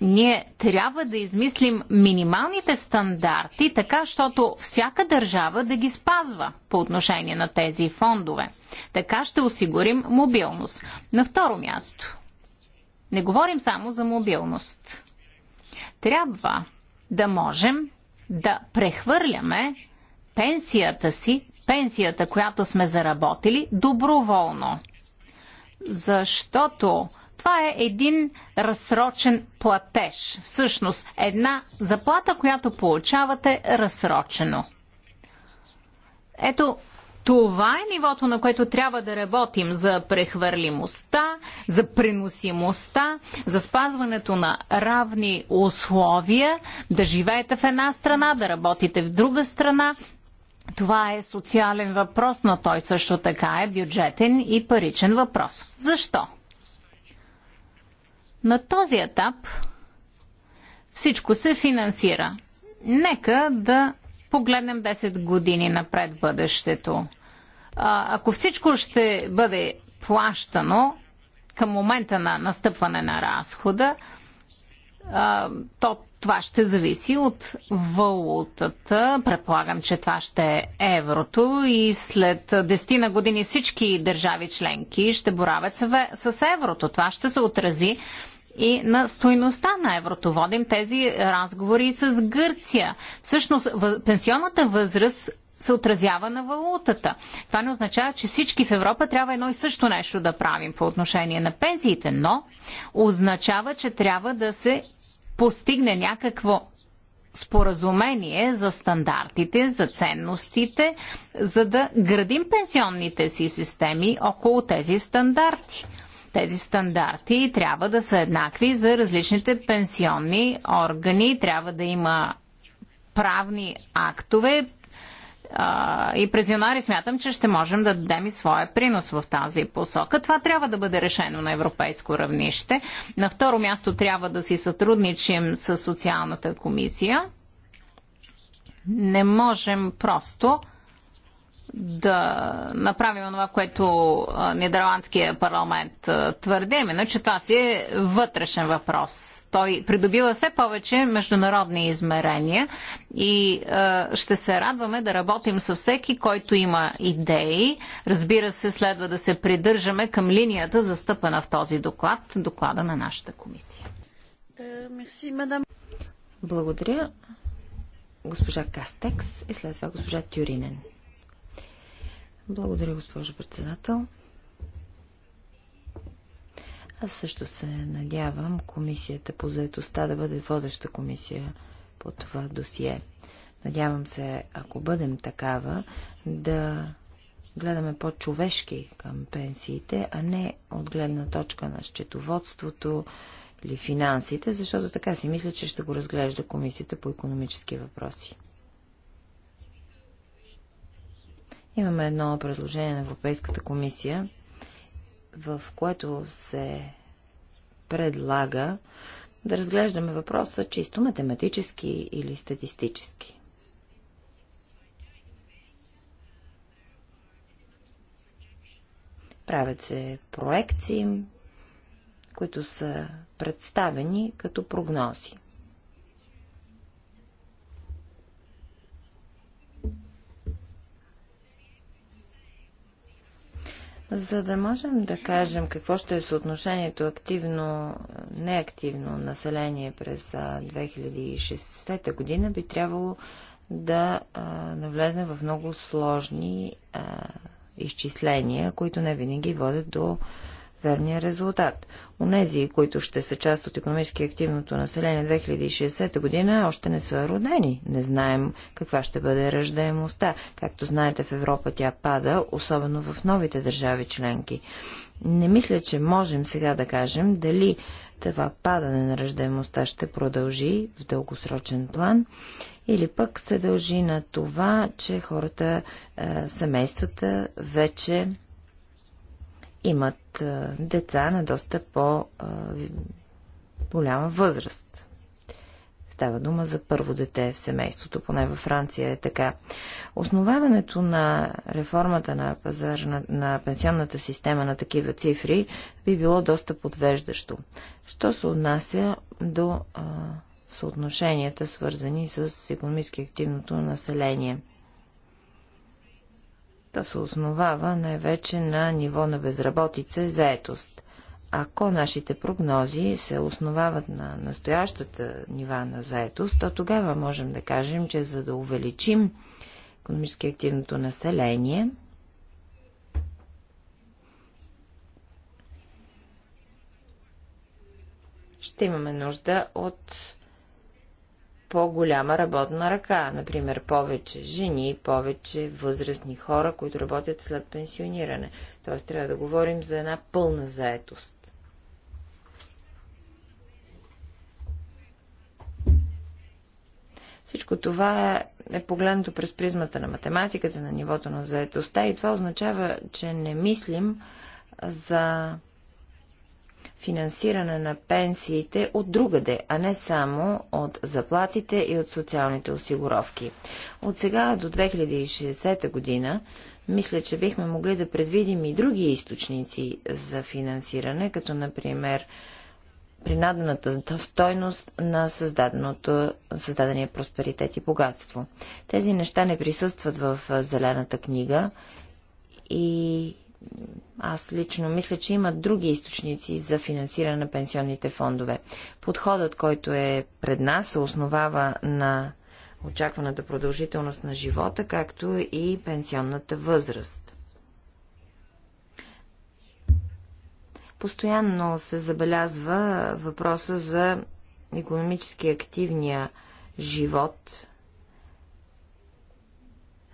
Speaker 4: Ние трябва да измислим минималните стандарти, така, защото всяка държава да ги спазва по отношение на тези фондове. Така ще осигурим мобилност. На второ място, не говорим само за мобилност. Трябва да можем да прехвърляме пенсията си, пенсията, която сме заработили, доброволно. Защото това е един разсрочен платеж. Всъщност, една заплата, която получавате е разсрочено. Ето, това е нивото, на което трябва да работим за прехвърлимостта, за приносимостта, за спазването на равни условия, да живеете в една страна, да работите в друга страна, това е социален въпрос, но той също така е бюджетен и паричен въпрос. Защо? На този етап всичко се финансира. Нека да погледнем 10 години напред бъдещето. А, ако всичко ще бъде плащано към момента на настъпване на разхода, а, то това ще зависи от валутата. Предполагам, че това ще е еврото и след 10 на години всички държави членки ще боравят с еврото. Това ще се отрази и на стойността на еврото. Водим тези разговори и с Гърция. Всъщност, пенсионната възраст се отразява на валутата. Това не означава, че всички в Европа трябва едно и също нещо да правим по отношение на пенсиите, но означава, че трябва да се постигне някакво споразумение за стандартите, за ценностите, за да градим пенсионните си системи около тези стандарти. Тези стандарти трябва да са еднакви за различните пенсионни органи, трябва да има правни актове, а, и през януари смятам, че ще можем да дадем и своя принос в тази посока. Това трябва да бъде решено на европейско равнище. На второ място трябва да си сътрудничим с социалната комисия. Не можем просто да направим това, което Нидерландския парламент твърди, именно, че това си е вътрешен въпрос. Той придобива все повече международни измерения и е, ще се радваме да работим с всеки, който има идеи. Разбира се, следва да се придържаме към линията стъпана в този доклад, доклада на нашата комисия.
Speaker 2: Благодаря. Госпожа Кастекс и след това госпожа Тюринен. Благодаря, госпожо председател. Аз също се надявам комисията по заедостта да бъде водеща комисия по това досие. Надявам се, ако бъдем такава, да гледаме по-човешки към пенсиите, а не от гледна точка на счетоводството или финансите, защото така си мисля, че ще го разглежда комисията по економически въпроси. Имаме едно предложение на Европейската комисия, в което се предлага да разглеждаме въпроса чисто математически или статистически. Правят се проекции, които са представени като прогнози. за да можем да кажем какво ще е съотношението активно-неактивно население през 2060 година, би трябвало да навлезем в много сложни а, изчисления, които не винаги водят до верния резултат. Онези, които ще са част от економически активното население 2060 година, още не са родени. Не знаем каква ще бъде ръждаемостта. Както знаете, в Европа тя пада, особено в новите държави членки. Не мисля, че можем сега да кажем дали това падане на ръждаемостта ще продължи в дългосрочен план или пък се дължи на това, че хората, е, семействата вече имат деца на доста по-голяма възраст. Става дума за първо дете в семейството, поне във Франция е така. Основаването на реформата на, пазар, на, на пенсионната система на такива цифри би било доста подвеждащо. Що се отнася до а, съотношенията, свързани с економически активното население – то се основава най-вече на ниво на безработица и заетост. Ако нашите прогнози се основават на настоящата нива на заетост, то тогава можем да кажем, че за да увеличим економически активното население, ще имаме нужда от по-голяма работна ръка, например повече жени, повече възрастни хора, които работят след пенсиониране. Т.е. трябва да говорим за една пълна заетост. Всичко това е погледнато през призмата на математиката, на нивото на заетостта и това означава, че не мислим за финансиране на пенсиите от другаде, а не само от заплатите и от социалните осигуровки. От сега до 2060 година мисля, че бихме могли да предвидим и други източници за финансиране, като например принадената стойност на създадения просперитет и богатство. Тези неща не присъстват в Зелената книга и аз лично мисля, че има други източници за финансиране на пенсионните фондове. Подходът, който е пред нас, се основава на очакваната продължителност на живота, както и пенсионната възраст. Постоянно се забелязва въпроса за економически активния живот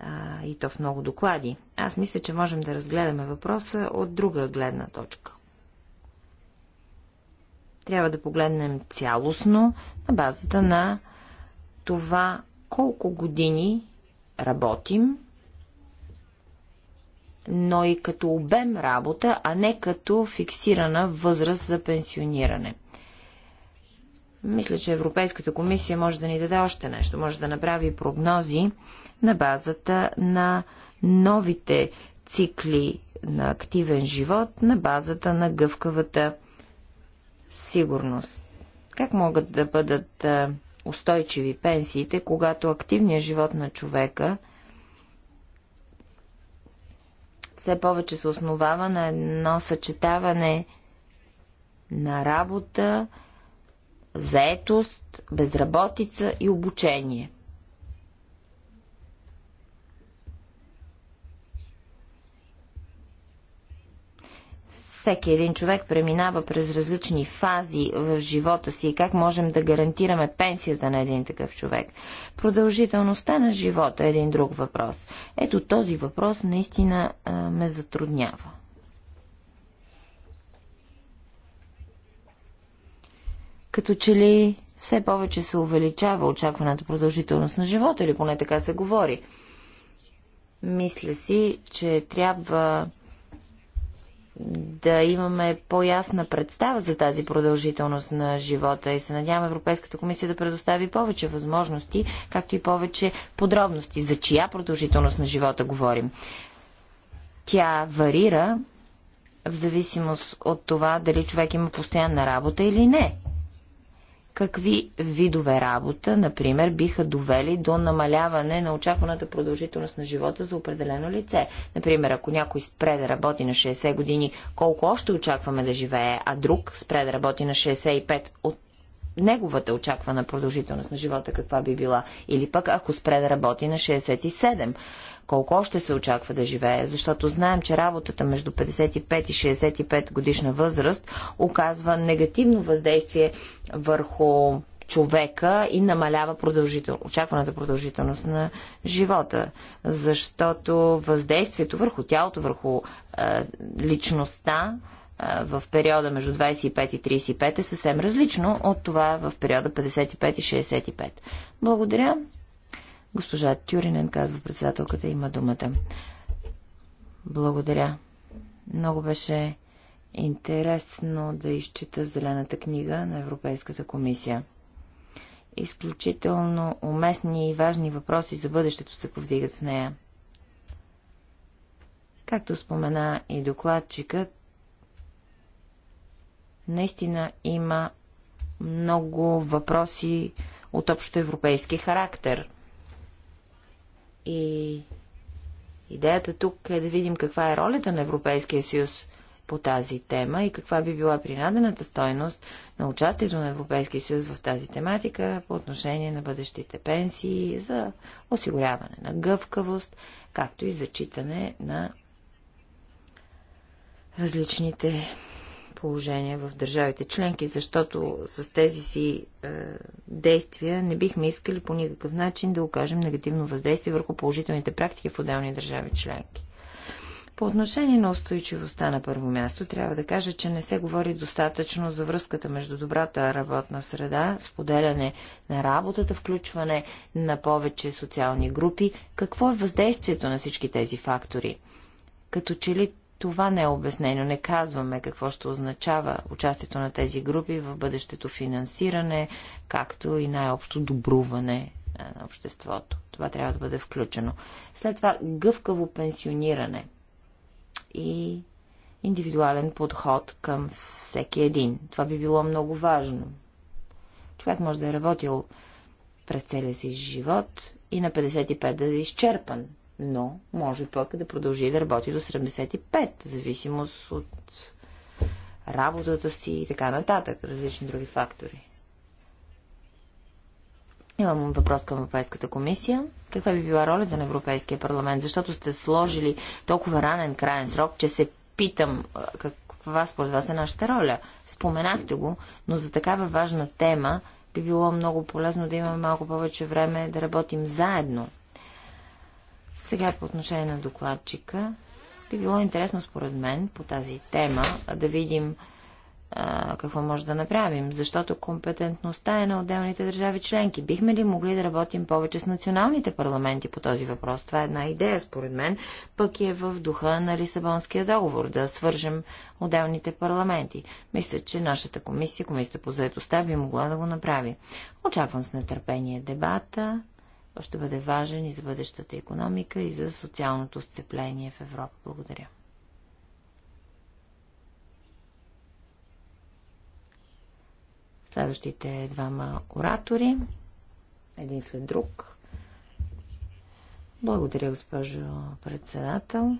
Speaker 2: а, и то в много доклади. Аз мисля, че можем да разгледаме въпроса от друга гледна точка. Трябва да погледнем цялостно на базата на това колко години работим, но и като обем работа, а не като фиксирана възраст за пенсиониране. Мисля, че Европейската комисия може да ни даде още нещо. Може да направи прогнози на базата на новите цикли на активен живот, на базата на гъвкавата сигурност. Как могат да бъдат устойчиви пенсиите, когато активният живот на човека все повече се основава на едно съчетаване на работа заетост, безработица и обучение. Всеки един човек преминава през различни фази в живота си и как можем да гарантираме пенсията на един такъв човек. Продължителността на живота е един друг въпрос. Ето този въпрос наистина а, ме затруднява. като че ли все повече се увеличава очакваната продължителност на живота, или поне така се говори. Мисля си, че трябва да имаме по-ясна представа за тази продължителност на живота и се надявам Европейската комисия да предостави повече възможности, както и повече подробности за чия продължителност на живота говорим. Тя варира в зависимост от това дали човек има постоянна работа или не какви видове работа, например, биха довели до намаляване на очакваната продължителност на живота за определено лице. Например, ако някой спре да работи на 60 години, колко още очакваме да живее, а друг спре да работи на 65 от неговата очаквана продължителност на живота каква би била. Или пък ако спре да работи на 67, колко още се очаква да живее, защото знаем, че работата между 55 и 65 годишна възраст оказва негативно въздействие върху човека и намалява продължител, очакваната продължителност на живота, защото въздействието върху тялото, върху е, личността в периода между 25 и 35 е съвсем различно от това в периода 55 и 65. Благодаря. Госпожа Тюринен, казва председателката, има думата. Благодаря. Много беше интересно да изчита Зелената книга на Европейската комисия. Изключително уместни и важни въпроси за бъдещето се повдигат в нея. Както спомена и докладчикът, Наистина има много въпроси от общо европейски характер. И идеята тук е да видим каква е ролята на Европейския съюз по тази тема и каква би била принадената стойност на участието на Европейския съюз в тази тематика по отношение на бъдещите пенсии, за осигуряване на гъвкавост, както и зачитане на различните положение в държавите членки, защото с тези си е, действия не бихме искали по никакъв начин да окажем негативно въздействие върху положителните практики в отделни държави членки. По отношение на устойчивостта на първо място, трябва да кажа, че не се говори достатъчно за връзката между добрата работна среда, споделяне на работата, включване на повече социални групи. Какво е въздействието на всички тези фактори? Като че ли това не е обяснено. Не казваме какво ще означава участието на тези групи в бъдещето финансиране, както и най-общо добруване на обществото. Това трябва да бъде включено. След това гъвкаво пенсиониране и индивидуален подход към всеки един. Това би било много важно. Човек може да е работил през целия си живот и на 55 да е изчерпан но може пък да продължи да работи до 75, в зависимост от работата си и така нататък, различни други фактори. Имам въпрос към Европейската комисия. Каква би била ролята на Европейския парламент? Защото сте сложили толкова ранен крайен срок, че се питам каква според вас е нашата роля. Споменахте го, но за такава важна тема би било много полезно да имаме малко повече време да работим заедно. Сега по отношение на докладчика, би било интересно според мен по тази тема да видим а, какво може да направим, защото компетентността е на отделните държави членки. Бихме ли могли да работим повече с националните парламенти по този въпрос? Това е една идея, според мен, пък е в духа на Лисабонския договор, да свържем отделните парламенти. Мисля, че нашата комисия, комисията по заедостта, би могла да го направи. Очаквам с нетърпение дебата ще бъде важен и за бъдещата економика, и за социалното сцепление в Европа. Благодаря. Следващите двама оратори, един след друг. Благодаря, госпожо председател.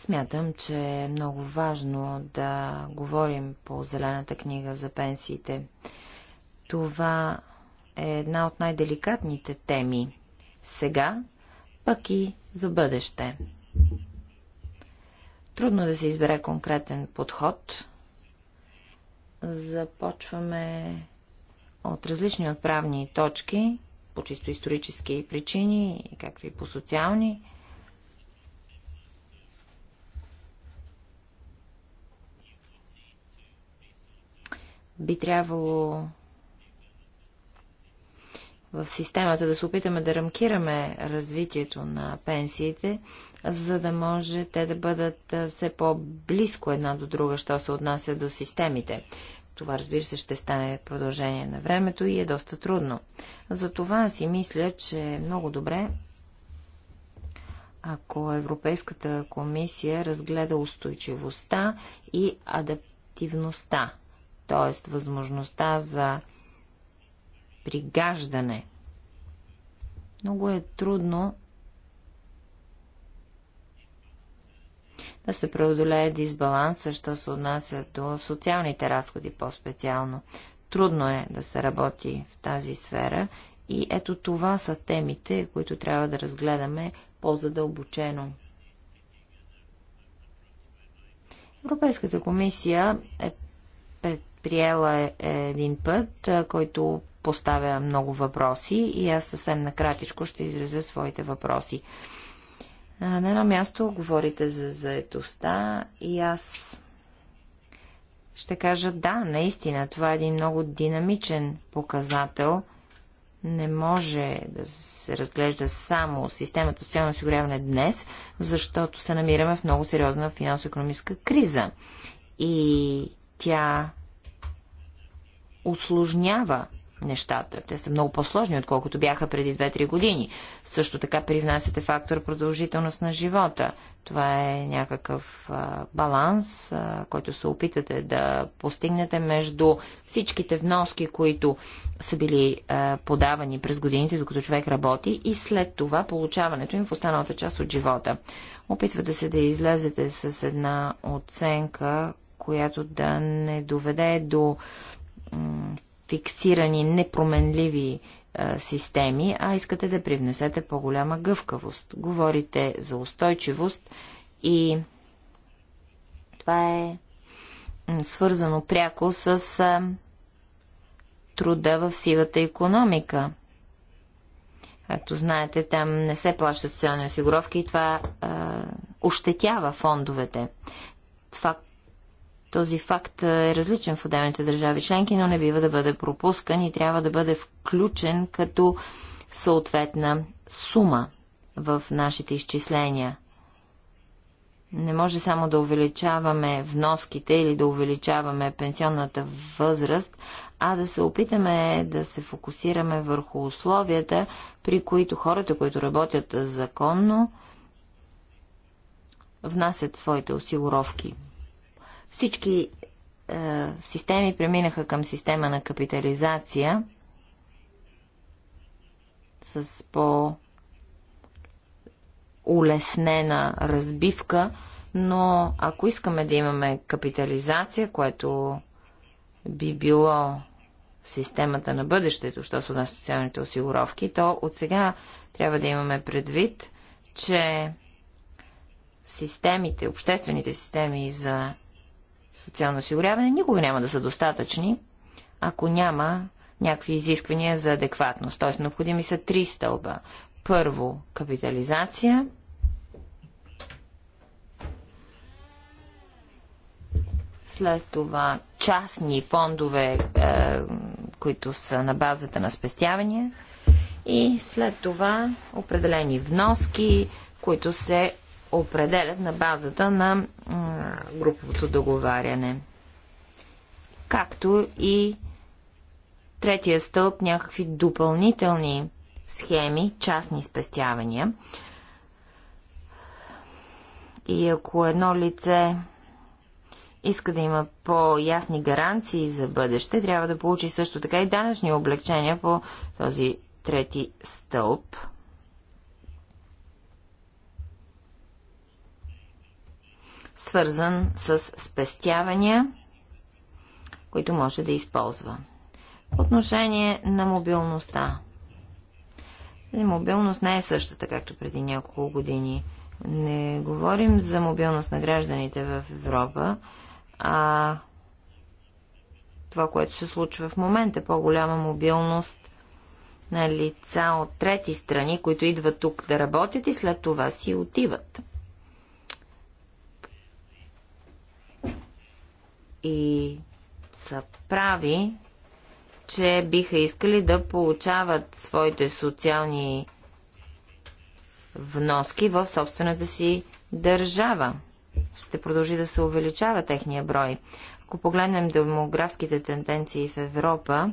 Speaker 2: Смятам, че е много важно да говорим по Зелената книга за пенсиите. Това е една от най-деликатните теми сега, пък и за бъдеще. Трудно да се избере конкретен подход. Започваме от различни отправни точки, по чисто исторически причини, както и по социални. Би трябвало в системата да се опитаме да рамкираме развитието на пенсиите, за да може те да бъдат все по-близко една до друга, що се отнася до системите. Това, разбира се, ще стане продължение на времето и е доста трудно. Затова си мисля, че е много добре, ако Европейската комисия разгледа устойчивостта и адаптивността т.е. възможността за пригаждане. Много е трудно да се преодолее дисбаланса, що се отнася до социалните разходи по-специално. Трудно е да се работи в тази сфера и ето това са темите, които трябва да разгледаме по-задълбочено. Европейската комисия е пред приела е, е един път, който поставя много въпроси и аз съвсем накратичко ще изразя своите въпроси. На едно място говорите за заетостта и аз ще кажа да, наистина, това е един много динамичен показател. Не може да се разглежда само системата социално осигуряване днес, защото се намираме в много сериозна финансово-економическа криза. И тя осложнява нещата. Те са много по-сложни, отколкото бяха преди 2-3 години. Също така привнасяте фактор продължителност на живота. Това е някакъв а, баланс, а, който се опитате да постигнете между всичките вноски, които са били а, подавани през годините, докато човек работи и след това получаването им в останалата част от живота. Опитвате се да излезете с една оценка, която да не доведе до фиксирани, непроменливи а, е, системи, а искате да привнесете по-голяма гъвкавост. Говорите за устойчивост и това е свързано пряко с а, е, труда в сивата економика. Както знаете, там не се плащат социални осигуровки и това а, е, ощетява фондовете. Това, този факт е, е различен в отделните държави членки, но не бива да бъде пропускан и трябва да бъде включен като съответна сума в нашите изчисления. Не може само да увеличаваме вноските или да увеличаваме пенсионната възраст, а да се опитаме да се фокусираме върху условията, при които хората, които работят законно, внасят своите осигуровки. Всички е, системи преминаха към система на капитализация с по улеснена разбивка, но ако искаме да имаме капитализация, което би било в системата на бъдещето, що са на социалните осигуровки, то от сега трябва да имаме предвид, че системите, обществените системи за социално осигуряване никога няма да са достатъчни, ако няма някакви изисквания за адекватност. Т.е. необходими са три стълба. Първо, капитализация. След това частни фондове, е, които са на базата на спестявания. И след това определени вноски, които се определят на базата на груповото договаряне. Както и третия стълб някакви допълнителни схеми, частни спестявания. И ако едно лице иска да има по-ясни гаранции за бъдеще, трябва да получи също така и данъчни облегчения по този трети стълб – свързан с спестявания, които може да използва. По отношение на мобилността. Нали, мобилност не е същата, както преди няколко години. Не говорим за мобилност на гражданите в Европа, а това, което се случва в момента, е по-голяма мобилност на лица от трети страни, които идват тук да работят и след това си отиват. и са прави, че биха искали да получават своите социални вноски в собствената си държава. Ще продължи да се увеличава техния брой. Ако погледнем демографските тенденции в Европа,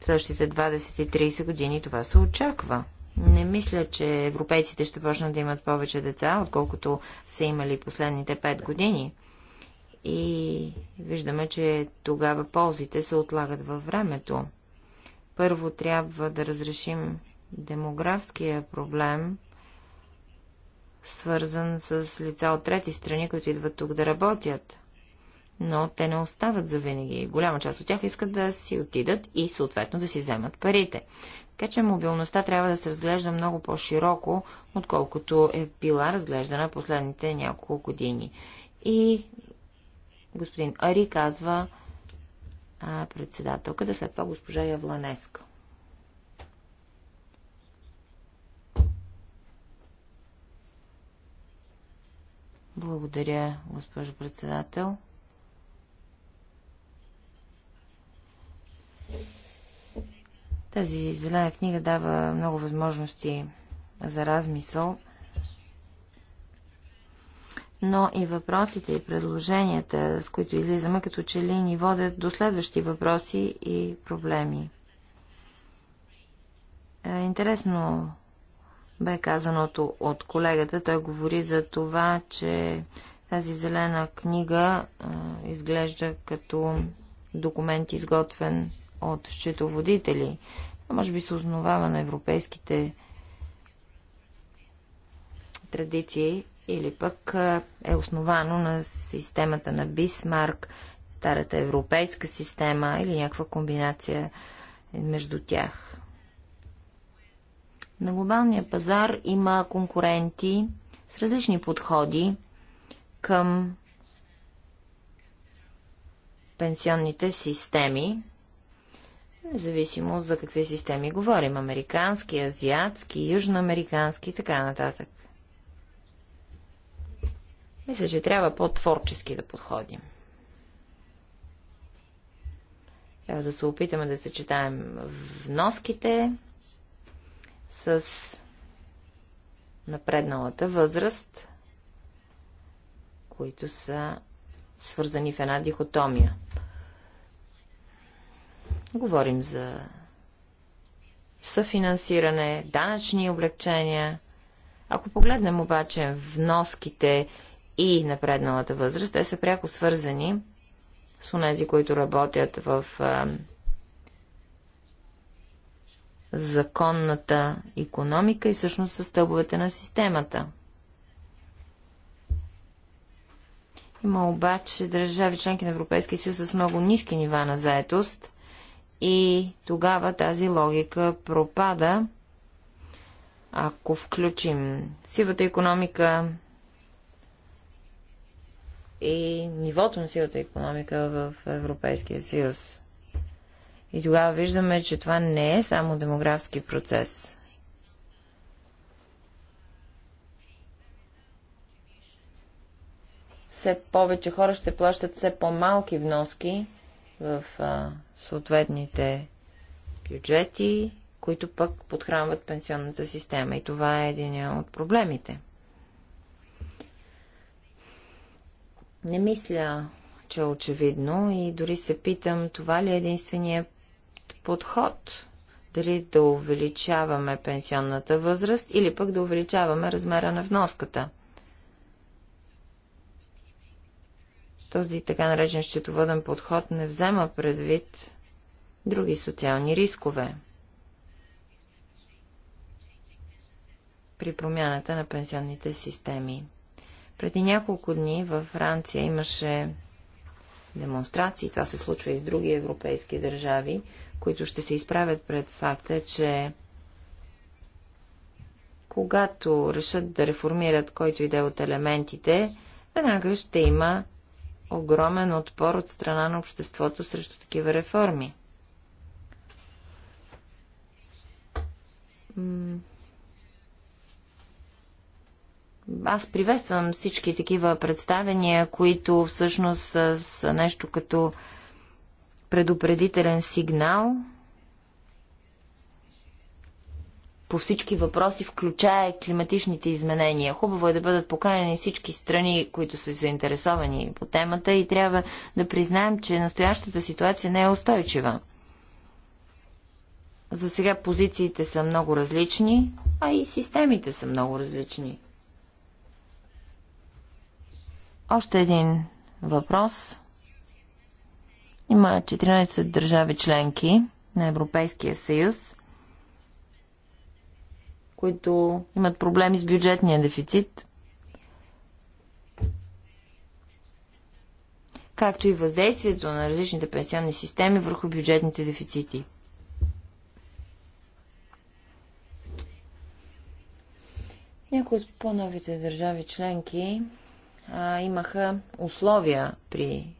Speaker 2: в същите 20 и 30 години това се очаква. Не мисля, че европейците ще почнат да имат повече деца, отколкото са имали последните 5 години и виждаме, че тогава ползите се отлагат във времето. Първо трябва да разрешим демографския проблем, свързан с лица от трети страни, които идват тук да работят. Но те не остават за винаги. Голяма част от тях искат да си отидат и съответно да си вземат парите. Така че мобилността трябва да се разглежда много по-широко, отколкото е била разглеждана последните няколко години. И Господин Ари казва а, председателката, след това госпожа Явланеска. Благодаря, госпожо председател. Тази зелена книга дава много възможности за размисъл но и въпросите и предложенията, с които излизаме, като че ли ни водят до следващи въпроси и проблеми. Е, интересно бе казаното от колегата. Той говори за това, че тази зелена книга е, изглежда като документ изготвен от счетоводители. може би се основава на европейските традиции, или пък е основано на системата на Бисмарк, старата европейска система или някаква комбинация между тях. На глобалния пазар има конкуренти с различни подходи към пенсионните системи, независимо за какви системи говорим американски, азиатски, южноамерикански и така нататък. Мисля, че трябва по-творчески да подходим. Трябва да се опитаме да съчетаем вноските с напредналата възраст, които са свързани в една дихотомия. Говорим за съфинансиране, данъчни облегчения. Ако погледнем обаче вноските и напредналата възраст, те са пряко свързани с онези, които работят в а, законната економика и всъщност с стълбовете на системата. Има обаче държави членки на Европейския съюз с много ниски нива на заетост и тогава тази логика пропада. Ако включим сивата економика, и нивото на силата економика в Европейския съюз. И тогава виждаме, че това не е само демографски процес. Все повече хора ще плащат все по-малки вноски в а, съответните бюджети, които пък подхранват пенсионната система. И това е един от проблемите. Не мисля, че е очевидно и дори се питам, това ли е единственият подход? Дали да увеличаваме пенсионната възраст или пък да увеличаваме размера на вноската? Този така наречен счетоводен подход не взема предвид други социални рискове. при промяната на пенсионните системи. Преди няколко дни във Франция имаше демонстрации, това се случва и в други европейски държави, които ще се изправят пред факта, че когато решат да реформират който иде от елементите, веднага ще има огромен отпор от страна на обществото срещу такива реформи аз приветствам всички такива представения, които всъщност са, са нещо като предупредителен сигнал по всички въпроси, включая климатичните изменения. Хубаво е да бъдат поканени всички страни, които са заинтересовани по темата и трябва да признаем, че настоящата ситуация не е устойчива. За сега позициите са много различни, а и системите са много различни. Още един въпрос. Има 14 държави членки на Европейския съюз, които имат проблеми с бюджетния дефицит, както и въздействието на различните пенсионни системи върху бюджетните дефицити. Някои от по-новите държави членки а, имаха условия при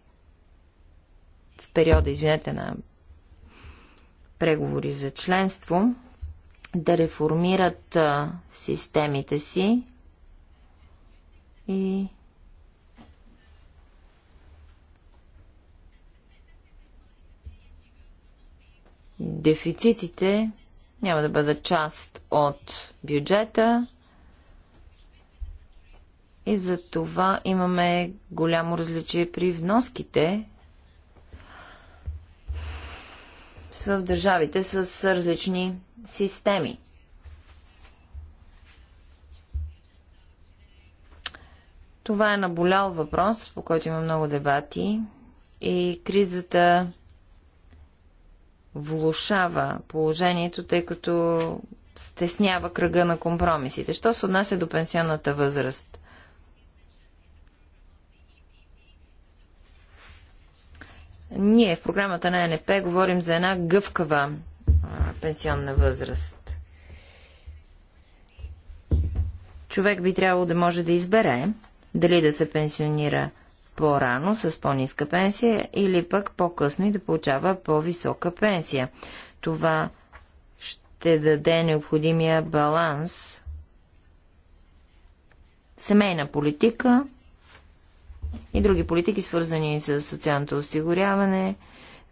Speaker 2: в периода, извинете, на преговори за членство, да реформират а, системите си и дефицитите няма да бъдат част от бюджета, и за това имаме голямо различие при вноските в държавите с различни системи. Това е наболял въпрос, по който има много дебати и кризата влушава положението, тъй като стеснява кръга на компромисите. Що се отнася до пенсионната възраст? Ние в програмата на НП говорим за една гъвкава а, пенсионна възраст. Човек би трябвало да може да избере дали да се пенсионира по-рано с по-ниска пенсия или пък по-късно и да получава по-висока пенсия. Това ще даде необходимия баланс. Семейна политика, и други политики, свързани с социалното осигуряване,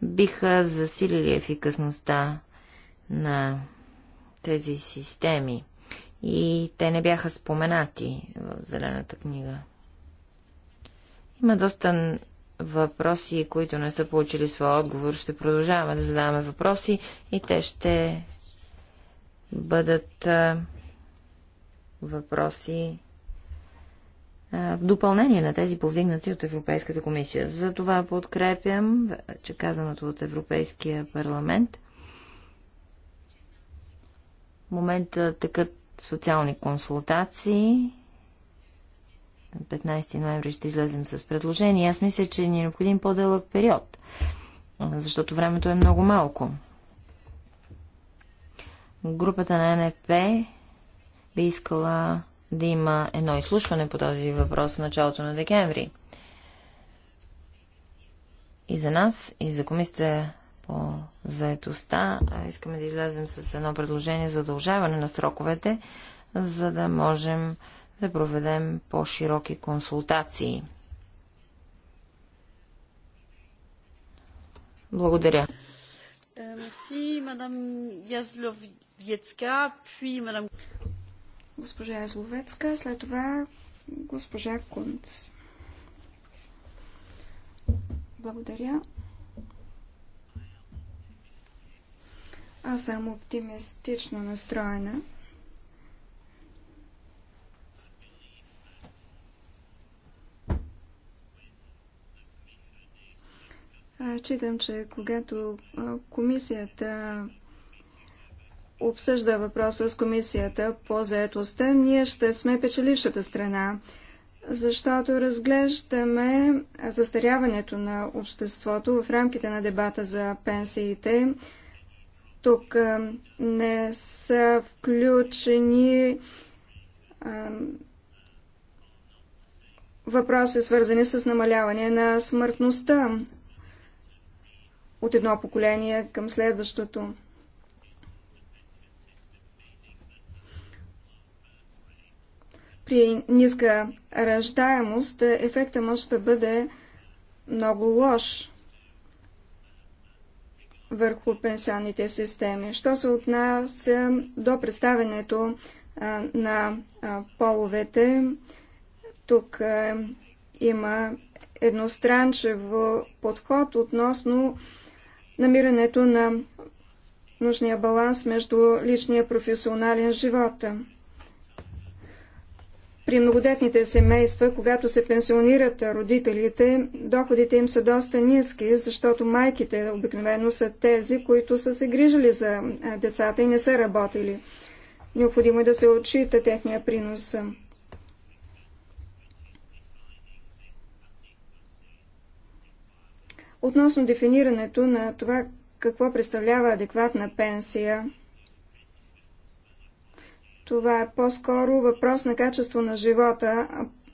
Speaker 2: биха засилили ефикасността на тези системи. И те не бяха споменати в Зелената книга. Има доста въпроси, които не са получили своя отговор. Ще продължаваме да задаваме въпроси и те ще бъдат въпроси в допълнение на тези повдигнати от Европейската комисия. За това подкрепям, че казаното от Европейския парламент. В момента такът социални консултации. 15 ноември ще излезем с предложение. Аз мисля, че ни е необходим по-дълъг период, защото времето е много малко. Групата на НФП би искала да има едно изслушване по този въпрос в началото на декември. И за нас, и за комисията по заедостта, искаме да излезем с едно предложение за удължаване на сроковете, за да можем да проведем по-широки консултации. Благодаря.
Speaker 1: Е, госпожа Езловецка, след това
Speaker 3: госпожа Кунц. Благодаря. Аз съм оптимистично настроена. Читам, че когато комисията обсъжда въпроса с комисията по заетостта, ние ще сме печелившата страна, защото разглеждаме застаряването на обществото в рамките на дебата за пенсиите. Тук не са включени въпроси, свързани с намаляване на смъртността от едно поколение към следващото. При ниска раждаемост ефекта може да бъде много лош върху пенсионните системи. Що се отнася до представенето на половете, тук има едностранчев подход относно намирането на нужния баланс между личния и професионален живот. При многодетните семейства, когато се пенсионират родителите, доходите им са доста ниски, защото майките обикновено са тези, които са се грижили за децата и не са работили. Необходимо е да се отчита техния принос. Относно дефинирането на това какво представлява адекватна пенсия, това е по-скоро въпрос на качество на живота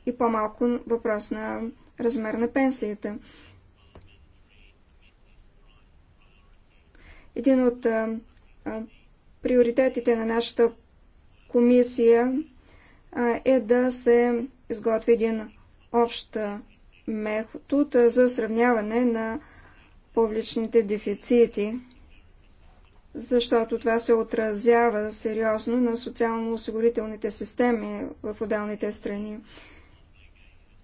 Speaker 3: и по-малко въпрос на размер на пенсията. Един от а, а, приоритетите на нашата комисия а, е да се изготви един общ метод за сравняване на публичните дефицити защото това се отразява сериозно на социално-осигурителните системи в отделните страни.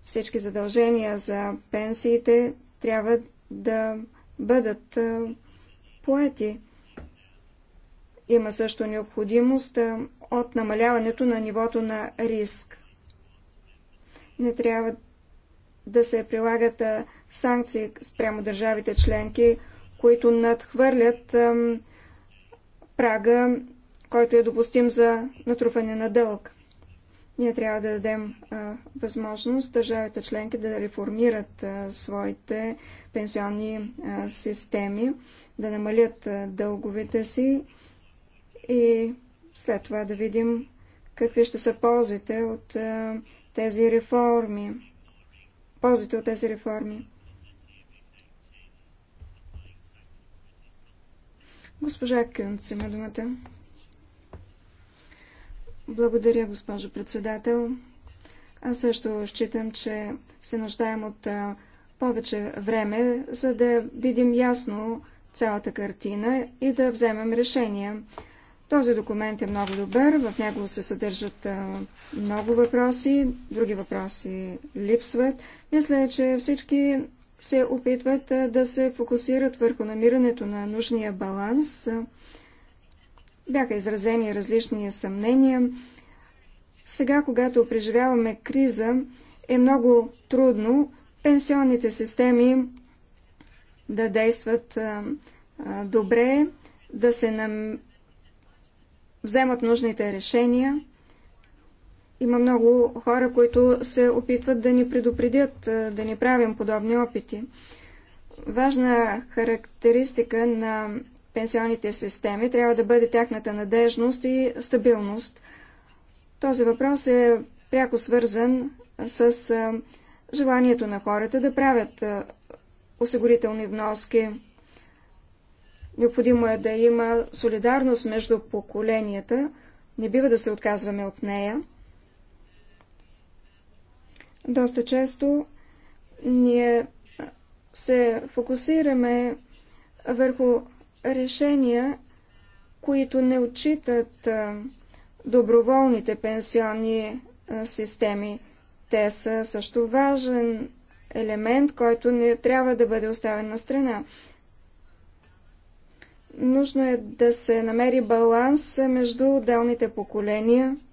Speaker 3: Всички задължения за пенсиите трябва да бъдат поети. Има също необходимост от намаляването на нивото на риск. Не трябва да се прилагат санкции спрямо държавите членки, които надхвърлят прага, който е допустим за натрупване на дълг. Ние трябва да дадем а, възможност държавите членки да реформират а, своите пенсионни а, системи, да намалят а, дълговете си и след това да видим какви ще са ползите от а, тези реформи. Ползите от тези реформи. Госпожа Кънц има думата. Благодаря, госпожо председател. Аз също считам, че се нуждаем от повече време, за да видим ясно цялата картина и да вземем решения. Този документ е много добър, в него се съдържат много въпроси, други въпроси липсват. Мисля, че всички се опитват да се фокусират върху намирането на нужния баланс. Бяха изразени различни съмнения. Сега, когато преживяваме криза, е много трудно пенсионните системи да действат добре, да се нам... вземат нужните решения. Има много хора, които се опитват да ни предупредят, да не правим подобни опити. Важна характеристика на пенсионните системи трябва да бъде тяхната надежност и стабилност. Този въпрос е пряко свързан с желанието на хората да правят осигурителни вноски. Необходимо е да има солидарност между поколенията, не бива да се отказваме от нея. Доста често ние се фокусираме върху решения, които не отчитат доброволните пенсионни системи. Те са също важен елемент, който не трябва да бъде оставен на страна. Нужно е да се намери баланс между отделните поколения –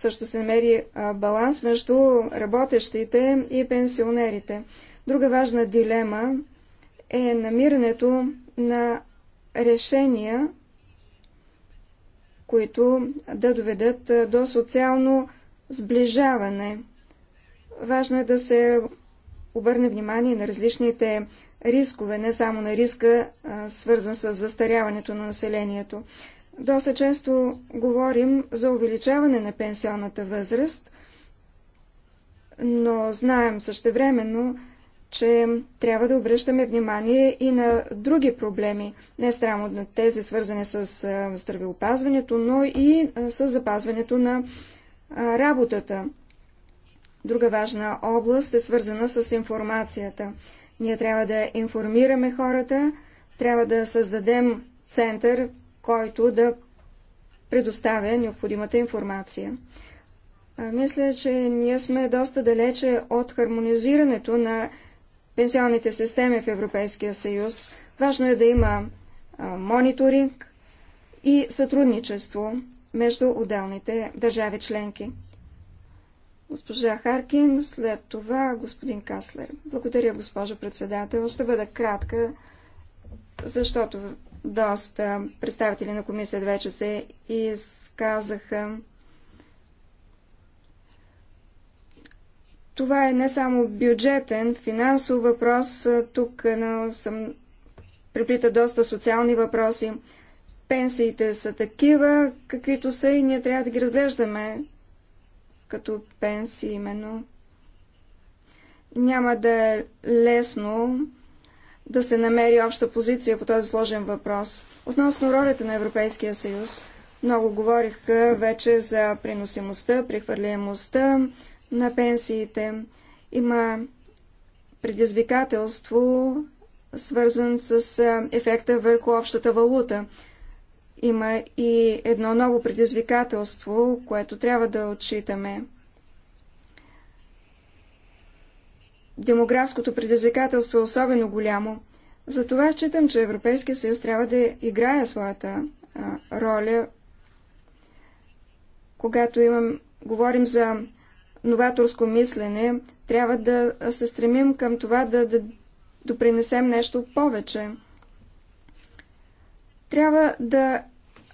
Speaker 3: също се намери баланс между работещите и пенсионерите. Друга важна дилема е намирането на решения, които да доведат до социално сближаване. Важно е да се обърне внимание на различните рискове, не само на риска, свързан с застаряването на населението. Доста често говорим за увеличаване на пенсионната възраст, но знаем същевременно, че трябва да обръщаме внимание и на други проблеми, не само на тези свързани с здравеопазването, но и с запазването на работата. Друга важна област е свързана с информацията. Ние трябва да информираме хората, трябва да създадем център който да предоставя необходимата информация. Мисля, че ние сме доста далече от хармонизирането на пенсионните системи в Европейския съюз. Важно е да има мониторинг и сътрудничество между отделните държави членки. Госпожа Харкин, след това господин Каслер. Благодаря, госпожа председател. Ще бъда кратка, защото доста представители на комисията вече се изказаха. Това е не само бюджетен, финансов въпрос, тук е, но съм, приплита доста социални въпроси. Пенсиите са такива, каквито са и ние трябва да ги разглеждаме като пенсии именно. Няма да е лесно да се намери обща позиция по този сложен въпрос. Относно ролята на Европейския съюз, много говорих вече за приносимостта, прехвърляемостта на пенсиите. Има предизвикателство, свързан с ефекта върху общата валута. Има и едно ново предизвикателство, което трябва да отчитаме – демографското предизвикателство е особено голямо. Затова считам, че Европейския съюз трябва да играе своята а, роля, когато имам, говорим за новаторско мислене, трябва да се стремим към това да, да допринесем нещо повече. Трябва да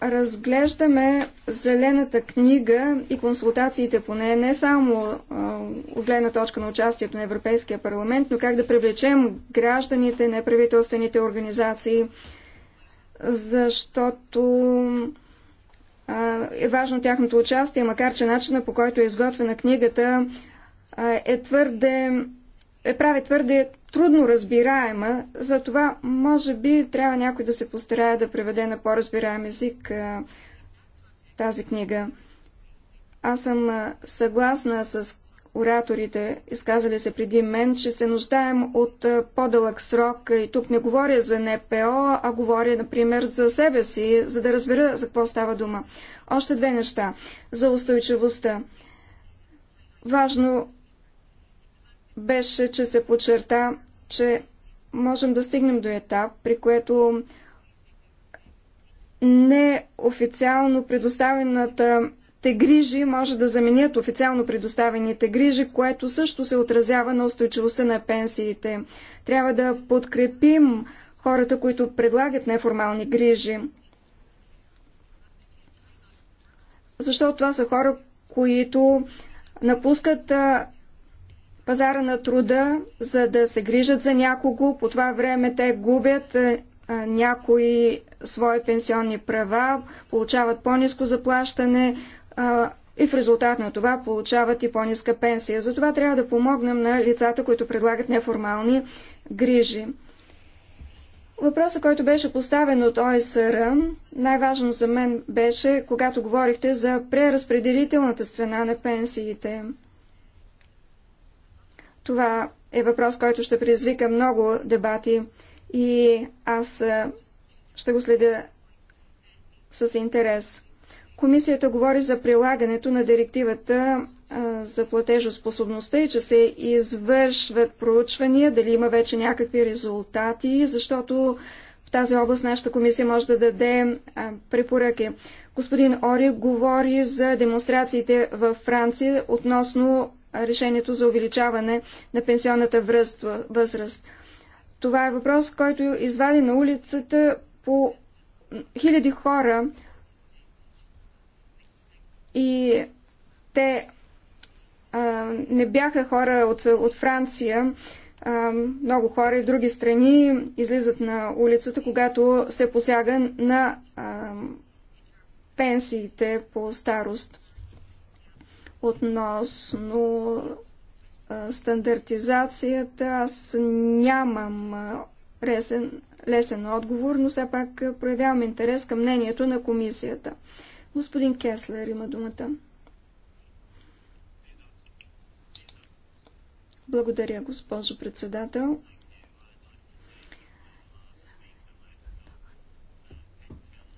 Speaker 3: разглеждаме зелената книга и консултациите по нея не само от гледна точка на участието на Европейския парламент, но как да привлечем гражданите, неправителствените организации, защото а, е важно тяхното участие, макар че начина по който е изготвена книгата а, е твърде е прави твърде трудно разбираема, затова може би трябва някой да се постарае да преведе на по-разбираем език а, е, тази книга. Аз съм е, съгласна с ораторите, изказали се преди мен, че се нуждаем от е, по-дълъг срок. И тук не говоря за НПО, а говоря, например, за себе си, за да разбера за какво става дума. Още две неща. За устойчивостта. Важно беше, че се подчерта, че можем да стигнем до етап, при което неофициално предоставената те грижи може да заменят официално предоставените грижи, което също се отразява на устойчивостта на пенсиите. Трябва да подкрепим хората, които предлагат неформални грижи. Защото това са хора, които напускат пазара на труда, за да се грижат за някого. По това време те губят е, някои свои пенсионни права, получават по-низко заплащане и в резултат на това получават и по-ниска пенсия. Затова трябва да помогнем на лицата, които предлагат неформални грижи. Въпросът, който беше поставен от ОСР, най-важно за мен беше, когато говорихте за преразпределителната страна на пенсиите. Това е въпрос, който ще предизвика много дебати и аз ще го следя с интерес. Комисията говори за прилагането на директивата за платежоспособността и че се извършват проучвания, дали има вече някакви резултати, защото в тази област нашата комисия може да даде препоръки. Господин Ори говори за демонстрациите във Франция относно решението за увеличаване на пенсионната възраст. Това е въпрос, който извади на улицата по хиляди хора и те а, не бяха хора от, от Франция. А, много хора и в други страни излизат на улицата, когато се посяга на а, пенсиите по старост. Относно стандартизацията, аз нямам лесен, лесен отговор, но все пак проявявам интерес към мнението на комисията. Господин Кеслер има думата. Благодаря, госпожо председател.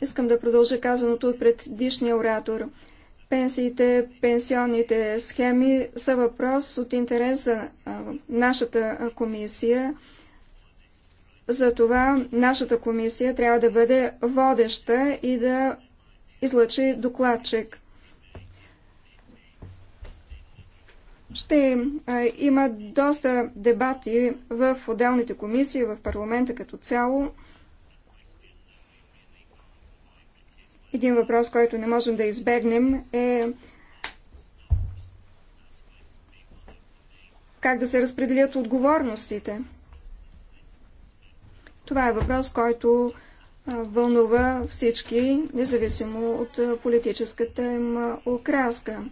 Speaker 3: Искам да продължа казаното от предишния оратор. Пенсиите, пенсионните схеми са въпрос от интерес за нашата комисия. Затова нашата комисия трябва да бъде водеща и да излъчи докладчик. Ще има доста дебати в отделните комисии, в парламента като цяло. Един въпрос, който не можем да избегнем е как да се разпределят отговорностите. Това е въпрос, който вълнува всички, независимо от политическата им окраска.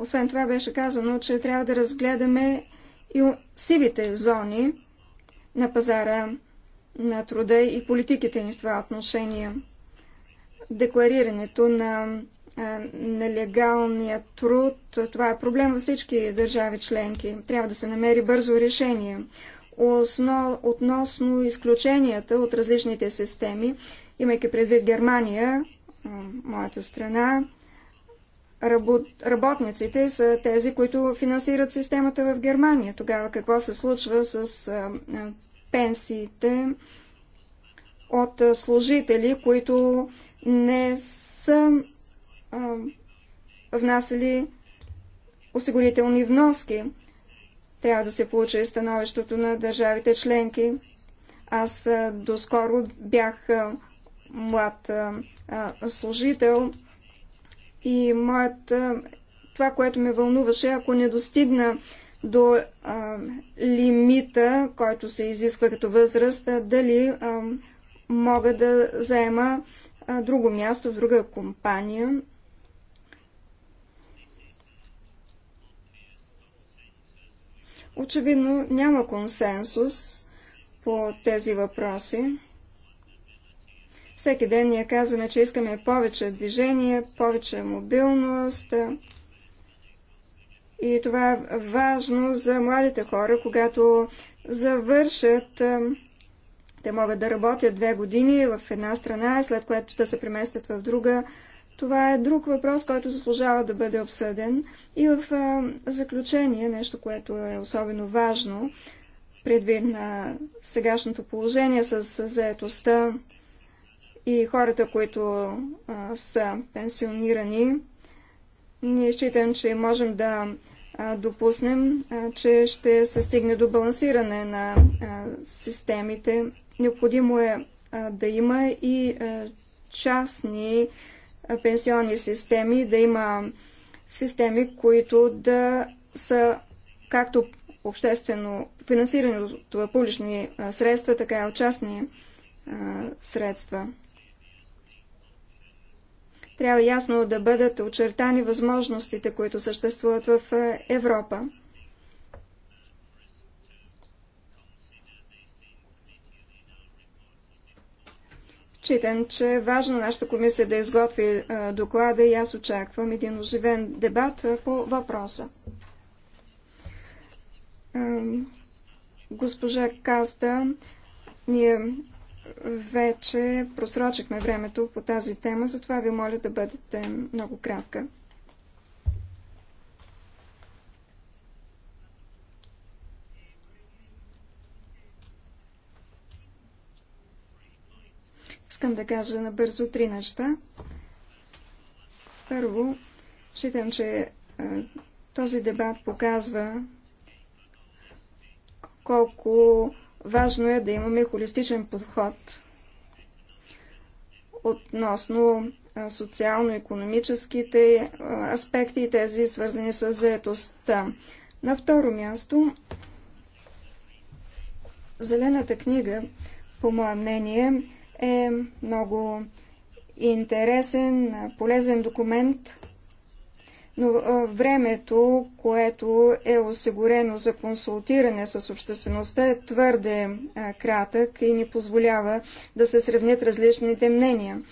Speaker 3: Освен това беше казано, че трябва да разгледаме и сивите зони на пазара на труда и политиките ни в това отношение декларирането на нелегалния труд. Това е проблем във всички държави членки. Трябва да се намери бързо решение. Осно, относно изключенията от различните системи, имайки предвид Германия, моята страна, работ, работниците са тези, които финансират системата в Германия. Тогава какво се случва с а, пенсиите от служители, които не са а, внасяли осигурителни вноски. Трябва да се получи становището на държавите членки. Аз а, доскоро бях а, млад а, служител и моят, а, това, което ме вълнуваше, ако не достигна до а, лимита, който се изисква като възраст, а, дали а, мога да заема друго място, в друга компания. Очевидно няма консенсус по тези въпроси. Всеки ден ние казваме, че искаме повече движение, повече мобилност. И това е важно за младите хора, когато завършат те могат да работят две години в една страна, след което да се преместят в друга. Това е друг въпрос, който заслужава да бъде обсъден. И в заключение, нещо, което е особено важно, предвид на сегашното положение с заетостта и хората, които са пенсионирани, ние считам, че можем да допуснем, че ще се стигне до балансиране на системите Необходимо е да има и частни пенсионни системи, да има системи, които да са както обществено финансирани от публични средства, така и от частни средства. Трябва ясно да бъдат очертани възможностите, които съществуват в Европа. Читам, че е важно нашата комисия да изготви доклада и аз очаквам един оживен дебат по въпроса. Госпожа Каста, ние вече просрочихме времето по тази тема, затова ви моля да бъдете много кратка. Искам да кажа набързо три неща. Първо, считам, че този дебат показва колко важно е да имаме холистичен подход относно социално-економическите аспекти и тези свързани с заетостта. На второ място, Зелената книга, по мое мнение, е много интересен, полезен документ, но времето, което е осигурено за консултиране с обществеността е твърде кратък и ни позволява да се сравнят различните мнения.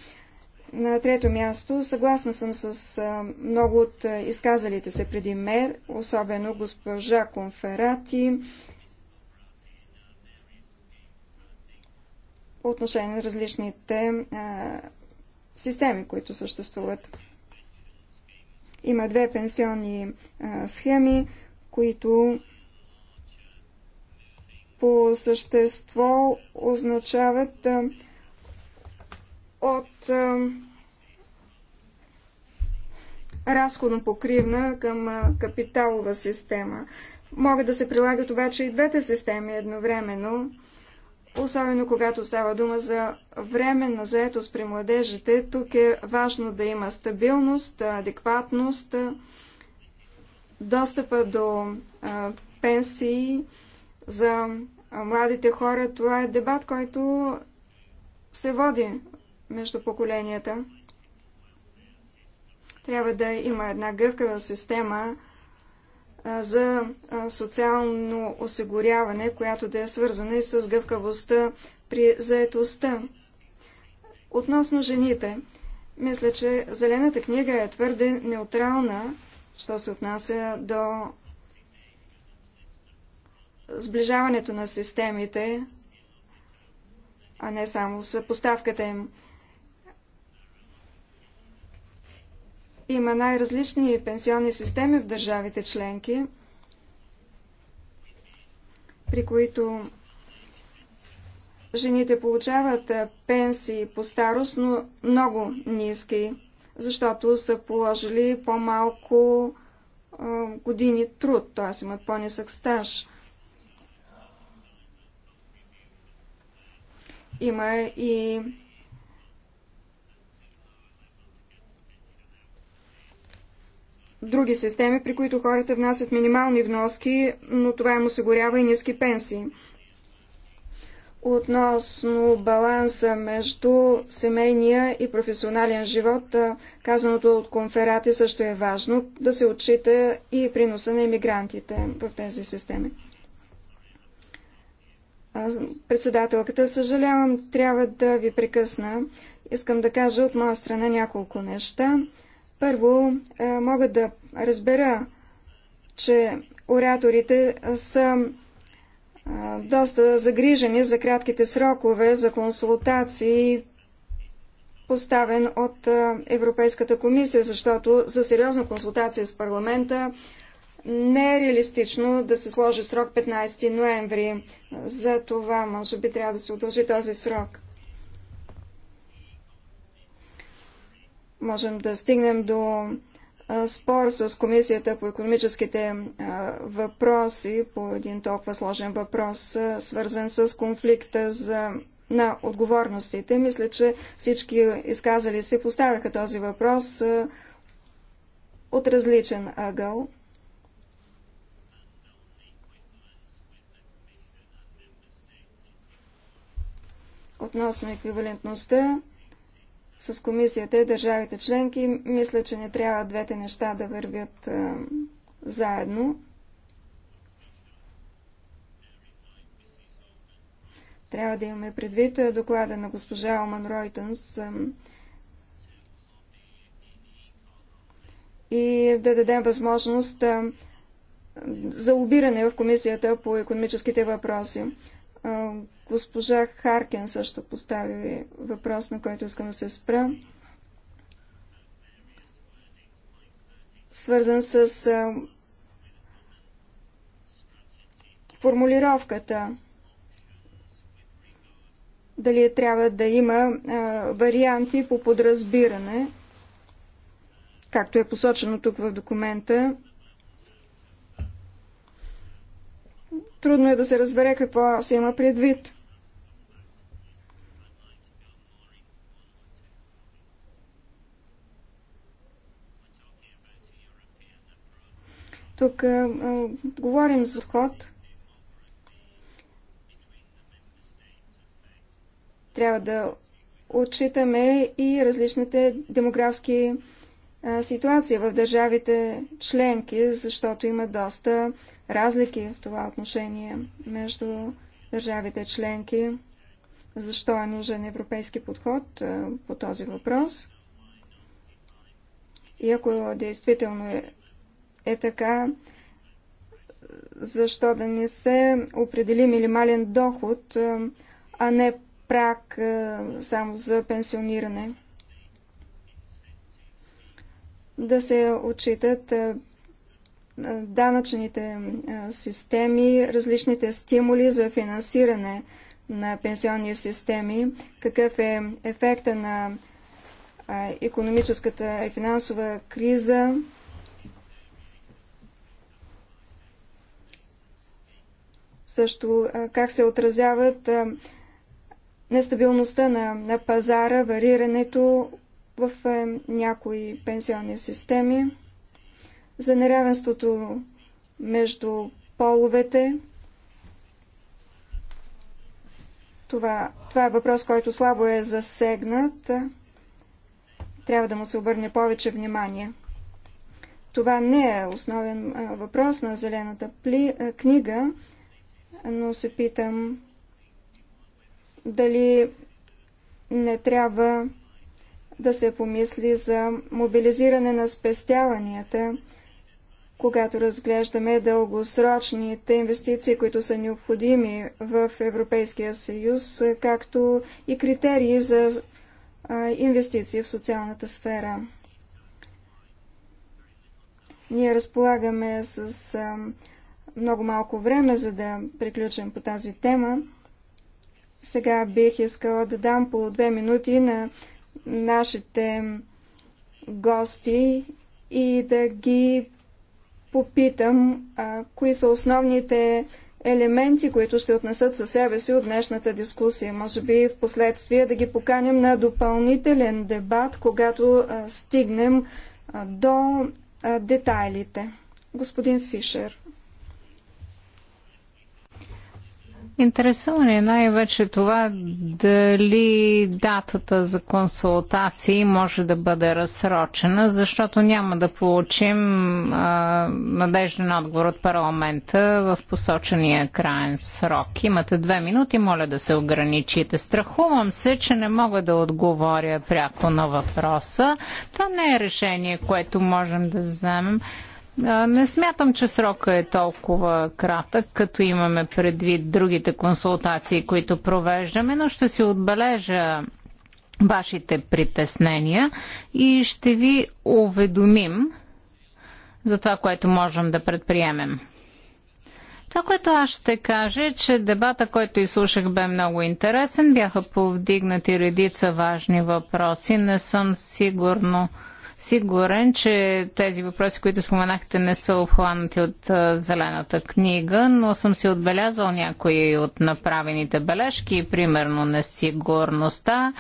Speaker 3: На трето място, съгласна съм с много от изказалите се преди мер, особено госпожа Конферати, по отношение на различните а, системи, които съществуват. Има две пенсионни а, схеми, които по същество означават а, от а, разходно покривна към а, капиталова система. Могат да се прилагат обаче и двете системи едновременно особено когато става дума за временна заетост при младежите. Тук е важно да има стабилност, адекватност, достъпа до а, пенсии за младите хора. Това е дебат, който се води между поколенията. Трябва да има една гъвкава система за социално осигуряване, която да е свързана и с гъвкавостта при заетостта. Относно жените, мисля, че Зелената книга е твърде неутрална, що се отнася до сближаването на системите, а не само съпоставката им. Има най-различни пенсионни системи в държавите членки, при които жените получават пенсии по старост, но много ниски, защото са положили по-малко години труд, т.е. имат по-нисък стаж. Има и други системи, при които хората внасят минимални вноски, но това им осигурява и ниски пенсии. Относно баланса между семейния и професионален живот, казаното от конферати също е важно да се отчита и приноса на иммигрантите в тези системи. Председателката, съжалявам, трябва да ви прекъсна. Искам да кажа от моя страна няколко неща. Първо, е, мога да разбера, че ораторите са е, доста загрижени за кратките срокове за консултации, поставен от е, Европейската комисия, защото за сериозна консултация с парламента не е реалистично да се сложи срок 15 ноември. За това, може би, трябва да се удължи този срок. можем да стигнем до спор с Комисията по економическите въпроси по един толкова сложен въпрос, свързан с конфликта за на отговорностите. Мисля, че всички изказали се поставяха този въпрос от различен ъгъл. Относно еквивалентността, с комисията и държавите членки. Мисля, че не трябва двете неща да вървят а, заедно. Трябва да имаме предвид доклада на госпожа Оман Ройтънс и да дадем възможност за лобиране в Комисията по економическите въпроси. Госпожа Харкен също постави въпрос, на който искам да се спра. Свързан с формулировката. Дали трябва да има варианти по подразбиране, както е посочено тук в документа. Трудно е да се разбере какво се има предвид. Тук а, а, говорим за ход. Трябва да отчитаме и различните демографски а, ситуации в държавите членки, защото има доста разлики в това отношение между държавите членки. Защо е нужен европейски подход а, по този въпрос? И ако действително е е така, защо да не се определи минимален доход, а не прак само за пенсиониране. Да се отчитат данъчните системи, различните стимули за финансиране на пенсионни системи, какъв е ефекта на економическата и финансова криза, също как се отразяват нестабилността на, на пазара, варирането в някои пенсионни системи, за неравенството между половете. Това, това е въпрос, който слабо е засегнат. Трябва да му се обърне повече внимание. Това не е основен въпрос на Зелената книга, но се питам дали не трябва да се помисли за мобилизиране на спестяванията, когато разглеждаме дългосрочните инвестиции, които са необходими в Европейския съюз, както и критерии за инвестиции в социалната сфера. Ние разполагаме с много малко време, за да приключим по тази тема. Сега бих искала да дам по две минути на нашите гости и да ги попитам а, кои са основните елементи, които ще отнесат със себе си от днешната дискусия. Може би в последствие да ги поканим на допълнителен дебат, когато а, стигнем а, до а, детайлите. Господин Фишер.
Speaker 4: Интересува ни е най-вече това дали датата за консултации може да бъде разсрочена, защото няма да получим а, надежден отговор от парламента в посочения крайен срок. Имате две минути, моля да се ограничите. Страхувам се, че не мога да отговоря пряко на въпроса. Това не е решение, което можем да вземем. Не смятам, че срока е толкова кратък, като имаме предвид другите консултации, които провеждаме, но ще си отбележа вашите притеснения и ще ви уведомим за това, което можем да предприемем. Това, което аз ще кажа, е, че дебата, който изслушах, бе много интересен. Бяха повдигнати редица важни въпроси. Не съм сигурно, сигурен, че тези въпроси, които споменахте, не са обхванати от а, зелената книга, но съм си отбелязал някои от направените бележки, примерно несигурността,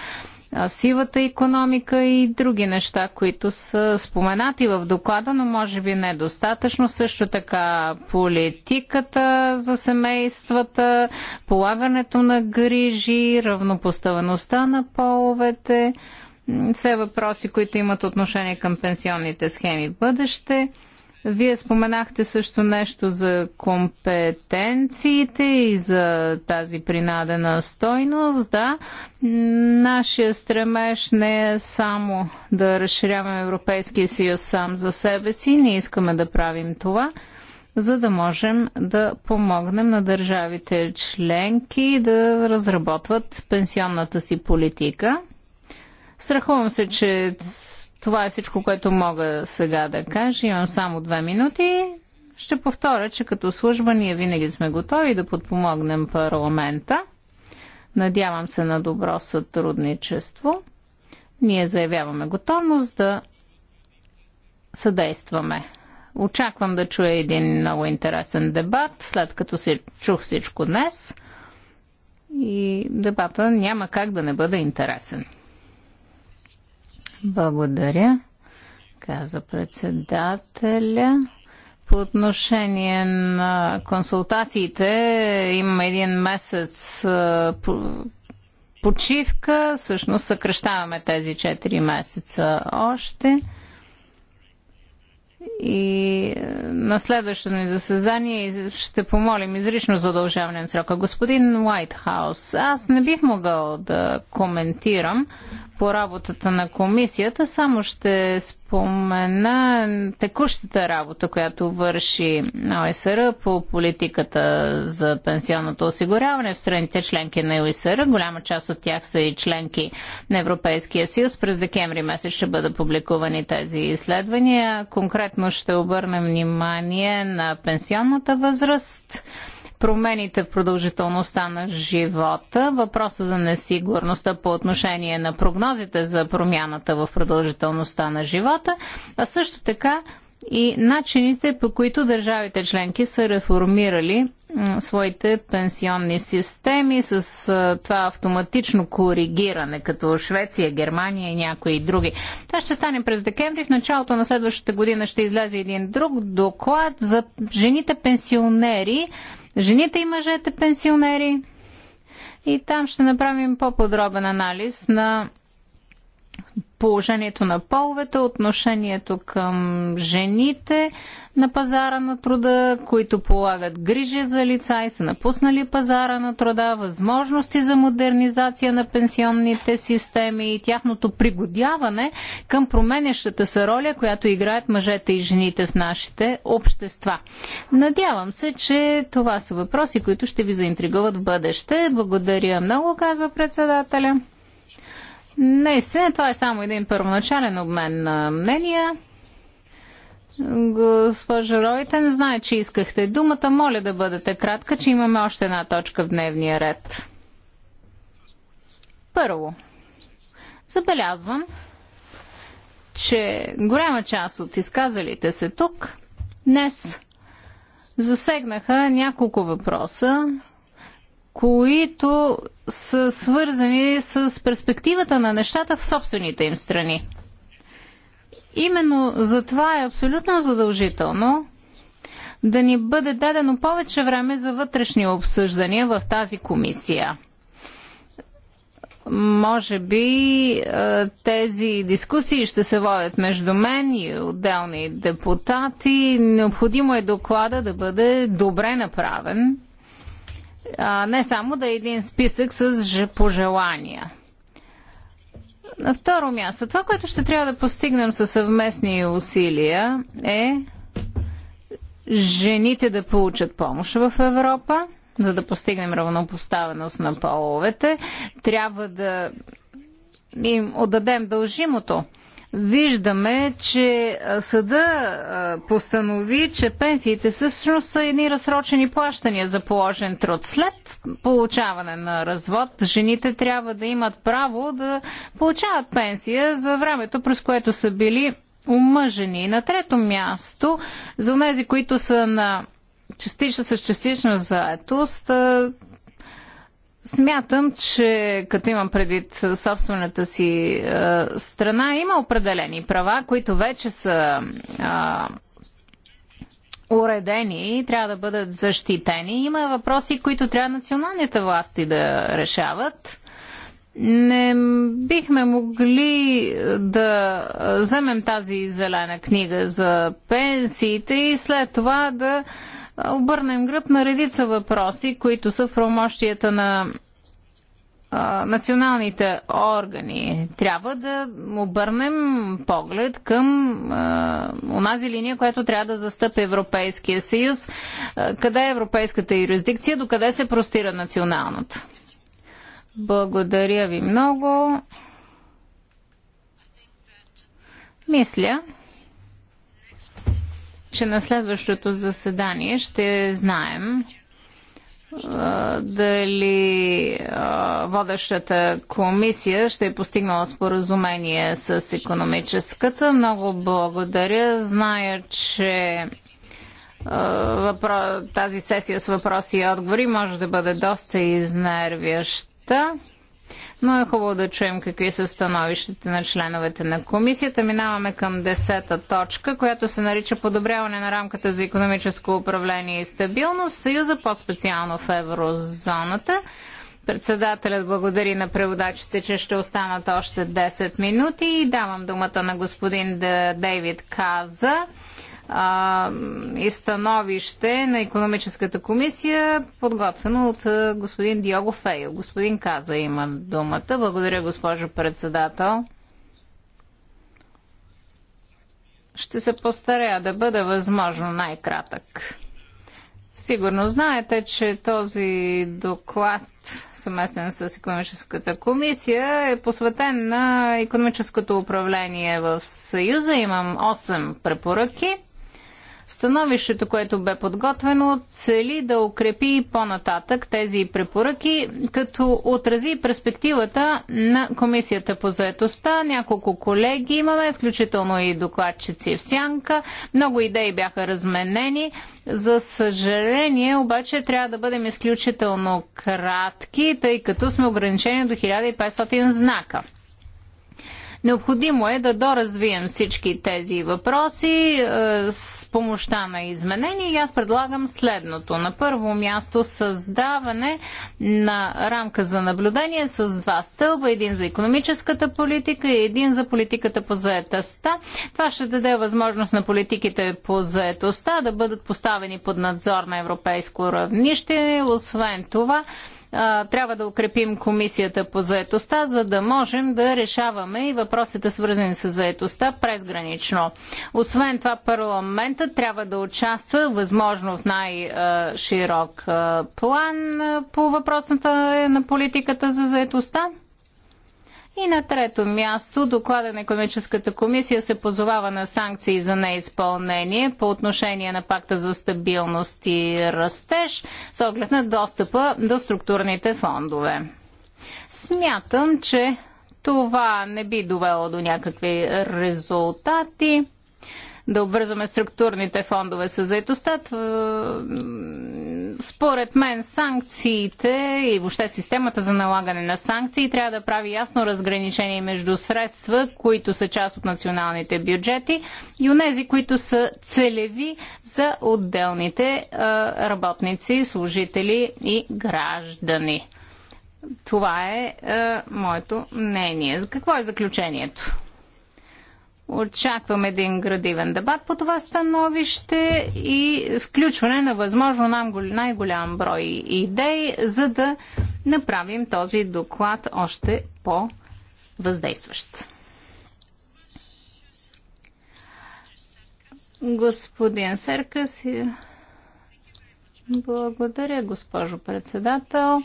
Speaker 4: сивата економика и други неща, които са споменати в доклада, но може би недостатъчно. Също така политиката за семействата, полагането на грижи, равнопоставеността на половете все въпроси, които имат отношение към пенсионните схеми в бъдеще. Вие споменахте също нещо за компетенциите и за тази принадена стойност. Да, нашия стремеж не е само да разширяваме Европейския съюз сам за себе си. Ние искаме да правим това, за да можем да помогнем на държавите членки да разработват пенсионната си политика Страхувам се, че това е всичко, което мога сега да кажа. Имам само две минути. Ще повторя, че като служба ние винаги сме готови да подпомогнем парламента. Надявам се на добро сътрудничество. Ние заявяваме готовност да съдействаме. Очаквам да чуя един много интересен дебат, след като си чух всичко днес. И дебата няма как да не бъде интересен. Благодаря, каза председателя. По отношение на консултациите, имам един месец почивка, всъщност съкръщаваме тези 4 месеца още. И на следващото ни заседание ще помолим изрично за удължаване на срока. Господин Уайтхаус, аз не бих могъл да коментирам по работата на комисията, само ще спомена текущата работа, която върши ОСР по политиката за пенсионното осигуряване в страните членки на ОСР. Голяма част от тях са и членки на Европейския съюз. През декември месец ще бъдат публикувани тези изследвания. Конкретно ще обърнем внимание на пенсионната възраст промените в продължителността на живота, въпроса за несигурността по отношение на прогнозите за промяната в продължителността на живота, а също така и начините по които държавите членки са реформирали своите пенсионни системи с това автоматично коригиране, като Швеция, Германия и някои други. Това ще стане през декември. В началото на следващата година ще излезе един друг доклад за жените пенсионери жените и мъжете пенсионери. И там ще направим по-подробен анализ на положението на половете, отношението към жените на пазара на труда, които полагат грижи за лица и са напуснали пазара на труда, възможности за модернизация на пенсионните системи и тяхното пригодяване към променящата се роля, която играят мъжете и жените в нашите общества. Надявам се, че това са въпроси, които ще ви заинтригуват в бъдеще. Благодаря много, казва председателя. Наистина, това е само един първоначален обмен на мнения. Госпожо Ройтен, знае, че искахте думата. Моля да бъдете кратка, че имаме още една точка в дневния ред. Първо, забелязвам, че голяма част от изказалите се тук днес засегнаха няколко въпроса, които са свързани с перспективата на нещата в собствените им страни. Именно за това е абсолютно задължително да ни бъде дадено повече време за вътрешни обсъждания в тази комисия. Може би е, тези дискусии ще се водят между мен и отделни депутати. Необходимо е доклада да бъде добре направен а не само да е един списък с пожелания. На второ място, това, което ще трябва да постигнем със съвместни усилия е жените да получат помощ в Европа, за да постигнем равнопоставеност на половете. Трябва да им отдадем дължимото виждаме, че съда постанови, че пенсиите всъщност са едни разсрочени плащания за положен труд. След получаване на развод, жените трябва да имат право да получават пенсия за времето, през което са били омъжени. на трето място, за тези, които са на частична, с частична заетост, Смятам, че като имам предвид собствената си а, е, страна, има определени права, които вече са а, е, уредени и трябва да бъдат защитени. Има въпроси, които трябва националните власти да решават. Не бихме могли да вземем тази зелена книга за пенсиите и след това да обърнем гръб на редица въпроси, които са в промощията на националните органи. Трябва да обърнем поглед към а, онази линия, която трябва да застъпи Европейския съюз. А, къде е европейската юрисдикция, до къде се простира националната? Благодаря ви много. Мисля, че на следващото заседание ще знаем дали водещата комисия ще е постигнала споразумение с економическата. Много благодаря. Зная, че тази сесия с въпроси и отговори може да бъде доста изнервяща. Но е хубаво да чуем какви са становищите на членовете на комисията. Минаваме към десета точка, която се нарича подобряване на рамката за економическо управление и стабилност, в Съюза по-специално в еврозоната. Председателят благодари на преводачите, че ще останат още 10 минути и давам думата на господин Дейвид Каза а, и становище на економическата комисия, подготвено от а, господин Диого Фейо. Господин Каза има думата. Благодаря, госпожо председател. Ще се постаря да бъда възможно най-кратък. Сигурно знаете, че този доклад, съместен с економическата комисия, е посветен на економическото управление в Съюза. Имам 8 препоръки. Становището, което бе подготвено, цели да укрепи по-нататък тези препоръки, като отрази перспективата на Комисията по заетостта. Няколко колеги имаме, включително и докладчици в Сянка. Много идеи бяха разменени. За съжаление, обаче, трябва да бъдем изключително кратки, тъй като сме ограничени до 1500 знака. Необходимо е да доразвием всички тези въпроси е, с помощта на изменения и аз предлагам следното. На първо място създаване на рамка за наблюдение с два стълба, един за економическата политика и един за политиката по заетостта. Това ще даде възможност на политиките по заетостта да бъдат поставени под надзор на европейско равнище. Освен това, а, трябва да укрепим комисията по заетостта, за да можем да решаваме и въпросите свързани с заетостта презгранично. Освен това, парламента. трябва да участва възможно в най-широк план по въпросната е на политиката за заетостта. И на трето място, доклада на економическата комисия се позовава на санкции за неизпълнение по отношение на пакта за стабилност и растеж с оглед на достъпа до структурните фондове. Смятам, че това не би довело до някакви резултати да обвързваме структурните фондове с заедостат. Според мен санкциите и въобще системата за налагане на санкции трябва да прави ясно разграничение между средства, които са част от националните бюджети и онези, които са целеви за отделните работници, служители и граждани. Това е, моето мнение. За какво е заключението? Очаквам един градивен дебат по това становище и включване на възможно най-голям брой идеи, за да направим този доклад още по-въздействащ. Господин Серкас, благодаря, госпожо председател.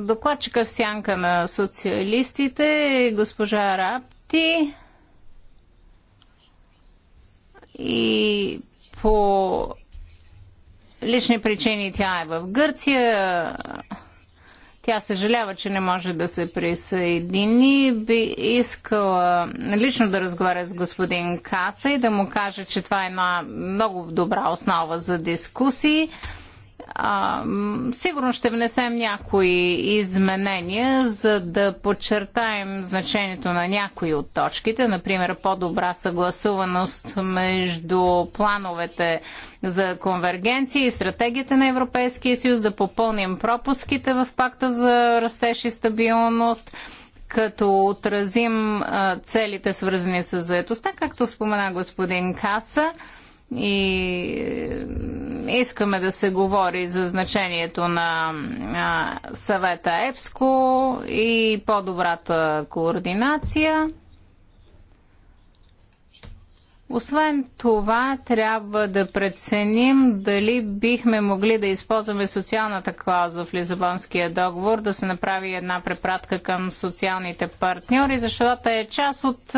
Speaker 4: Докладчика в сянка на социалистите, е госпожа Раб ти и по лични причини тя е в Гърция. Тя съжалява, че не може да се присъедини. Би искала лично да разговаря с господин Каса и да му каже, че това е една много добра основа за дискусии. А, сигурно ще внесем някои изменения, за да подчертаем значението на някои от точките, например по-добра съгласуваност между плановете за конвергенция и стратегията на Европейския съюз, да попълним пропуските в пакта за растеж и стабилност като отразим а, целите свързани с заетостта, както спомена господин Каса и искаме да се говори за значението на съвета ЕПСКО и по-добрата координация. Освен това, трябва да преценим дали бихме могли да използваме социалната клауза в Лизабонския договор, да се направи една препратка към социалните партньори, защото е част от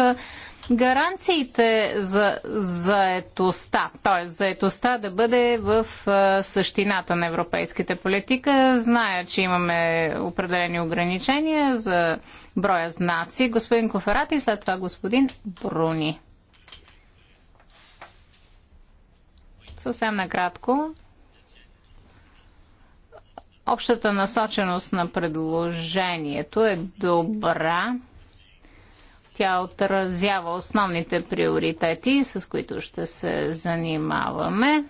Speaker 4: гаранциите за заетостта, т.е. заетостта да бъде в същината на европейските политика. Зная, че имаме определени ограничения за броя знаци. Господин Коферат и след това господин Бруни. Съвсем накратко. Общата насоченост на предложението е добра тя отразява основните приоритети, с които ще се занимаваме.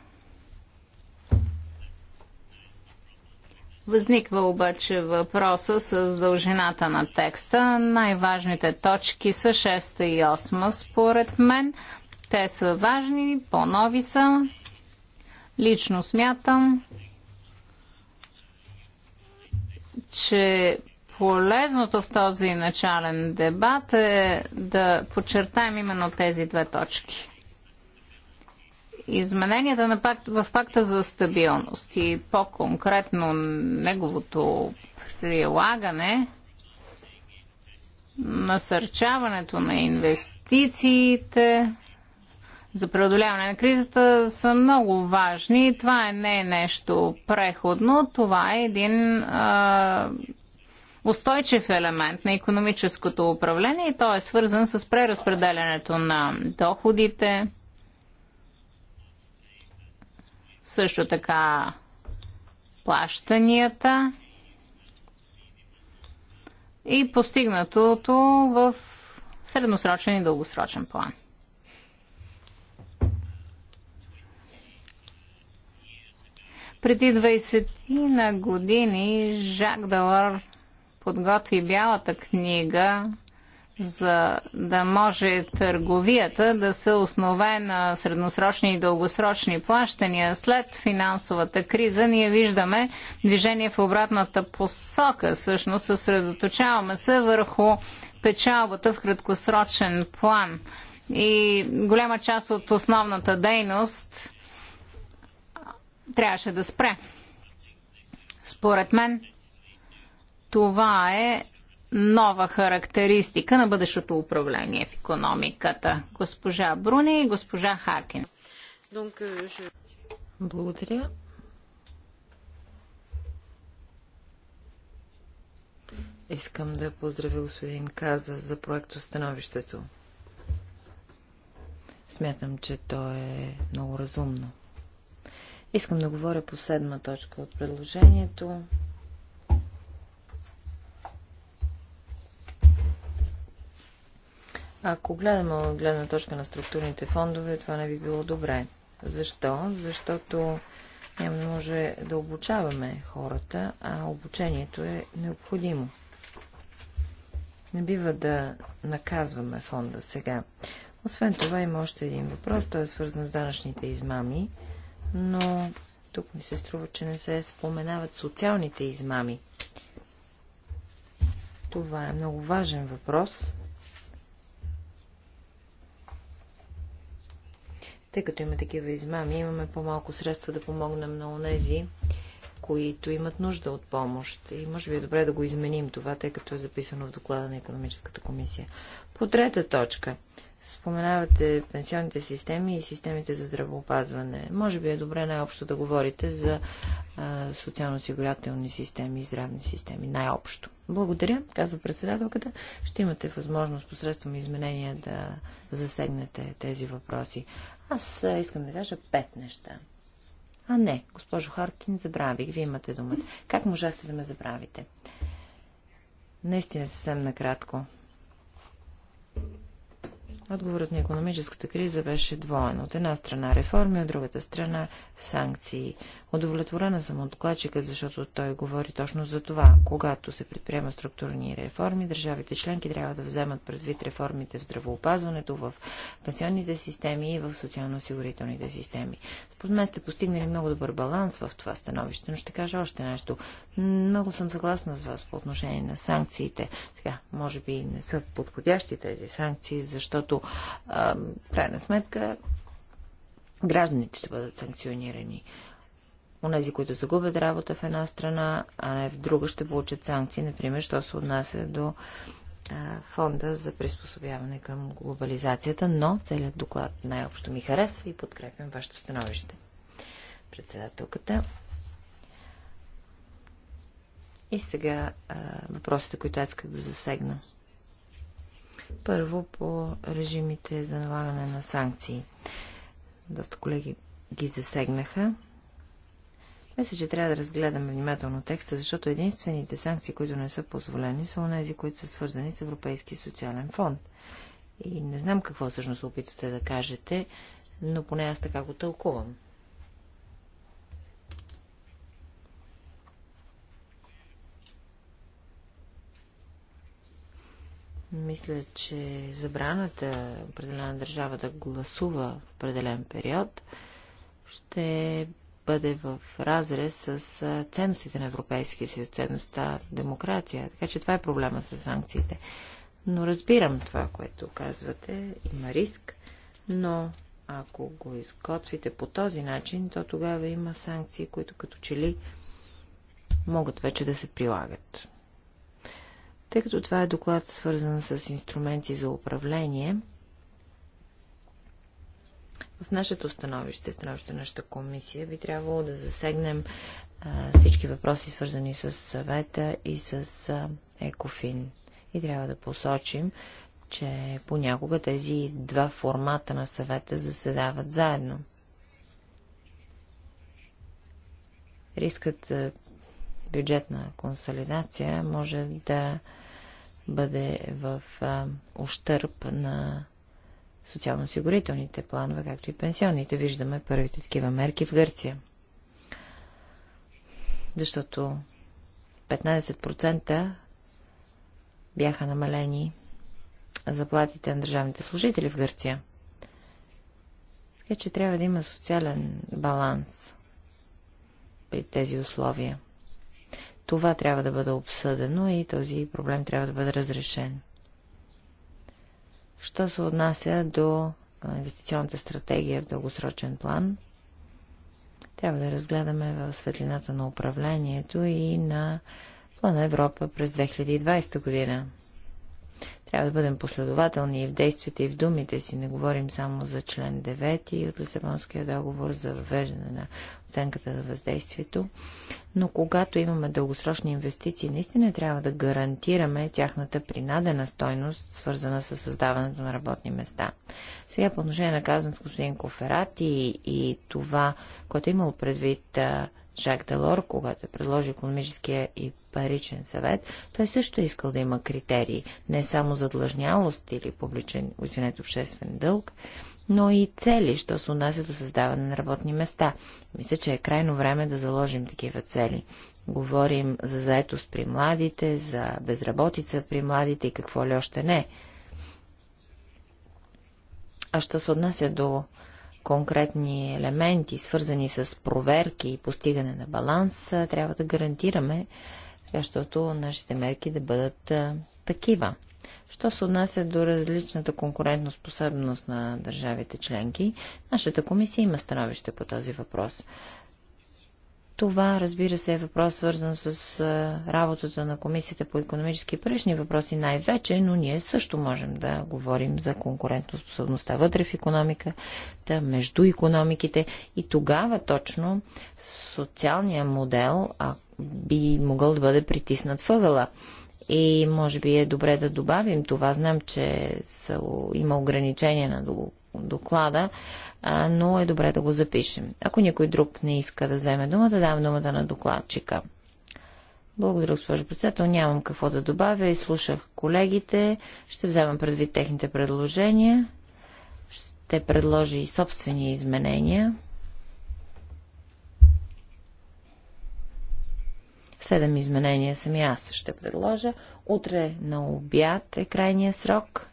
Speaker 4: Възниква обаче въпроса с дължината на текста. Най-важните точки са 6 и 8 според мен. Те са важни, по-нови са. Лично смятам, че полезното в този начален дебат е да подчертаем именно тези две точки. Измененията на пакт, в пакта за стабилност и по-конкретно неговото прилагане, насърчаването на инвестициите, за преодоляване на кризата са много важни. Това не е нещо преходно, това е един а, устойчив елемент на економическото управление и той е свързан с преразпределянето на доходите, също така плащанията и постигнатото в средносрочен и дългосрочен план. Преди 20 на години Жак Далар подготви бялата книга, за да може търговията да се основе на средносрочни и дългосрочни плащания. След финансовата криза ние виждаме движение в обратната посока. Всъщност съсредоточаваме се върху печалбата в краткосрочен план. И голяма част от основната дейност трябваше да спре. Според мен, това е нова характеристика на бъдещото управление в економиката. Госпожа Бруни и госпожа Харкин.
Speaker 1: Euh,
Speaker 4: Благодаря. Искам
Speaker 2: да поздравя господин Каза за проекто становището. Смятам, че то е много разумно. Искам да говоря по седма точка от предложението Ако гледаме от гледна точка на структурните фондове, това не би било добре. Защо? Защото няма може да обучаваме хората, а обучението е необходимо. Не бива да наказваме фонда сега. Освен това има още един въпрос, той е свързан с данъчните измами, но тук ми се струва, че не се споменават социалните измами. Това е много важен въпрос Тъй като има такива измами, имаме по-малко средства да помогнем на онези, които имат нужда от помощ. И може би е добре да го изменим това, тъй като е записано в доклада на економическата комисия. По трета точка. Споменавате пенсионните системи и системите за здравеопазване. Може би е добре най-общо да говорите за социално-осигурителни системи и здравни системи. Най-общо. Благодаря, казва председателката. Ще имате възможност посредством изменения да засегнете тези въпроси. Аз искам да кажа пет неща. А не, госпожо Харкин, забравих. Вие имате думата. Как можахте да ме забравите? Наистина съвсем накратко. Отговорът на економическата криза беше двоен. От една страна реформи, от другата страна санкции. Удовлетворена съм от докладчика, защото той говори точно за това. Когато се предприема структурни реформи, държавите членки трябва да вземат предвид реформите в здравоопазването, в пенсионните системи и в социално-осигурителните системи. Според мен сте постигнали много добър баланс в това становище, но ще кажа още нещо. Много съм съгласна с вас по отношение на санкциите. Така, може би не са подходящи тези санкции, защото в крайна сметка гражданите ще бъдат санкционирани. Онези, които загубят работа в една страна, а не в друга, ще получат санкции, например, що се отнася до фонда за приспособяване към глобализацията, но целият доклад най-общо ми харесва и подкрепям вашето становище. Председателката. И сега въпросите, които аз исках да засегна. Първо по режимите за налагане на санкции. Доста колеги ги засегнаха. Мисля, че трябва да разгледаме внимателно текста, защото единствените санкции, които не са позволени, са онези, които са свързани с Европейски социален фонд. И не знам какво всъщност опитвате да кажете, но поне аз така го тълкувам. Мисля, че забраната определена държава да гласува в определен период ще бъде в разрез с ценностите на Европейския съюз, ценността демокрация. Така че това е проблема с санкциите. Но разбирам това, което казвате. Има риск, но ако го изготвите по този начин, то тогава има санкции, които като че ли могат вече да се прилагат. Тъй като това е доклад свързан с инструменти за управление, в нашето становище, становище на нашата комисия, би трябвало да засегнем а, всички въпроси, свързани с съвета и с а, Екофин. И трябва да посочим, че понякога тези два формата на съвета заседават заедно. Рискът бюджетна консолидация може да бъде в ощърп на социално-осигурителните планове, както и пенсионните. Виждаме първите такива мерки в Гърция. Защото 15% бяха намалени заплатите на държавните служители в Гърция. Така че трябва да има социален баланс при тези условия. Това трябва да бъде обсъдено и този проблем трябва да бъде разрешен. Що се отнася до инвестиционната стратегия в дългосрочен план, трябва да разгледаме в светлината на управлението и на плана Европа през 2020 година. Трябва да бъдем последователни и в действията, и в думите си. Не говорим само за член 9 от Лисабонския договор за въвеждане на оценката за въздействието, но когато имаме дългосрочни инвестиции, наистина трябва да гарантираме тяхната принадена стойност, свързана с създаването на работни места. Сега по отношение на казаното господин Коферати и, и това, което е имал предвид Жак Делор, когато е предложил економическия и паричен съвет, той също е искал да има критерии, не само за длъжнялост или публичен, извинете, обществен дълг, но и цели, що се отнася до създаване на работни места. Мисля, че е крайно време да заложим такива цели. Говорим за заетост при младите, за безработица при младите и какво ли още не. А що се отнася до конкретни елементи, свързани с проверки и постигане на баланс, трябва да гарантираме, защото нашите мерки да бъдат такива. Що се отнася до различната способност на държавите членки, нашата комисия има становище по този въпрос. Това, разбира се, е въпрос свързан с работата на Комисията по економически и парични въпроси най-вече, но ние също можем да говорим за конкурентоспособността вътре в економиката, между економиките и тогава точно социалният модел а, би могъл да бъде притиснат въгъла. И може би е добре да добавим това. Знам, че са, има ограничения на доклада, но е добре да го запишем. Ако никой друг не иска да вземе думата, давам думата на докладчика. Благодаря, госпожо председател. Нямам какво да добавя. Изслушах колегите. Ще вземам предвид техните предложения. Ще предложи и собствени изменения. Седем изменения сами аз ще предложа. Утре на обяд е крайния срок.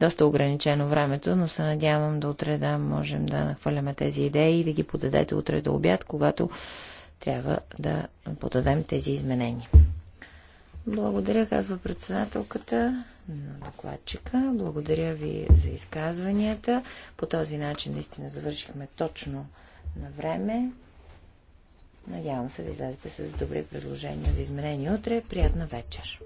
Speaker 2: Доста ограничено времето, но се надявам да утре да можем да нахвърляме тези идеи и да ги подадете утре до обяд, когато трябва да подадем тези изменения. Благодаря, казва председателката на докладчика. Благодаря ви за изказванията. По този начин наистина завършихме точно на време. Надявам се да излезете с добри предложения за изменения утре. Приятна вечер!